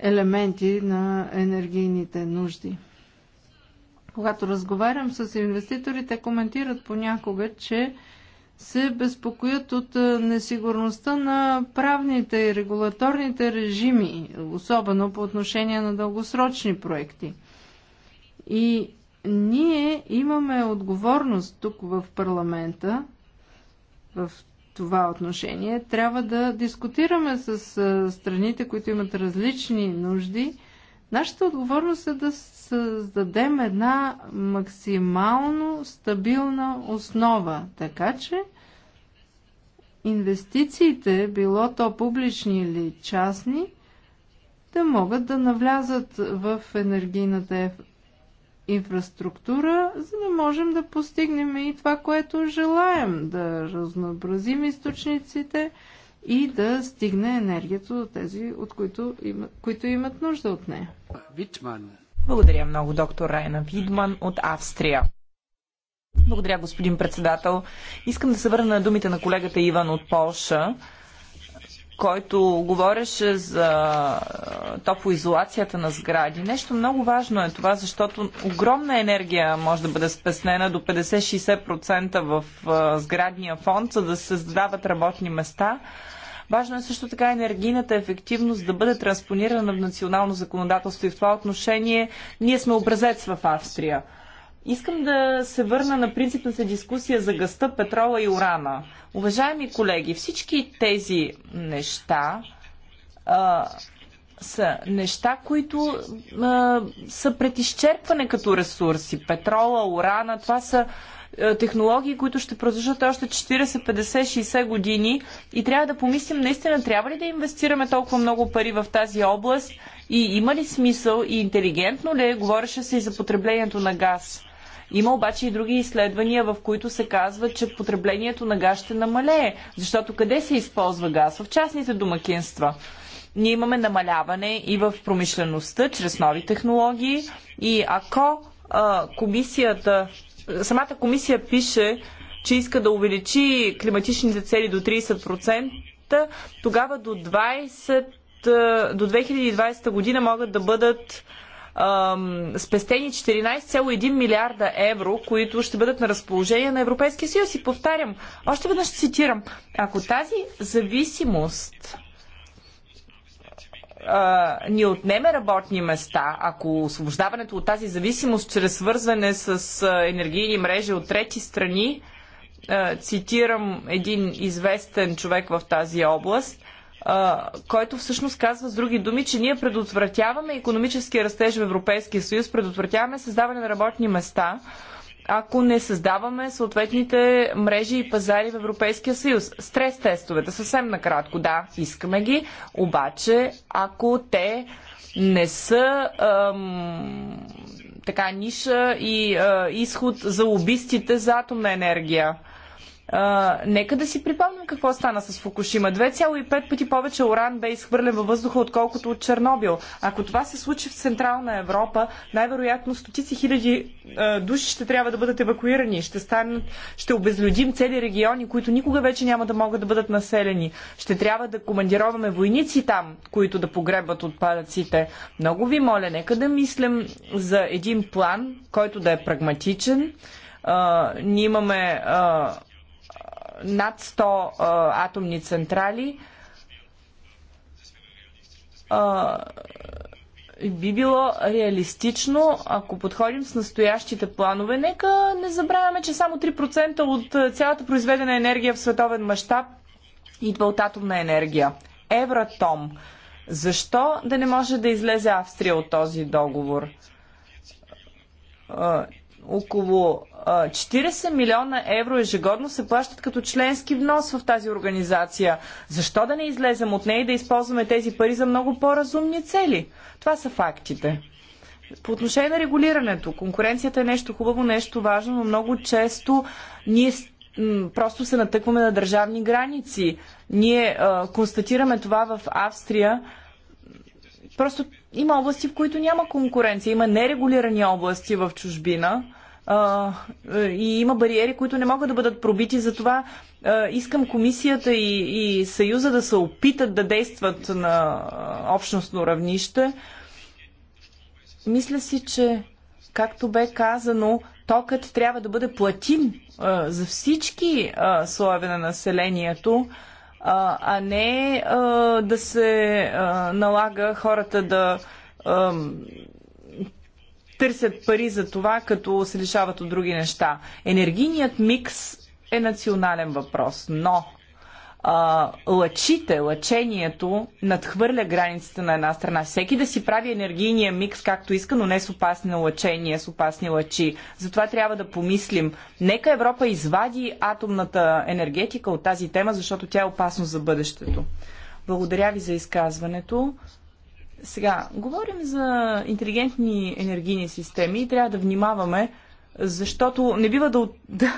елементи на енергийните нужди. Когато разговарям с инвеститорите, коментират понякога, че се безпокоят от несигурността на правните и регулаторните режими, особено по отношение на дългосрочни проекти. И ние имаме отговорност тук в парламента, в това отношение, трябва да дискутираме с страните, които имат различни нужди, Нашата отговорност е да създадем една максимално стабилна основа, така че инвестициите, било то публични или частни, да могат да навлязат в енергийната инфраструктура, за да можем да постигнем и това, което желаем, да разнообразим източниците, и да стигне енергията до тези, от които, има, които имат нужда от нея. Витман. Благодаря много, доктор Райна Видман от Австрия. Благодаря, господин председател. Искам да се върна на думите на колегата Иван от Полша, който говореше за топлоизолацията на сгради. Нещо много важно е това, защото огромна енергия може да бъде спеснена до 50-60% в сградния фонд, за да се създават работни места. Важно е също така енергийната ефективност да бъде транспонирана в национално законодателство и в това отношение ние сме образец в Австрия. Искам да се върна на принципната дискусия за гъста, петрола и урана. Уважаеми колеги, всички тези неща а, са неща, които а, са предизчерпване като ресурси. Петрола, урана, това са е, технологии, които ще продължат още 40, 50, 60 години и трябва да помислим наистина трябва ли да инвестираме толкова много пари в тази област и има ли смисъл и интелигентно ли е, говореше се и за потреблението на газ. Има обаче и други изследвания, в които се казва, че потреблението на газ ще намалее. Защото къде се използва газ? В частните домакинства. Ние имаме намаляване и в промишлеността, чрез нови технологии. И ако а, комисията самата комисия пише, че иска да увеличи климатичните цели до 30%, тогава до 20 до 2020 година могат да бъдат ам, спестени 14,1 милиарда евро, които ще бъдат на разположение на Европейския съюз. И повтарям, още веднъж цитирам, ако тази зависимост а, ни отнеме работни места, ако освобождаването от тази зависимост чрез свързване с а, енергийни мрежи от трети страни, а, цитирам един известен човек в тази област, а, който всъщност казва с други думи, че ние предотвратяваме економическия растеж в Европейския съюз, предотвратяваме създаване на работни места, ако не създаваме съответните мрежи и пазари в Европейския съюз. Стрес тестовете, съвсем накратко, да, искаме ги, обаче ако те не са ам, така ниша и а, изход за лобистите за атомна енергия нека да си припомним какво стана с Фукушима. 2,5 пъти повече уран бе изхвърлен във въздуха, отколкото от Чернобил. Ако това се случи в Централна Европа, най-вероятно стотици хиляди а, души ще трябва да бъдат евакуирани. Ще, станат, ще обезлюдим цели региони, които никога вече няма да могат да бъдат населени. Ще трябва да командироваме войници там, които да погребат отпадъците. Много ви моля, нека да мислим за един план, който да е прагматичен. А, ние имаме а, над 100 атомни централи, би било реалистично, ако подходим с настоящите планове, нека не забравяме, че само 3% от цялата произведена енергия в световен мащаб идва от атомна енергия. Евратом. Защо да не може да излезе Австрия от този договор? около 40 милиона евро ежегодно се плащат като членски внос в тази организация. Защо да не излезем от нея и да използваме тези пари за много по-разумни цели? Това са фактите. По отношение на регулирането, конкуренцията е нещо хубаво, нещо важно, но много често ние просто се натъкваме на държавни граници. Ние а, констатираме това в Австрия. Просто има области, в които няма конкуренция. Има нерегулирани области в чужбина а, е, и има бариери, които не могат да бъдат пробити. Затова а, е, искам комисията и, и Съюза да се опитат да действат на е, общностно равнище. Мисля си, че, както бе казано, токът трябва да бъде платим а, за всички а, слоеве на населението. А, а, не да се налага хората да търсят пари за това, като се лишават от други неща. Енергийният микс е национален въпрос, но а, лъчите, лъчението надхвърля границите на една страна. Всеки да си прави енергийния микс както иска, но не с опасни лъчение, с опасни лъчи. Затова трябва да помислим. Нека Европа извади атомната енергетика от тази тема, защото тя е опасност за бъдещето. Благодаря ви за изказването. Сега, говорим за интелигентни енергийни системи и трябва да внимаваме защото не бива да, [laughs] да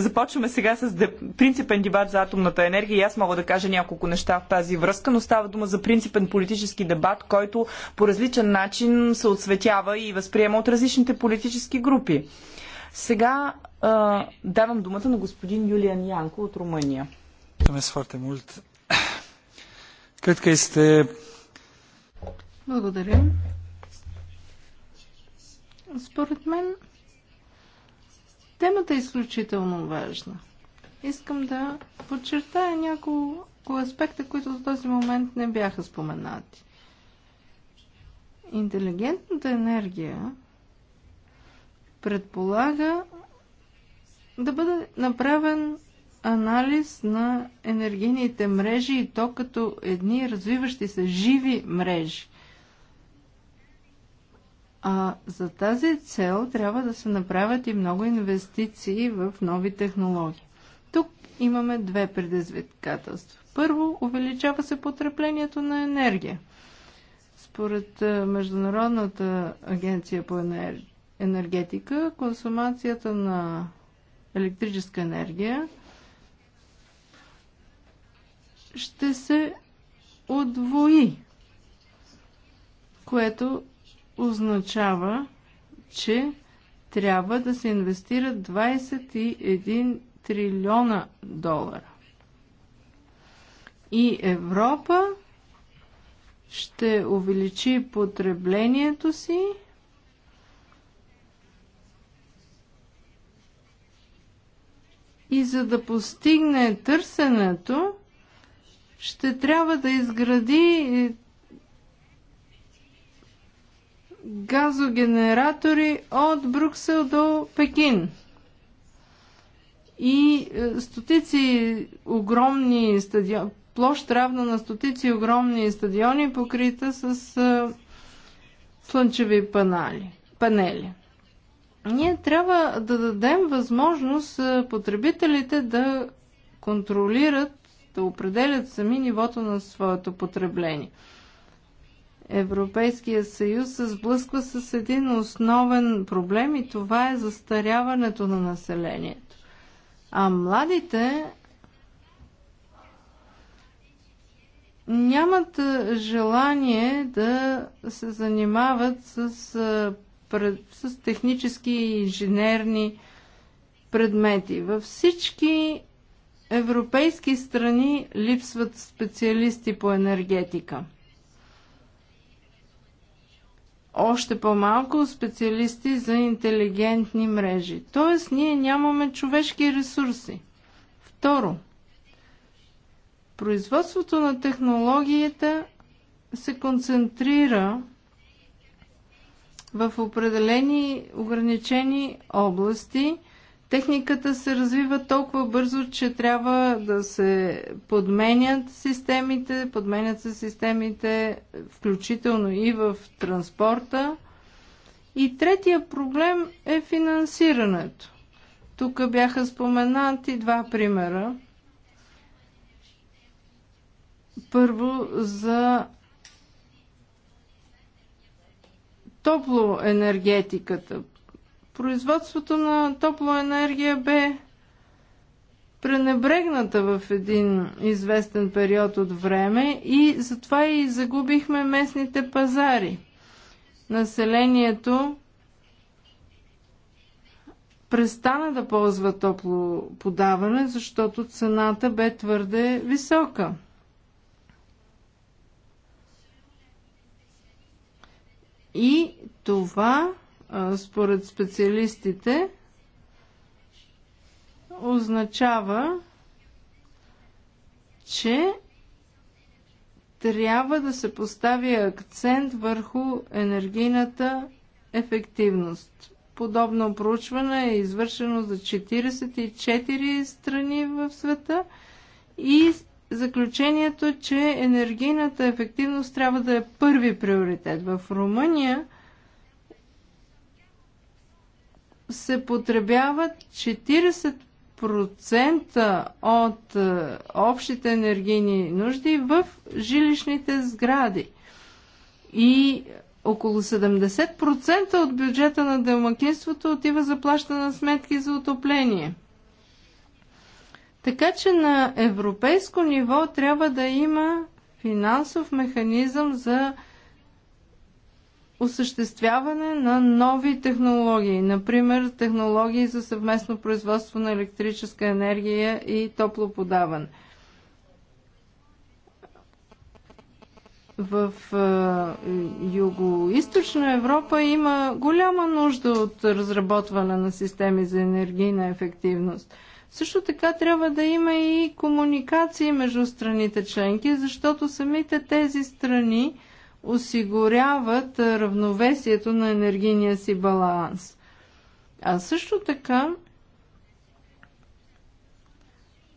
започваме сега с де, принципен дебат за атомната енергия и аз мога да кажа няколко неща в тази връзка, но става дума за принципен политически дебат, който по различен начин се отсветява и възприема от различните политически групи. Сега а, давам думата на господин Юлиан Янко от Румъния. Благодаря. Според мен Темата е изключително важна. Искам да подчертая няколко аспекта, които до този момент не бяха споменати. Интелигентната енергия предполага да бъде направен анализ на енергийните мрежи и то като едни развиващи се живи мрежи. А за тази цел трябва да се направят и много инвестиции в нови технологии. Тук имаме две предизвикателства. Първо, увеличава се потреблението на енергия. Според е, Международната агенция по енергетика, консумацията на електрическа енергия ще се отвои, което означава, че трябва да се инвестират 21 трилиона долара. И Европа ще увеличи потреблението си и за да постигне търсенето, ще трябва да изгради газогенератори от Брюксел до Пекин. И е, стотици огромни стадиони, площ равна на стотици огромни стадиони, покрита с е, слънчеви панали, панели. Ние трябва да дадем възможност е, потребителите да контролират, да определят сами нивото на своето потребление. Европейския съюз се сблъсква с един основен проблем и това е застаряването на населението. А младите нямат желание да се занимават с, с технически и инженерни предмети. Във всички европейски страни липсват специалисти по енергетика още по-малко специалисти за интелигентни мрежи. Тоест, ние нямаме човешки ресурси. Второ, производството на технологията се концентрира в определени ограничени области – Техниката се развива толкова бързо, че трябва да се подменят системите, подменят се системите включително и в транспорта. И третия проблем е финансирането. Тук бяха споменати два примера. Първо за топлоенергетиката производството на топла енергия бе пренебрегната в един известен период от време и затова и загубихме местните пазари. Населението престана да ползва топло подаване, защото цената бе твърде висока. И това според специалистите означава, че трябва да се постави акцент върху енергийната ефективност. Подобно проучване е извършено за 44 страни в света и заключението, е, че енергийната ефективност трябва да е първи приоритет. В Румъния се потребяват 40% от е, общите енергийни нужди в жилищните сгради. И около 70% от бюджета на домакинството отива за плащане на сметки за отопление. Така че на европейско ниво трябва да има финансов механизъм за осъществяване на нови технологии, например технологии за съвместно производство на електрическа енергия и топлоподаване. в Юго-Источна Европа има голяма нужда от разработване на системи за енергийна ефективност. Също така трябва да има и комуникации между страните членки, защото самите тези страни осигуряват равновесието на енергийния си баланс. А също така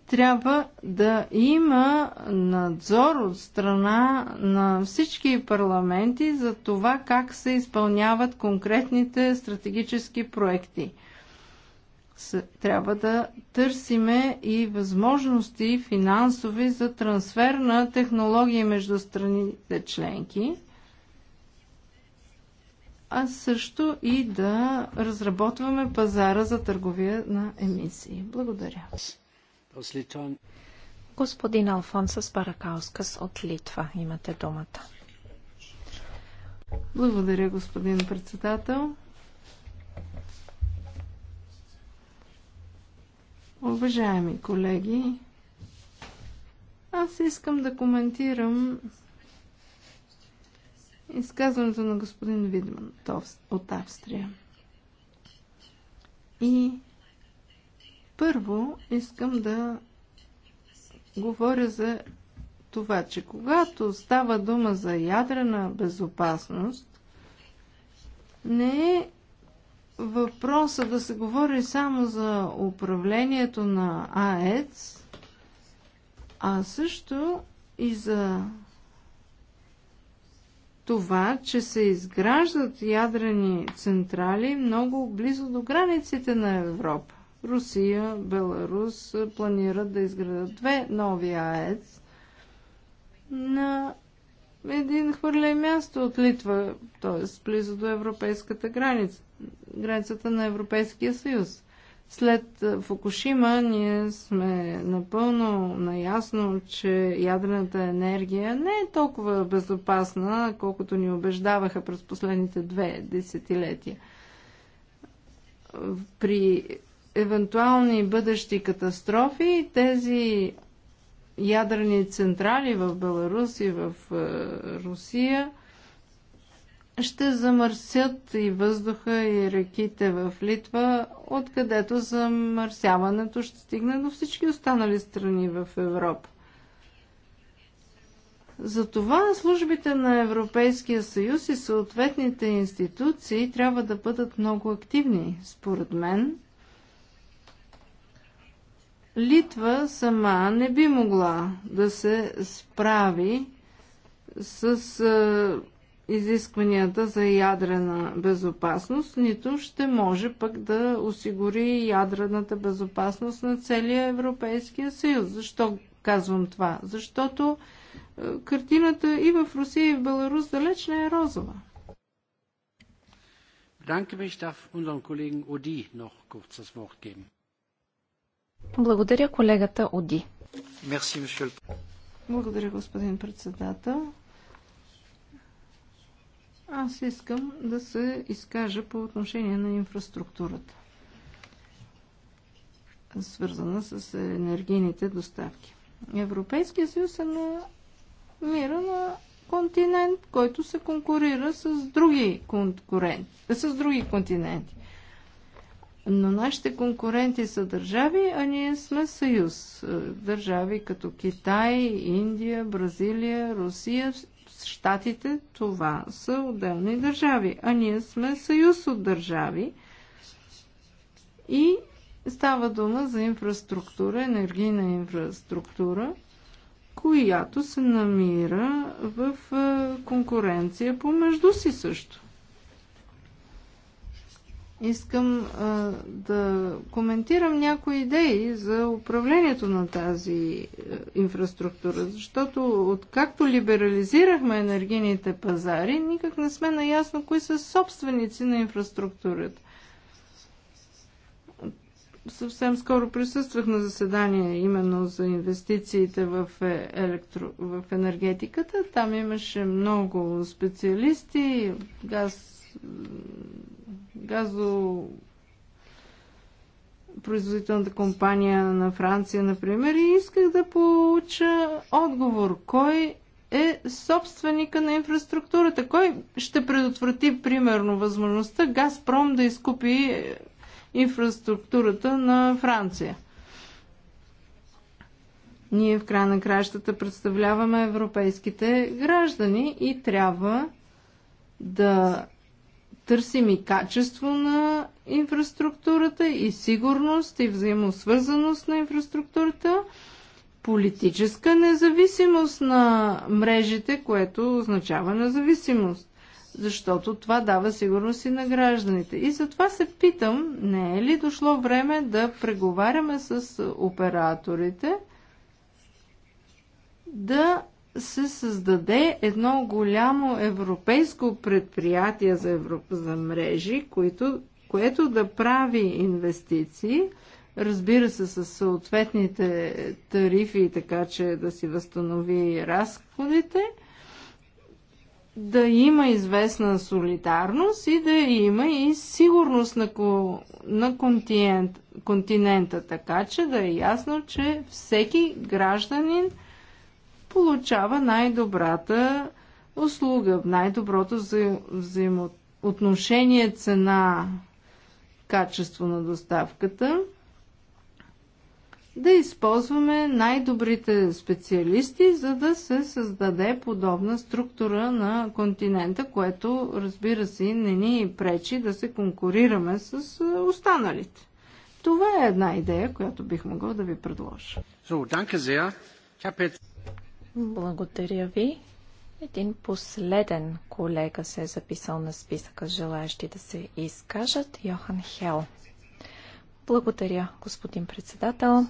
трябва да има надзор от страна на всички парламенти за това как се изпълняват конкретните стратегически проекти трябва да търсиме и възможности финансови за трансфер на технологии между страните членки, а също и да разработваме пазара за търговия на емисии. Благодаря. Господин Алфонсас Баракаускас от Литва, имате думата. Благодаря, господин председател. Уважаеми колеги, аз искам да коментирам изказването на господин Видман от Австрия. И първо искам да говоря за това, че когато става дума за ядрена безопасност, не е въпроса да се говори само за управлението на АЕЦ, а също и за това, че се изграждат ядрени централи много близо до границите на Европа. Русия, Беларус планират да изградат две нови АЕЦ на един хвърлей място от Литва, т.е. близо до европейската граница границата на Европейския съюз. След е, Фукушима ние сме напълно наясно, че ядрената енергия не е толкова безопасна, колкото ни убеждаваха през последните две десетилетия. При евентуални бъдещи катастрофи тези ядрени централи в Беларус и в е, Русия – ще замърсят и въздуха и реките в Литва, откъдето замърсяването ще стигне до всички останали страни в Европа. Затова службите на Европейския съюз и съответните институции трябва да бъдат много активни, според мен. Литва сама не би могла да се справи с изискванията за ядрена безопасност, нито ще може пък да осигури ядрената безопасност на целия Европейския съюз. Защо казвам това? Защото е, картината и в Русия, и в Беларус далеч не е розова. Благодаря колегата Оди. Благодаря, господин председател. Аз искам да се изкажа по отношение на инфраструктурата, свързана с енергийните доставки. Европейския съюз е на мира на континент, който се конкурира с други, конкуренти, с други континенти. Но нашите конкуренти са държави, а ние сме съюз. Държави като Китай, Индия, Бразилия, Русия Штатите това са отделни държави, а ние сме съюз от държави и става дума за инфраструктура, енергийна инфраструктура, която се намира в е, конкуренция помежду си също. Искам а, да коментирам някои идеи за управлението на тази а, инфраструктура, защото откакто либерализирахме енергийните пазари, никак не сме наясно кои са собственици на инфраструктурата съвсем скоро присъствах на заседание именно за инвестициите в, е, електро... в енергетиката. Там имаше много специалисти, газ, газо производителната компания на Франция, например, и исках да получа отговор. Кой е собственика на инфраструктурата? Кой ще предотврати, примерно, възможността Газпром да изкупи инфраструктурата на Франция? Ние в края на кращата представляваме европейските граждани и трябва да Търсим и качество на инфраструктурата, и сигурност, и взаимосвързаност на инфраструктурата, политическа независимост на мрежите, което означава независимост защото това дава сигурност и на гражданите. И затова се питам, не е ли дошло време да преговаряме с операторите да се създаде едно голямо европейско предприятие за, Европ... за мрежи, които... което да прави инвестиции, разбира се, с съответните тарифи, така че да си възстанови разходите, да има известна солидарност и да има и сигурност на, ко... на континент... континента, така че да е ясно, че всеки гражданин – получава най-добрата услуга, най-доброто вза... взаимоотношение цена качество на доставката, да използваме най-добрите специалисти, за да се създаде подобна структура на континента, което, разбира се, не ни пречи да се конкурираме с останалите. Това е една идея, която бих могъл да ви предложа. So, danke sehr. Благодаря ви. Един последен колега се е записал на списъка желаящи да се изкажат. Йохан Хел. Благодаря, господин председател.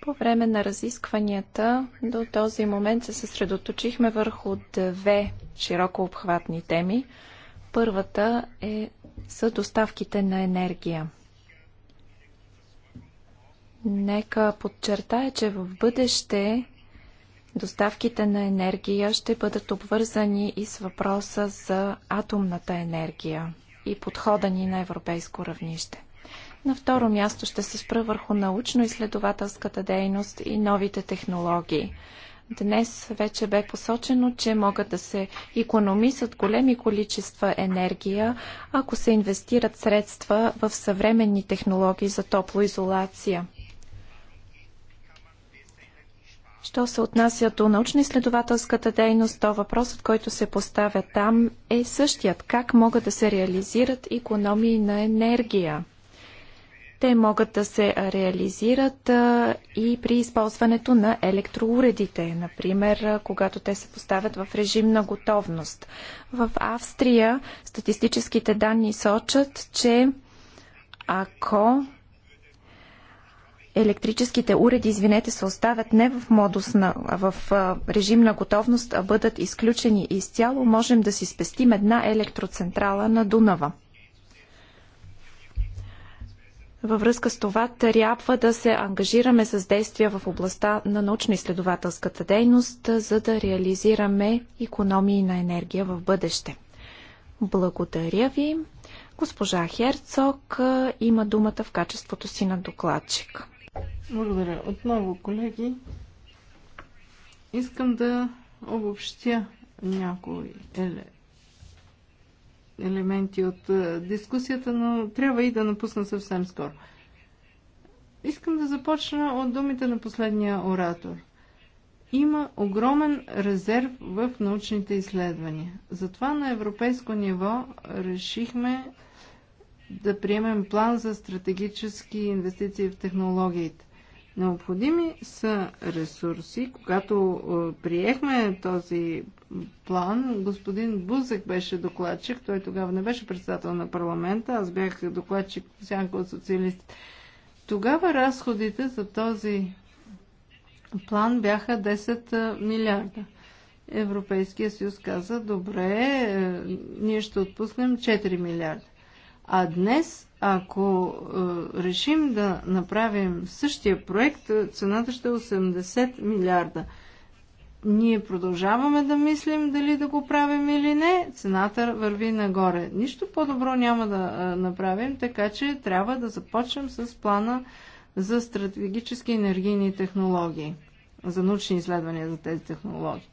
По време на разискванията до този момент се съсредоточихме върху две широко обхватни теми. Първата е са доставките на енергия. Нека подчертая, че в бъдеще доставките на енергия ще бъдат обвързани и с въпроса за атомната енергия и подхода ни на европейско равнище. На второ място ще се спра върху научно-изследователската дейност и новите технологии. Днес вече бе посочено, че могат да се економисат големи количества енергия, ако се инвестират средства в съвременни технологии за топлоизолация. Що се отнася до научно-изследователската дейност, то въпросът, който се поставя там е същият. Как могат да се реализират економии на енергия? Те могат да се реализират а, и при използването на електроуредите, например, а, когато те се поставят в режим на готовност. В Австрия статистическите данни сочат, че ако електрическите уреди, извинете, се оставят не в модус на, в режим на готовност, а бъдат изключени изцяло, можем да си спестим една електроцентрала на Дунава. Във връзка с това трябва да се ангажираме с действия в областта на научно-изследователската дейност, за да реализираме економии на енергия в бъдеще. Благодаря ви. Госпожа Херцог има думата в качеството си на докладчик. Благодаря. Отново, колеги, искам да обобщя някои еле... елементи от дискусията, но трябва и да напусна съвсем скоро. Искам да започна от думите на последния оратор. Има огромен резерв в научните изследвания. Затова на европейско ниво решихме да приемем план за стратегически инвестиции в технологиите. Необходими са ресурси. Когато е, приехме този план, господин Бузък беше докладчик. Той тогава не беше председател на парламента. Аз бях докладчик в сянка от социалистите. Тогава разходите за този план бяха 10 е, милиарда. Европейския съюз каза, добре, е, ние ще отпуснем 4 милиарда. А днес, ако е, решим да направим същия проект, цената ще е 80 милиарда. Ние продължаваме да мислим дали да го правим или не. Цената върви нагоре. Нищо по-добро няма да е, направим, така че трябва да започнем с плана за стратегически енергийни технологии, за научни изследвания за тези технологии.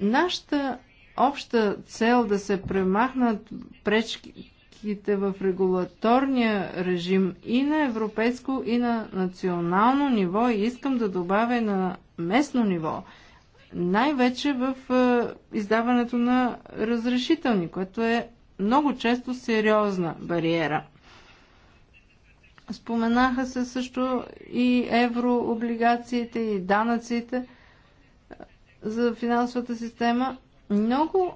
Нашата обща цел да се премахнат пречки, разликите в регулаторния режим и на европейско, и на национално ниво, и искам да добавя на местно ниво, най-вече в е, издаването на разрешителни, което е много често сериозна бариера. Споменаха се също и еврооблигациите, и данъците за финансовата система. Много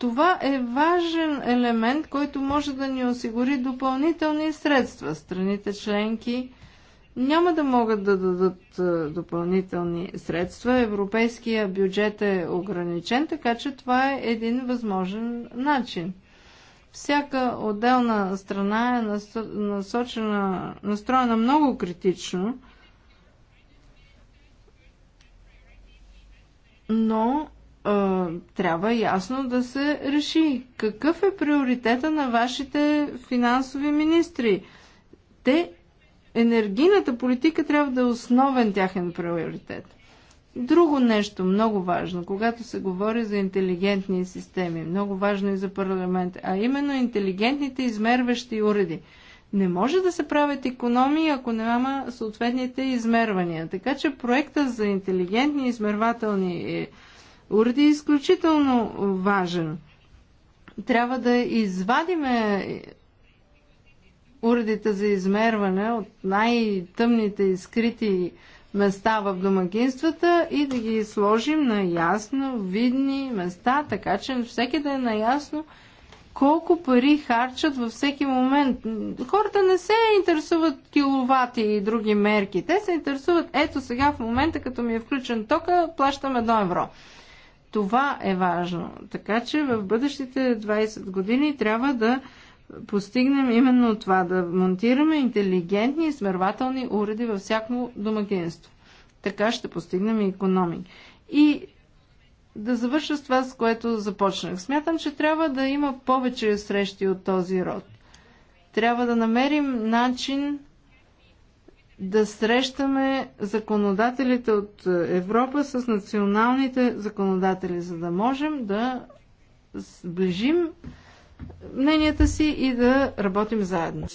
Това е важен елемент, който може да ни осигури допълнителни средства. Страните членки няма да могат да дадат е, допълнителни средства. Европейския бюджет е ограничен, така че това е един възможен начин. Всяка отделна страна е насочена, настроена много критично, но трябва ясно да се реши. Какъв е приоритета на вашите финансови министри? Те, енергийната политика трябва да е основен тяхен приоритет. Друго нещо много важно, когато се говори за интелигентни системи, много важно и за парламент, а именно интелигентните измерващи уреди. Не може да се правят економии, ако няма съответните измервания. Така че проекта за интелигентни измервателни е, уреди е изключително важен. Трябва да извадиме уредите за измерване от най-тъмните и скрити места в домакинствата и да ги сложим на ясно, видни места, така че всеки да е наясно колко пари харчат във всеки момент. Хората не се интересуват киловати и други мерки. Те се интересуват, ето сега в момента, като ми е включен тока, плащам едно евро. Това е важно. Така че в бъдещите 20 години трябва да постигнем именно това, да монтираме интелигентни измервателни уреди във всяко домакинство. Така ще постигнем и економии. И да завърша с това, с което започнах. Смятам, че трябва да има повече срещи от този род. Трябва да намерим начин да срещаме законодателите от Европа с националните законодатели, за да можем да сближим мненията си и да работим заедно.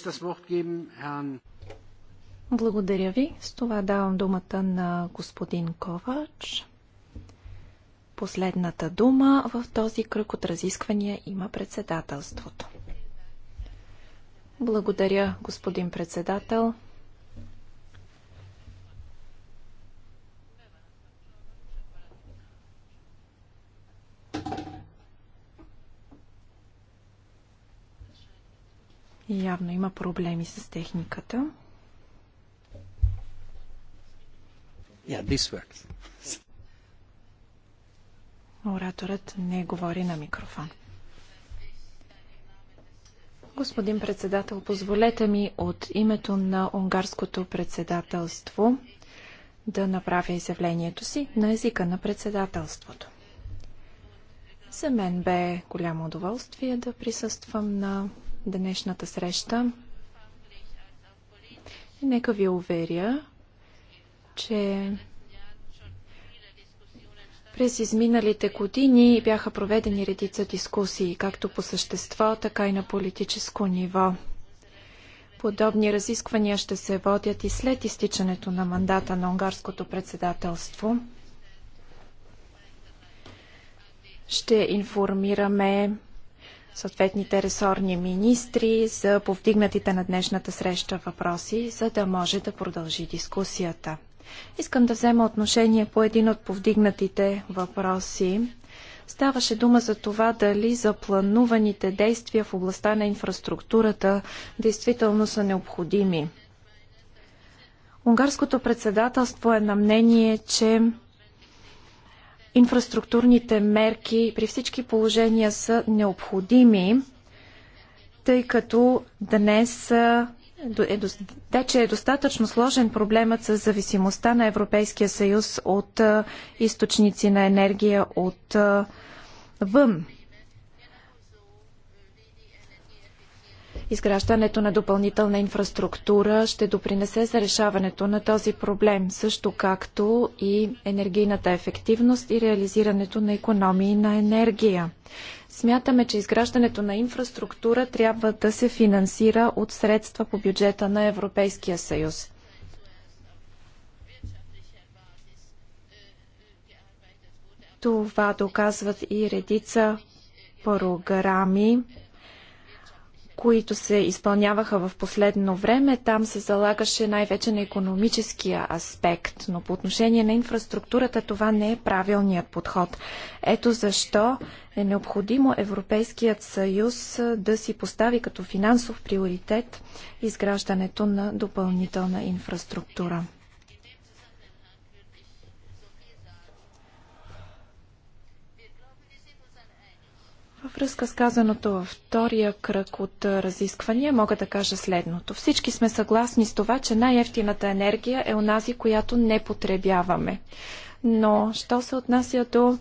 Благодаря ви. С това давам думата на господин Ковач. Последната дума в този кръг от разисквания има председателството. Благодаря, господин председател. Явно има проблеми с техниката. Yeah, this works. Ораторът не говори на микрофон. Господин председател, позволете ми от името на унгарското председателство да направя изявлението си на езика на председателството. За мен бе голямо удоволствие да присъствам на днешната среща. И нека ви уверя, че през изминалите години бяха проведени редица дискусии, както по същество, така и на политическо ниво. Подобни разисквания ще се водят и след изтичането на мандата на унгарското председателство. Ще информираме съответните ресорни министри за повдигнатите на днешната среща въпроси, за да може да продължи дискусията. Искам да взема отношение по един от повдигнатите въпроси. Ставаше дума за това дали заплануваните действия в областта на инфраструктурата действително са необходими. Унгарското председателство е на мнение, че Инфраструктурните мерки при всички положения са необходими, тъй като днес е, вече е достатъчно сложен проблемът с зависимостта на Европейския съюз от източници на енергия от вън. Изграждането на допълнителна инфраструктура ще допринесе за решаването на този проблем, също както и енергийната ефективност и реализирането на економии на енергия. Смятаме, че изграждането на инфраструктура трябва да се финансира от средства по бюджета на Европейския съюз. Това доказват и редица програми, които се изпълняваха в последно време, там се залагаше най-вече на економическия аспект, но по отношение на инфраструктурата това не е правилният подход. Ето защо е необходимо Европейският съюз да си постави като финансов приоритет изграждането на допълнителна инфраструктура. Във връзка с казаното във втория кръг от разисквания мога да кажа следното. Всички сме съгласни с това, че най-ефтината енергия е онази, която не потребяваме. Но, що се отнася до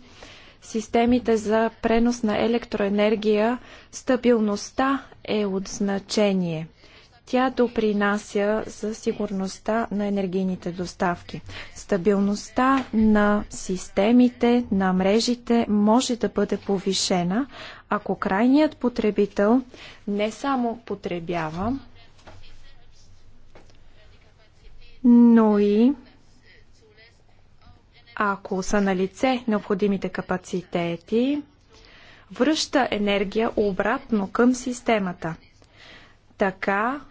системите за пренос на електроенергия, стабилността е от значение. Тя допринася за сигурността на енергийните доставки. Стабилността на системите, на мрежите може да бъде повишена, ако крайният потребител не само потребява, но и ако са на лице необходимите капацитети, връща енергия обратно към системата. Така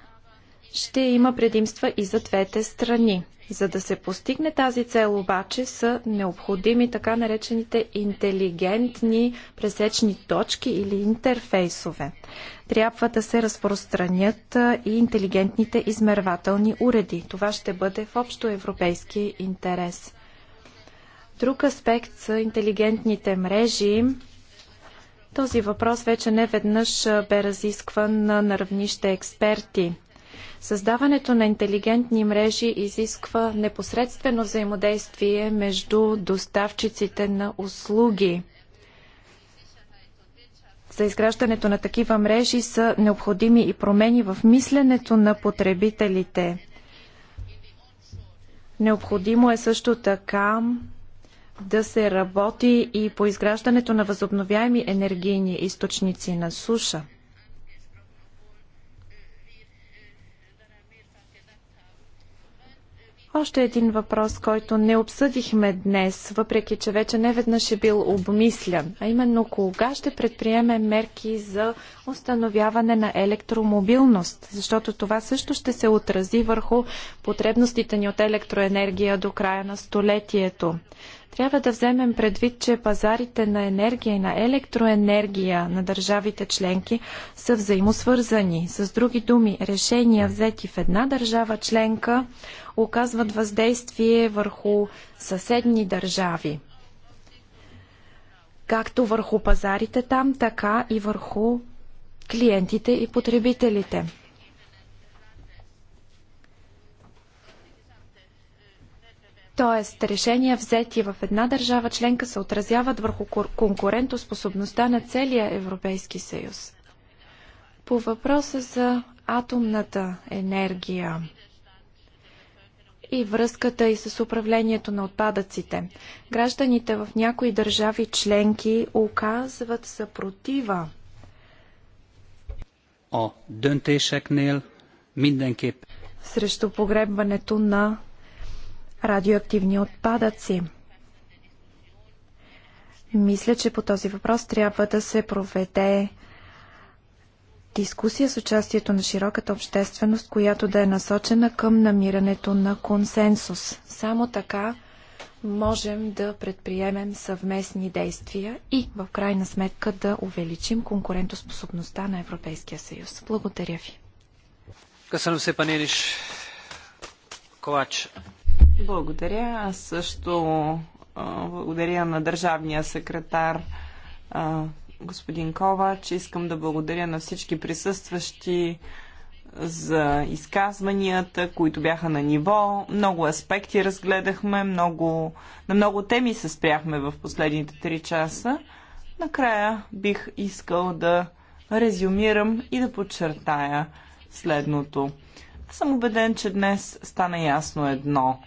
ще има предимства и за двете страни. За да се постигне тази цел обаче са необходими така наречените интелигентни пресечни точки или интерфейсове. Трябва да се разпространят и интелигентните измервателни уреди. Това ще бъде в общо европейски интерес. Друг аспект са интелигентните мрежи. Този въпрос вече не веднъж бе разискван на равнище експерти. Създаването на интелигентни мрежи изисква непосредствено взаимодействие между доставчиците на услуги. За изграждането на такива мрежи са необходими и промени в мисленето на потребителите. Необходимо е също така да се работи и по изграждането на възобновяеми енергийни източници на суша. Още един въпрос, който не обсъдихме днес, въпреки че вече не веднъж е бил обмислян, а именно кога ще предприеме мерки за установяване на електромобилност, защото това също ще се отрази върху потребностите ни от електроенергия до края на столетието. Трябва да вземем предвид, че пазарите на енергия и на електроенергия на държавите членки са взаимосвързани. С други думи, решения взети в една държава членка оказват въздействие върху съседни държави. Както върху пазарите там, така и върху клиентите и потребителите. Тоест, решения взети в една държава членка се отразяват върху конкурентоспособността на целия Европейски съюз. По въпроса за атомната енергия и връзката и с управлението на отпадъците. Гражданите в някои държави членки оказват съпротива. О, Срещу погребването на радиоактивни отпадъци. Мисля, че по този въпрос трябва да се проведе дискусия с участието на широката общественост, която да е насочена към намирането на консенсус. Само така можем да предприемем съвместни действия и в крайна сметка да увеличим конкурентоспособността на Европейския съюз. Благодаря ви. Късано се, панелиш Ковач. Благодаря. Аз също благодаря на държавния секретар господин Ковач. Искам да благодаря на всички присъстващи за изказванията, които бяха на ниво. Много аспекти разгледахме, много, на много теми се спряхме в последните три часа. Накрая бих искал да резюмирам и да подчертая следното съм убеден, че днес стана ясно едно.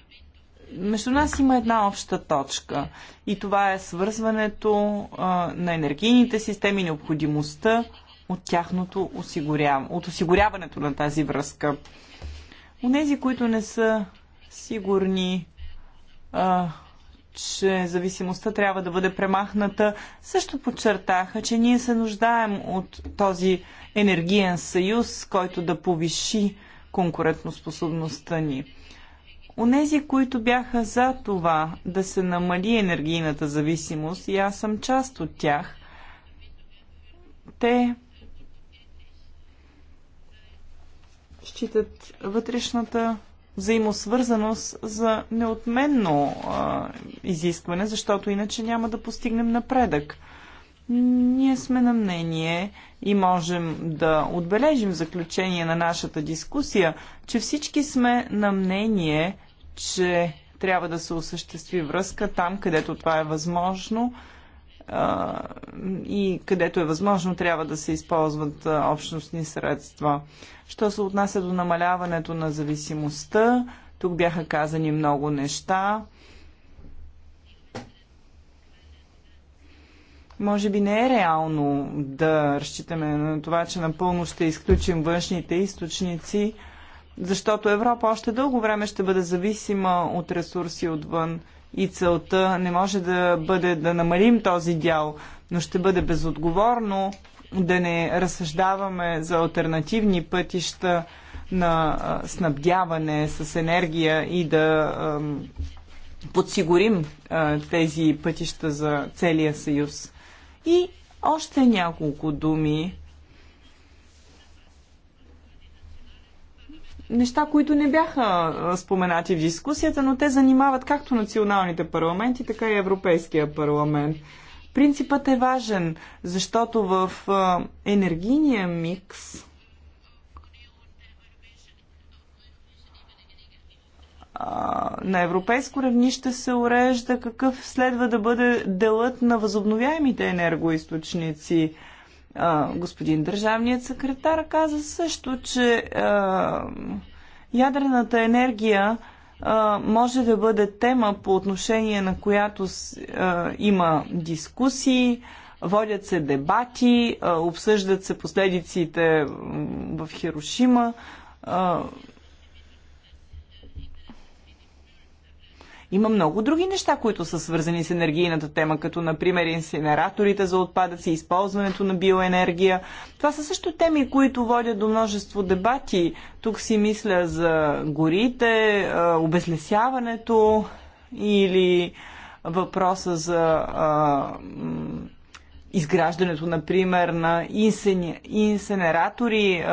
Между нас има една обща точка и това е свързването а, на енергийните системи, необходимостта от тяхното осигуряване, от осигуряването на тази връзка. нези, които не са сигурни, а, че зависимостта трябва да бъде премахната, също подчертаха, че ние се нуждаем от този енергиен съюз, който да повиши конкурентоспособността ни. Онези, които бяха за това да се намали енергийната зависимост, и аз съм част от тях, те считат вътрешната взаимосвързаност за неотменно а, изискване, защото иначе няма да постигнем напредък. Ние сме на мнение и можем да отбележим в заключение на нашата дискусия, че всички сме на мнение, че трябва да се осъществи връзка там, където това е възможно и където е възможно трябва да се използват общностни средства. Що се отнася до намаляването на зависимостта, тук бяха казани много неща. Може би не е реално да разчитаме на това, че напълно ще изключим външните източници, защото Европа още дълго време ще бъде зависима от ресурси отвън и целта не може да бъде да намалим този дял, но ще бъде безотговорно да не разсъждаваме за альтернативни пътища на снабдяване с енергия и да подсигурим тези пътища за целия съюз. И още няколко думи. Неща, които не бяха споменати в дискусията, но те занимават както националните парламенти, така и Европейския парламент. Принципът е важен, защото в енергийния микс на европейско равнище се урежда какъв следва да бъде делът на възобновяемите енергоисточници. Господин държавният секретар каза също, че ядрената енергия може да бъде тема по отношение на която има дискусии, водят се дебати, обсъждат се последиците в Хирошима Има много други неща, които са свързани с енергийната тема, като например инсинераторите за отпадъци, използването на биоенергия. Това са също теми, които водят до множество дебати. Тук си мисля за горите, обезлесяването или въпроса за изграждането, например, на инсенератори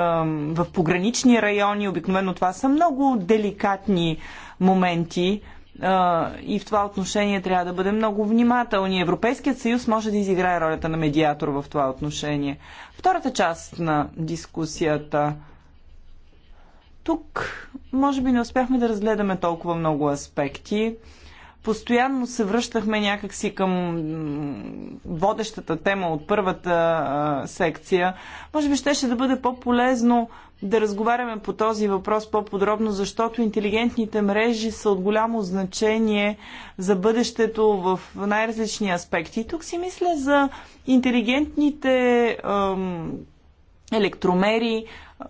в погранични райони. Обикновено това са много деликатни моменти и в това отношение трябва да бъдем много внимателни. Европейският съюз може да изиграе ролята на медиатор в това отношение. Втората част на дискусията. Тук, може би, не успяхме да разгледаме толкова много аспекти. Постоянно се връщахме някакси към водещата тема от първата а, секция. Може би щеше да бъде по-полезно да разговаряме по този въпрос по-подробно, защото интелигентните мрежи са от голямо значение за бъдещето в най-различни аспекти. И тук си мисля за интелигентните ем, електромери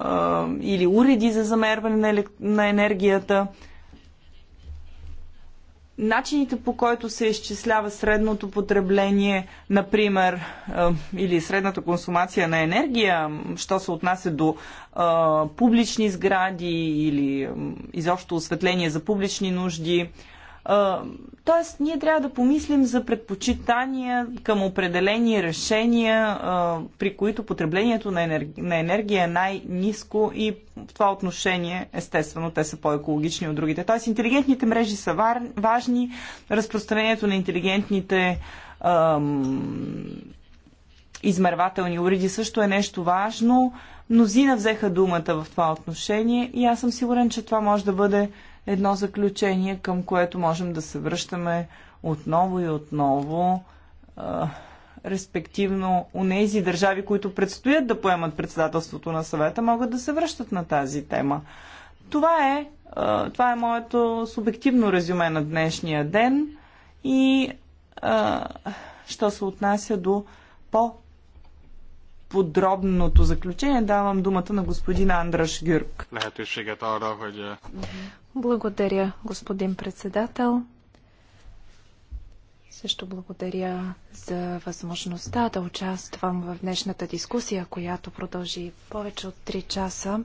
ем, или уреди за замерване на, на енергията начините по който се изчислява средното потребление, например, или средната консумация на енергия, що се отнася до публични сгради или изобщо осветление за публични нужди, Тоест, ние трябва да помислим за предпочитания към определени решения, при които потреблението на енергия, на енергия е най-низко и в това отношение, естествено, те са по-екологични от другите. Тоест, интелигентните мрежи са вар, важни, разпространението на интелигентните ам, измервателни уреди също е нещо важно. Мнозина взеха думата в това отношение и аз съм сигурен, че това може да бъде едно заключение, към което можем да се връщаме отново и отново, а, респективно унези държави, които предстоят да поемат председателството на съвета, могат да се връщат на тази тема. Това е, а, това е моето субективно резюме на днешния ден и а, що се отнася до по подробното заключение давам думата на господин Андраш Гюрк. Е, благодаря, господин председател. Също благодаря за възможността да участвам в днешната дискусия, която продължи повече от 3 часа.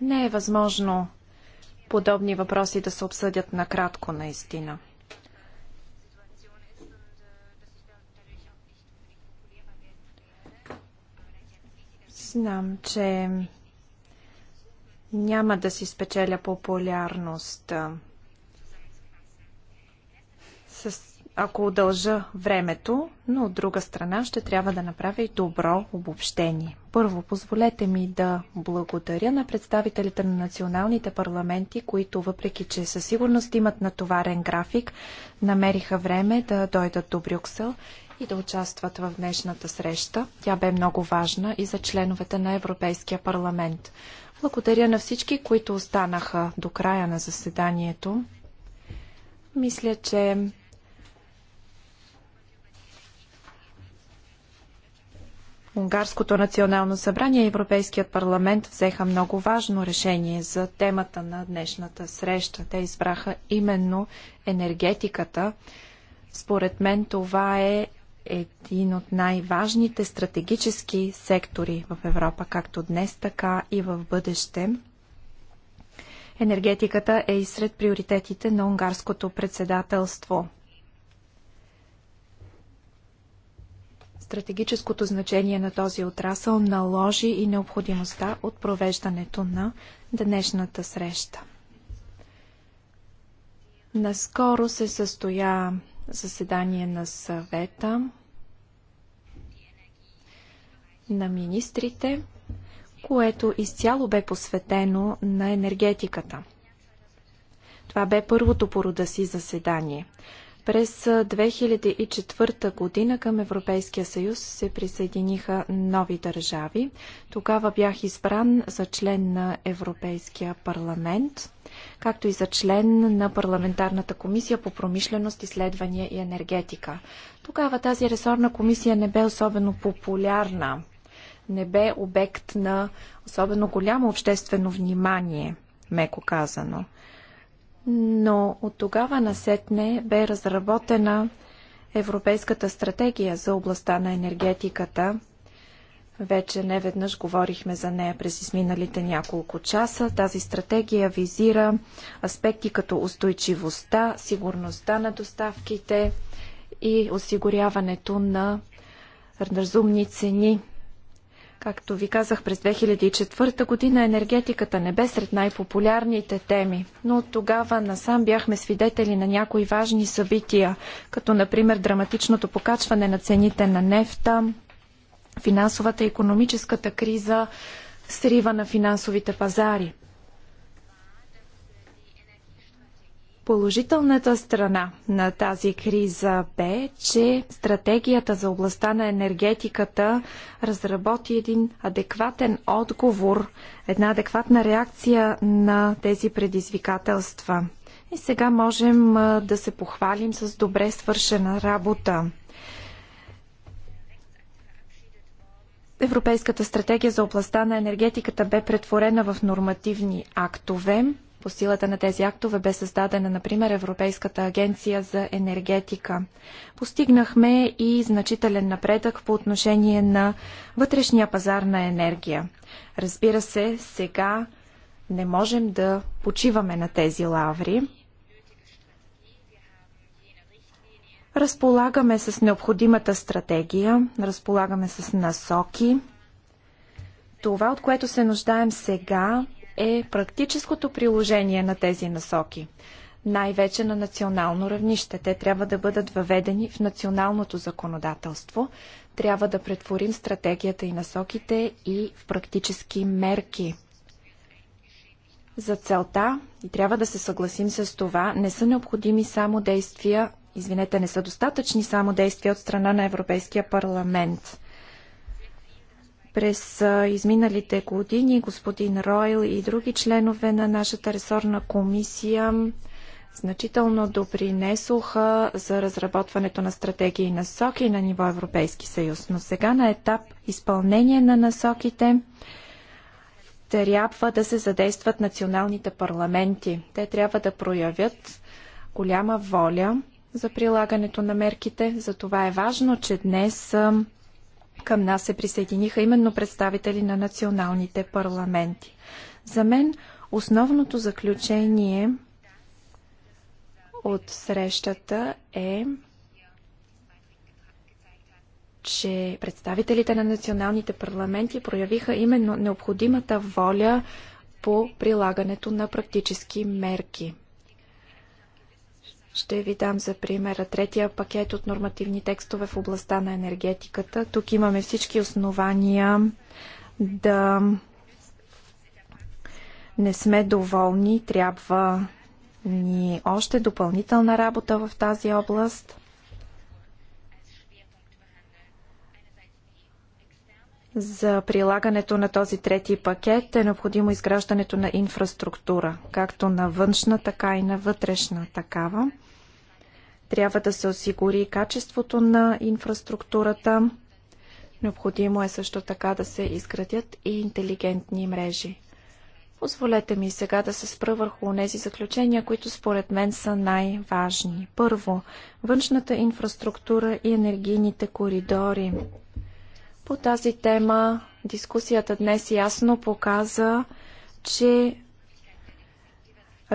Не е възможно подобни въпроси да се обсъдят накратко наистина. Знам, че няма да си спечеля популярност с, ако удължа времето, но от друга страна ще трябва да направя и добро обобщение. Първо, позволете ми да благодаря на представителите на националните парламенти, които, въпреки че със сигурност имат натоварен график, намериха време да дойдат до Брюксел и да участват в днешната среща. Тя бе много важна и за членовете на Европейския парламент. Благодаря на всички, които останаха до края на заседанието. Мисля, че Унгарското национално събрание и Европейският парламент взеха много важно решение за темата на днешната среща. Те избраха именно енергетиката. Според мен това е един от най-важните стратегически сектори в Европа, както днес, така и в бъдеще. Енергетиката е и сред приоритетите на унгарското председателство. Стратегическото значение на този отрасъл наложи и необходимостта от провеждането на днешната среща. Наскоро се състоя заседание на съвета на министрите, което изцяло бе посветено на енергетиката. Това бе първото по рода си заседание. През 2004 година към Европейския съюз се присъединиха нови държави. Тогава бях избран за член на Европейския парламент както и за член на парламентарната комисия по промишленост, изследвания и енергетика. Тогава тази ресорна комисия не бе особено популярна, не бе обект на особено голямо обществено внимание, меко казано. Но от тогава насетне бе разработена Европейската стратегия за областта на енергетиката – вече не веднъж говорихме за нея през изминалите няколко часа. Тази стратегия визира аспекти като устойчивостта, сигурността на доставките и осигуряването на разумни цени. Както ви казах, през 2004 година енергетиката не бе сред най-популярните теми, но от тогава насам бяхме свидетели на някои важни събития, като например драматичното покачване на цените на нефта, финансовата и економическата криза срива на финансовите пазари. Положителната страна на тази криза бе, че стратегията за областта на енергетиката разработи един адекватен отговор, една адекватна реакция на тези предизвикателства. И сега можем да се похвалим с добре свършена работа. Европейската стратегия за областта на енергетиката бе претворена в нормативни актове. По силата на тези актове бе създадена, например, Европейската агенция за енергетика. Постигнахме и значителен напредък по отношение на вътрешния пазар на енергия. Разбира се, сега не можем да почиваме на тези лаври. Разполагаме с необходимата стратегия, разполагаме с насоки. Това, от което се нуждаем сега, е практическото приложение на тези насоки. Най-вече на национално равнище. Те трябва да бъдат въведени в националното законодателство. Трябва да претворим стратегията и насоките и в практически мерки. За целта, и трябва да се съгласим с това, не са необходими само действия извинете, не са достатъчни само действия от страна на Европейския парламент. През изминалите години господин Ройл и други членове на нашата ресорна комисия значително допринесоха за разработването на стратегии и насоки на ниво Европейски съюз. Но сега на етап изпълнение на насоките трябва да се задействат националните парламенти. Те трябва да проявят голяма воля за прилагането на мерките. За това е важно, че днес към нас се присъединиха именно представители на националните парламенти. За мен основното заключение от срещата е, че представителите на националните парламенти проявиха именно необходимата воля по прилагането на практически мерки. Ще ви дам за пример третия пакет от нормативни текстове в областта на енергетиката. Тук имаме всички основания да не сме доволни. Трябва ни още допълнителна работа в тази област. За прилагането на този трети пакет е необходимо изграждането на инфраструктура, както на външна, така и на вътрешна такава. Трябва да се осигури качеството на инфраструктурата. Необходимо е също така да се изградят и интелигентни мрежи. Позволете ми сега да се спра върху тези заключения, които според мен са най-важни. Първо, външната инфраструктура и енергийните коридори. По тази тема дискусията днес ясно показа, че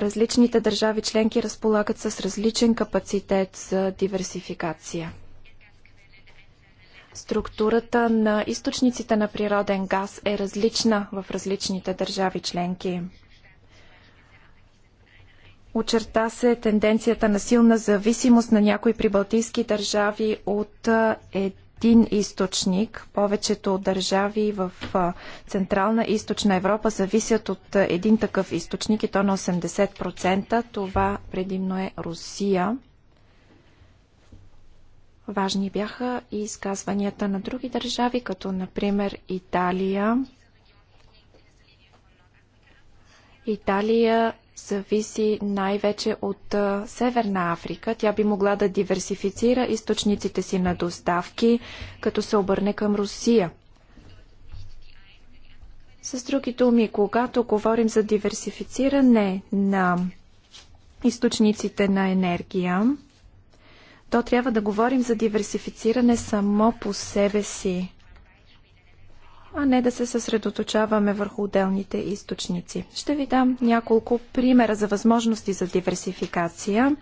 Различните държави членки разполагат с различен капацитет за диверсификация. Структурата на източниците на природен газ е различна в различните държави членки. Очерта се тенденцията на силна зависимост на някои прибалтийски държави от един един източник. Повечето държави в Централна и Източна Европа зависят от един такъв източник и то на 80%. Това предимно е Русия. Важни бяха и изказванията на други държави, като например Италия. Италия зависи най-вече от Северна Африка. Тя би могла да диверсифицира източниците си на доставки, като се обърне към Русия. С други думи, когато говорим за диверсифициране на източниците на енергия, то трябва да говорим за диверсифициране само по себе си а не да се съсредоточаваме върху отделните източници. Ще ви дам няколко примера за възможности за диверсификация.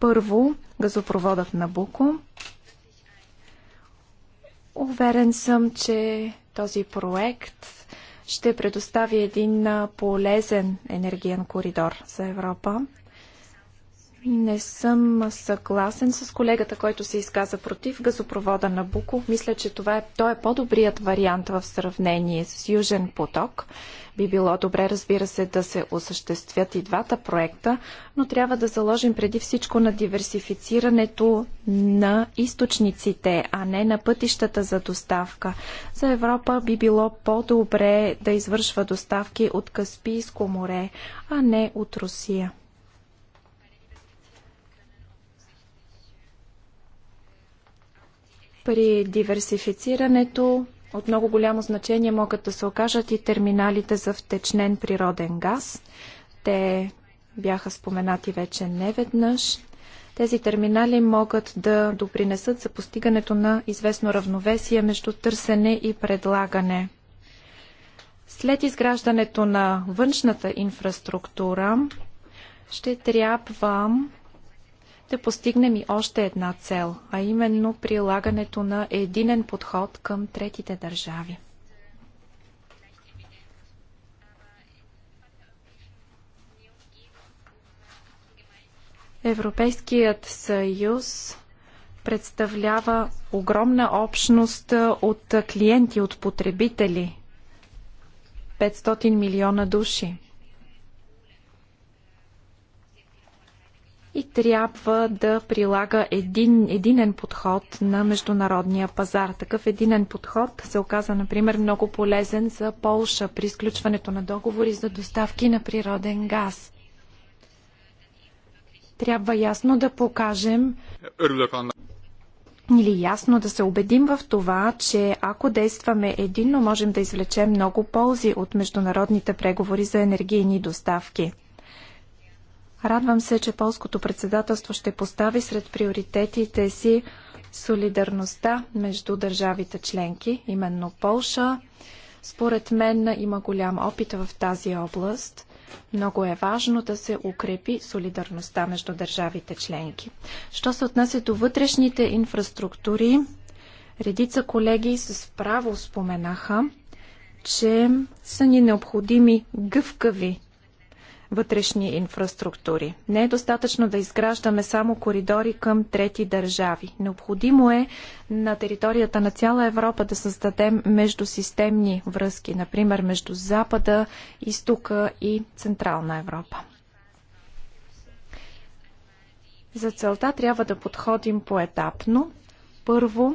Първо, газопроводът на Буко. Уверен съм, че този проект ще предостави един полезен енергиен коридор за Европа. Не съм съгласен с колегата, който се изказа против газопровода на Буко. Мисля, че това е, той е по-добрият вариант в сравнение с Южен поток. Би било добре, разбира се, да се осъществят и двата проекта, но трябва да заложим преди всичко на диверсифицирането на източниците, а не на пътищата за доставка. За Европа би било по-добре да извършва доставки от Каспийско море, а не от Русия. При диверсифицирането от много голямо значение могат да се окажат и терминалите за втечнен природен газ. Те бяха споменати вече неведнъж. Тези терминали могат да допринесат за постигането на известно равновесие между търсене и предлагане. След изграждането на външната инфраструктура ще трябва ще постигнем и още една цел, а именно прилагането на единен подход към третите държави. Европейският съюз представлява огромна общност от клиенти, от потребители. 500 милиона души. и трябва да прилага един, единен подход на международния пазар. Такъв единен подход се оказа, например, много полезен за Полша при изключването на договори за доставки на природен газ. Трябва ясно да покажем или ясно да се убедим в това, че ако действаме единно, можем да извлечем много ползи от международните преговори за енергийни доставки. Радвам се, че полското председателство ще постави сред приоритетите си солидарността между държавите членки, именно Полша. Според мен има голям опит в тази област. Много е важно да се укрепи солидарността между държавите членки. Що се отнася до вътрешните инфраструктури, редица колеги с право споменаха, че са ни необходими гъвкави вътрешни инфраструктури. Не е достатъчно да изграждаме само коридори към трети държави. Необходимо е на територията на цяла Европа да създадем междусистемни връзки, например между Запада, Изтока и Централна Европа. За целта трябва да подходим поетапно. Първо,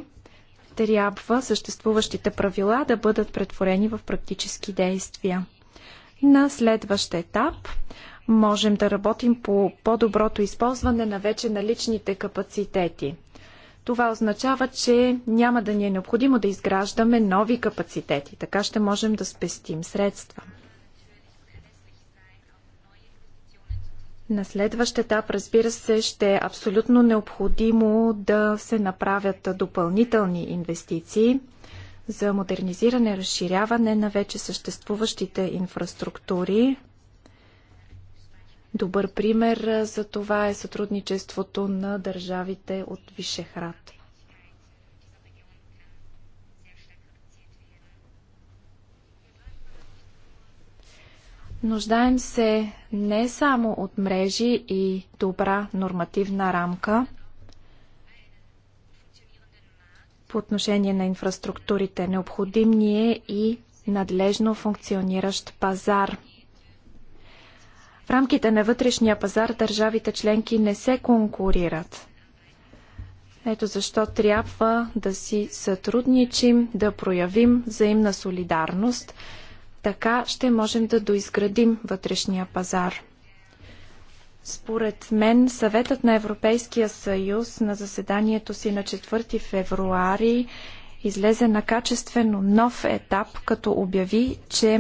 трябва съществуващите правила да бъдат претворени в практически действия. На следващ етап можем да работим по по-доброто използване на вече наличните капацитети. Това означава, че няма да ни е необходимо да изграждаме нови капацитети. Така ще можем да спестим средства. На следващ етап, разбира се, ще е абсолютно необходимо да се направят допълнителни инвестиции за модернизиране, разширяване на вече съществуващите инфраструктури. Добър пример за това е сътрудничеството на държавите от Вишеград. Нуждаем се не само от мрежи и добра нормативна рамка – по отношение на инфраструктурите. Необходим ни е и надлежно функциониращ пазар. В рамките на вътрешния пазар държавите членки не се конкурират. Ето защо трябва да си сътрудничим, да проявим взаимна солидарност. Така ще можем да доизградим вътрешния пазар. Според мен съветът на Европейския съюз на заседанието си на 4 февруари излезе на качествено нов етап, като обяви, че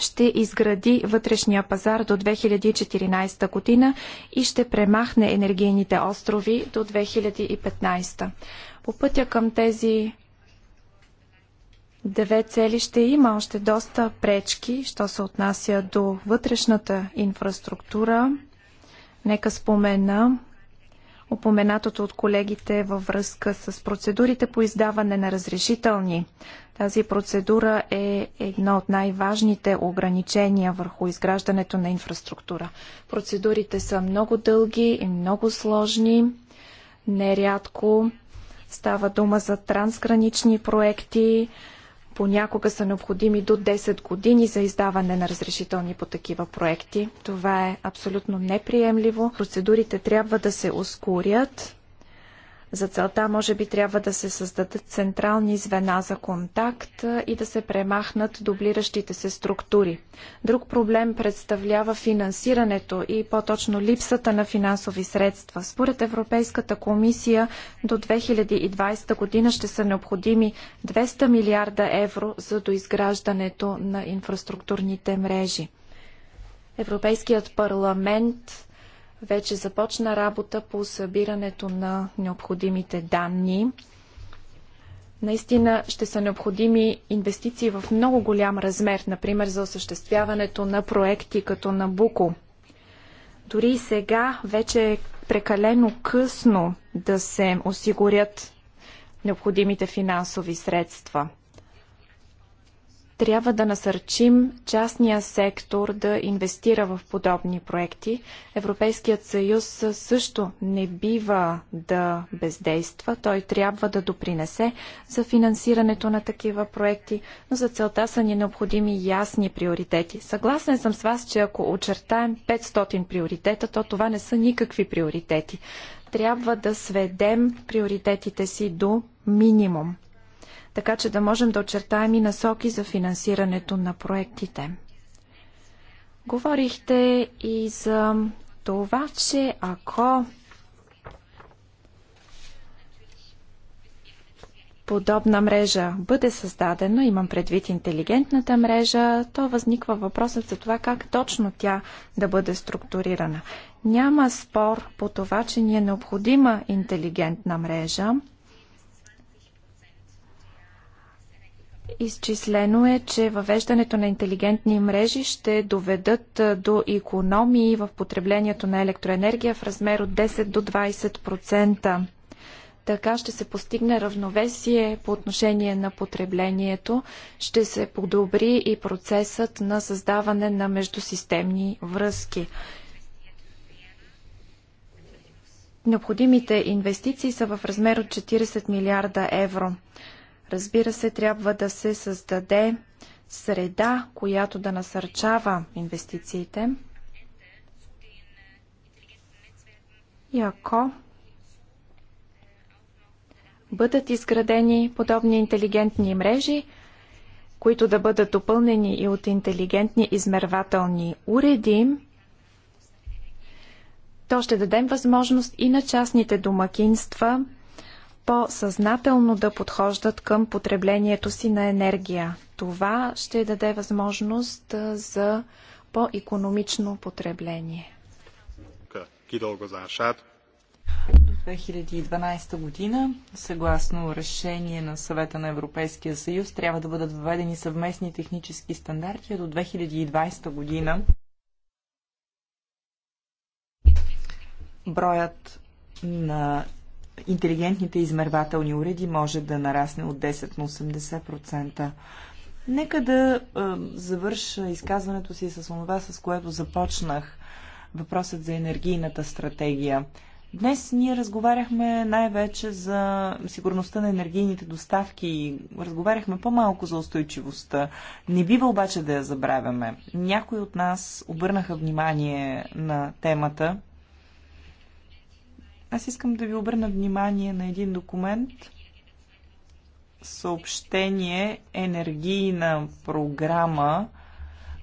ще изгради вътрешния пазар до 2014 година и ще премахне енергийните острови до 2015. По пътя към тези две цели ще има още доста пречки, що се отнася до вътрешната инфраструктура, Нека спомена упоменатото от колегите във връзка с процедурите по издаване на разрешителни. Тази процедура е едно от най-важните ограничения върху изграждането на инфраструктура. Процедурите са много дълги и много сложни. Нерядко става дума за трансгранични проекти, Понякога са необходими до 10 години за издаване на разрешителни по такива проекти. Това е абсолютно неприемливо. Процедурите трябва да се ускорят. За целта, може би, трябва да се създадат централни звена за контакт и да се премахнат дублиращите се структури. Друг проблем представлява финансирането и по-точно липсата на финансови средства. Според Европейската комисия до 2020 година ще са необходими 200 милиарда евро за доизграждането на инфраструктурните мрежи. Европейският парламент вече започна работа по събирането на необходимите данни. Наистина ще са необходими инвестиции в много голям размер, например за осъществяването на проекти като Набуко. Дори сега вече е прекалено късно да се осигурят необходимите финансови средства – трябва да насърчим частния сектор да инвестира в подобни проекти. Европейският съюз също не бива да бездейства. Той трябва да допринесе за финансирането на такива проекти, но за целта са ни необходими ясни приоритети. Съгласен съм с вас, че ако очертаем 500 приоритета, то това не са никакви приоритети. Трябва да сведем приоритетите си до минимум така че да можем да очертаем и насоки за финансирането на проектите. Говорихте и за това, че ако подобна мрежа бъде създадена, имам предвид интелигентната мрежа, то възниква въпросът за това как точно тя да бъде структурирана. Няма спор по това, че ни е необходима интелигентна мрежа, Изчислено е, че въвеждането на интелигентни мрежи ще доведат до економии в потреблението на електроенергия в размер от 10 до 20%. Така ще се постигне равновесие по отношение на потреблението, ще се подобри и процесът на създаване на междусистемни връзки. Необходимите инвестиции са в размер от 40 милиарда евро. Разбира се, трябва да се създаде среда, която да насърчава инвестициите. И ако бъдат изградени подобни интелигентни мрежи, които да бъдат допълнени и от интелигентни измервателни уреди, то ще дадем възможност и на частните домакинства – по-съзнателно да подхождат към потреблението си на енергия. Това ще даде възможност за по-економично потребление. 2012 година, съгласно решение на съвета на Европейския съюз, трябва да бъдат въведени съвместни технически стандарти до 2020 година. Броят на интелигентните измервателни уреди може да нарасне от 10 на 80%. Нека да е, завърша изказването си с това, с което започнах въпросът за енергийната стратегия. Днес ние разговаряхме най-вече за сигурността на енергийните доставки, разговаряхме по-малко за устойчивостта. Не бива обаче да я забравяме. Някои от нас обърнаха внимание на темата аз искам да ви обърна внимание на един документ, съобщение, енергийна програма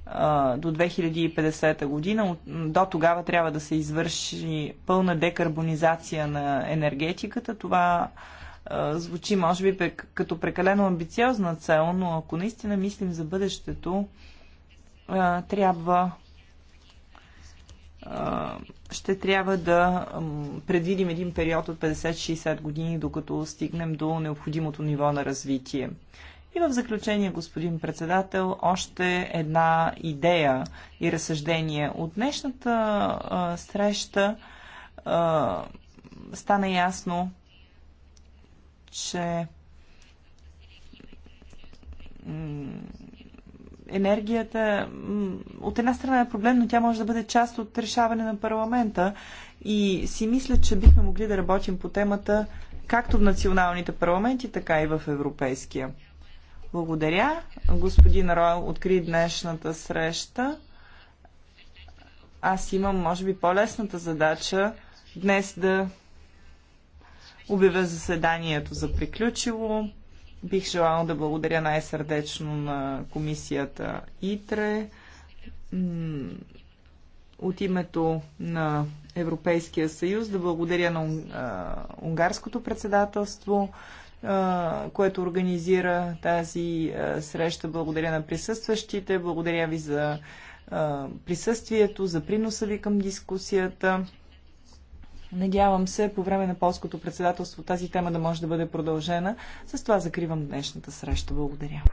а, до 2050 година. До тогава трябва да се извърши пълна декарбонизация на енергетиката. Това а, звучи, може би, като прекалено амбициозна цел, но ако наистина мислим за бъдещето, а, трябва ще трябва да предвидим един период от 50-60 години, докато стигнем до необходимото ниво на развитие. И в заключение, господин председател, още една идея и разсъждение. От днешната а, среща а, стана ясно, че енергията от една страна е проблем, но тя може да бъде част от решаване на парламента и си мисля, че бихме могли да работим по темата както в националните парламенти, така и в европейския. Благодаря. Господин Ройл откри днешната среща. Аз имам, може би, по-лесната задача днес да обявя заседанието за приключило. Бих желала да благодаря най-сърдечно на комисията ИТРЕ. От името на Европейския съюз да благодаря на унгарското председателство, което организира тази среща. Благодаря на присъстващите, благодаря ви за присъствието, за приноса ви към дискусията. Надявам се по време на полското председателство тази тема да може да бъде продължена. С това закривам днешната среща. Благодаря.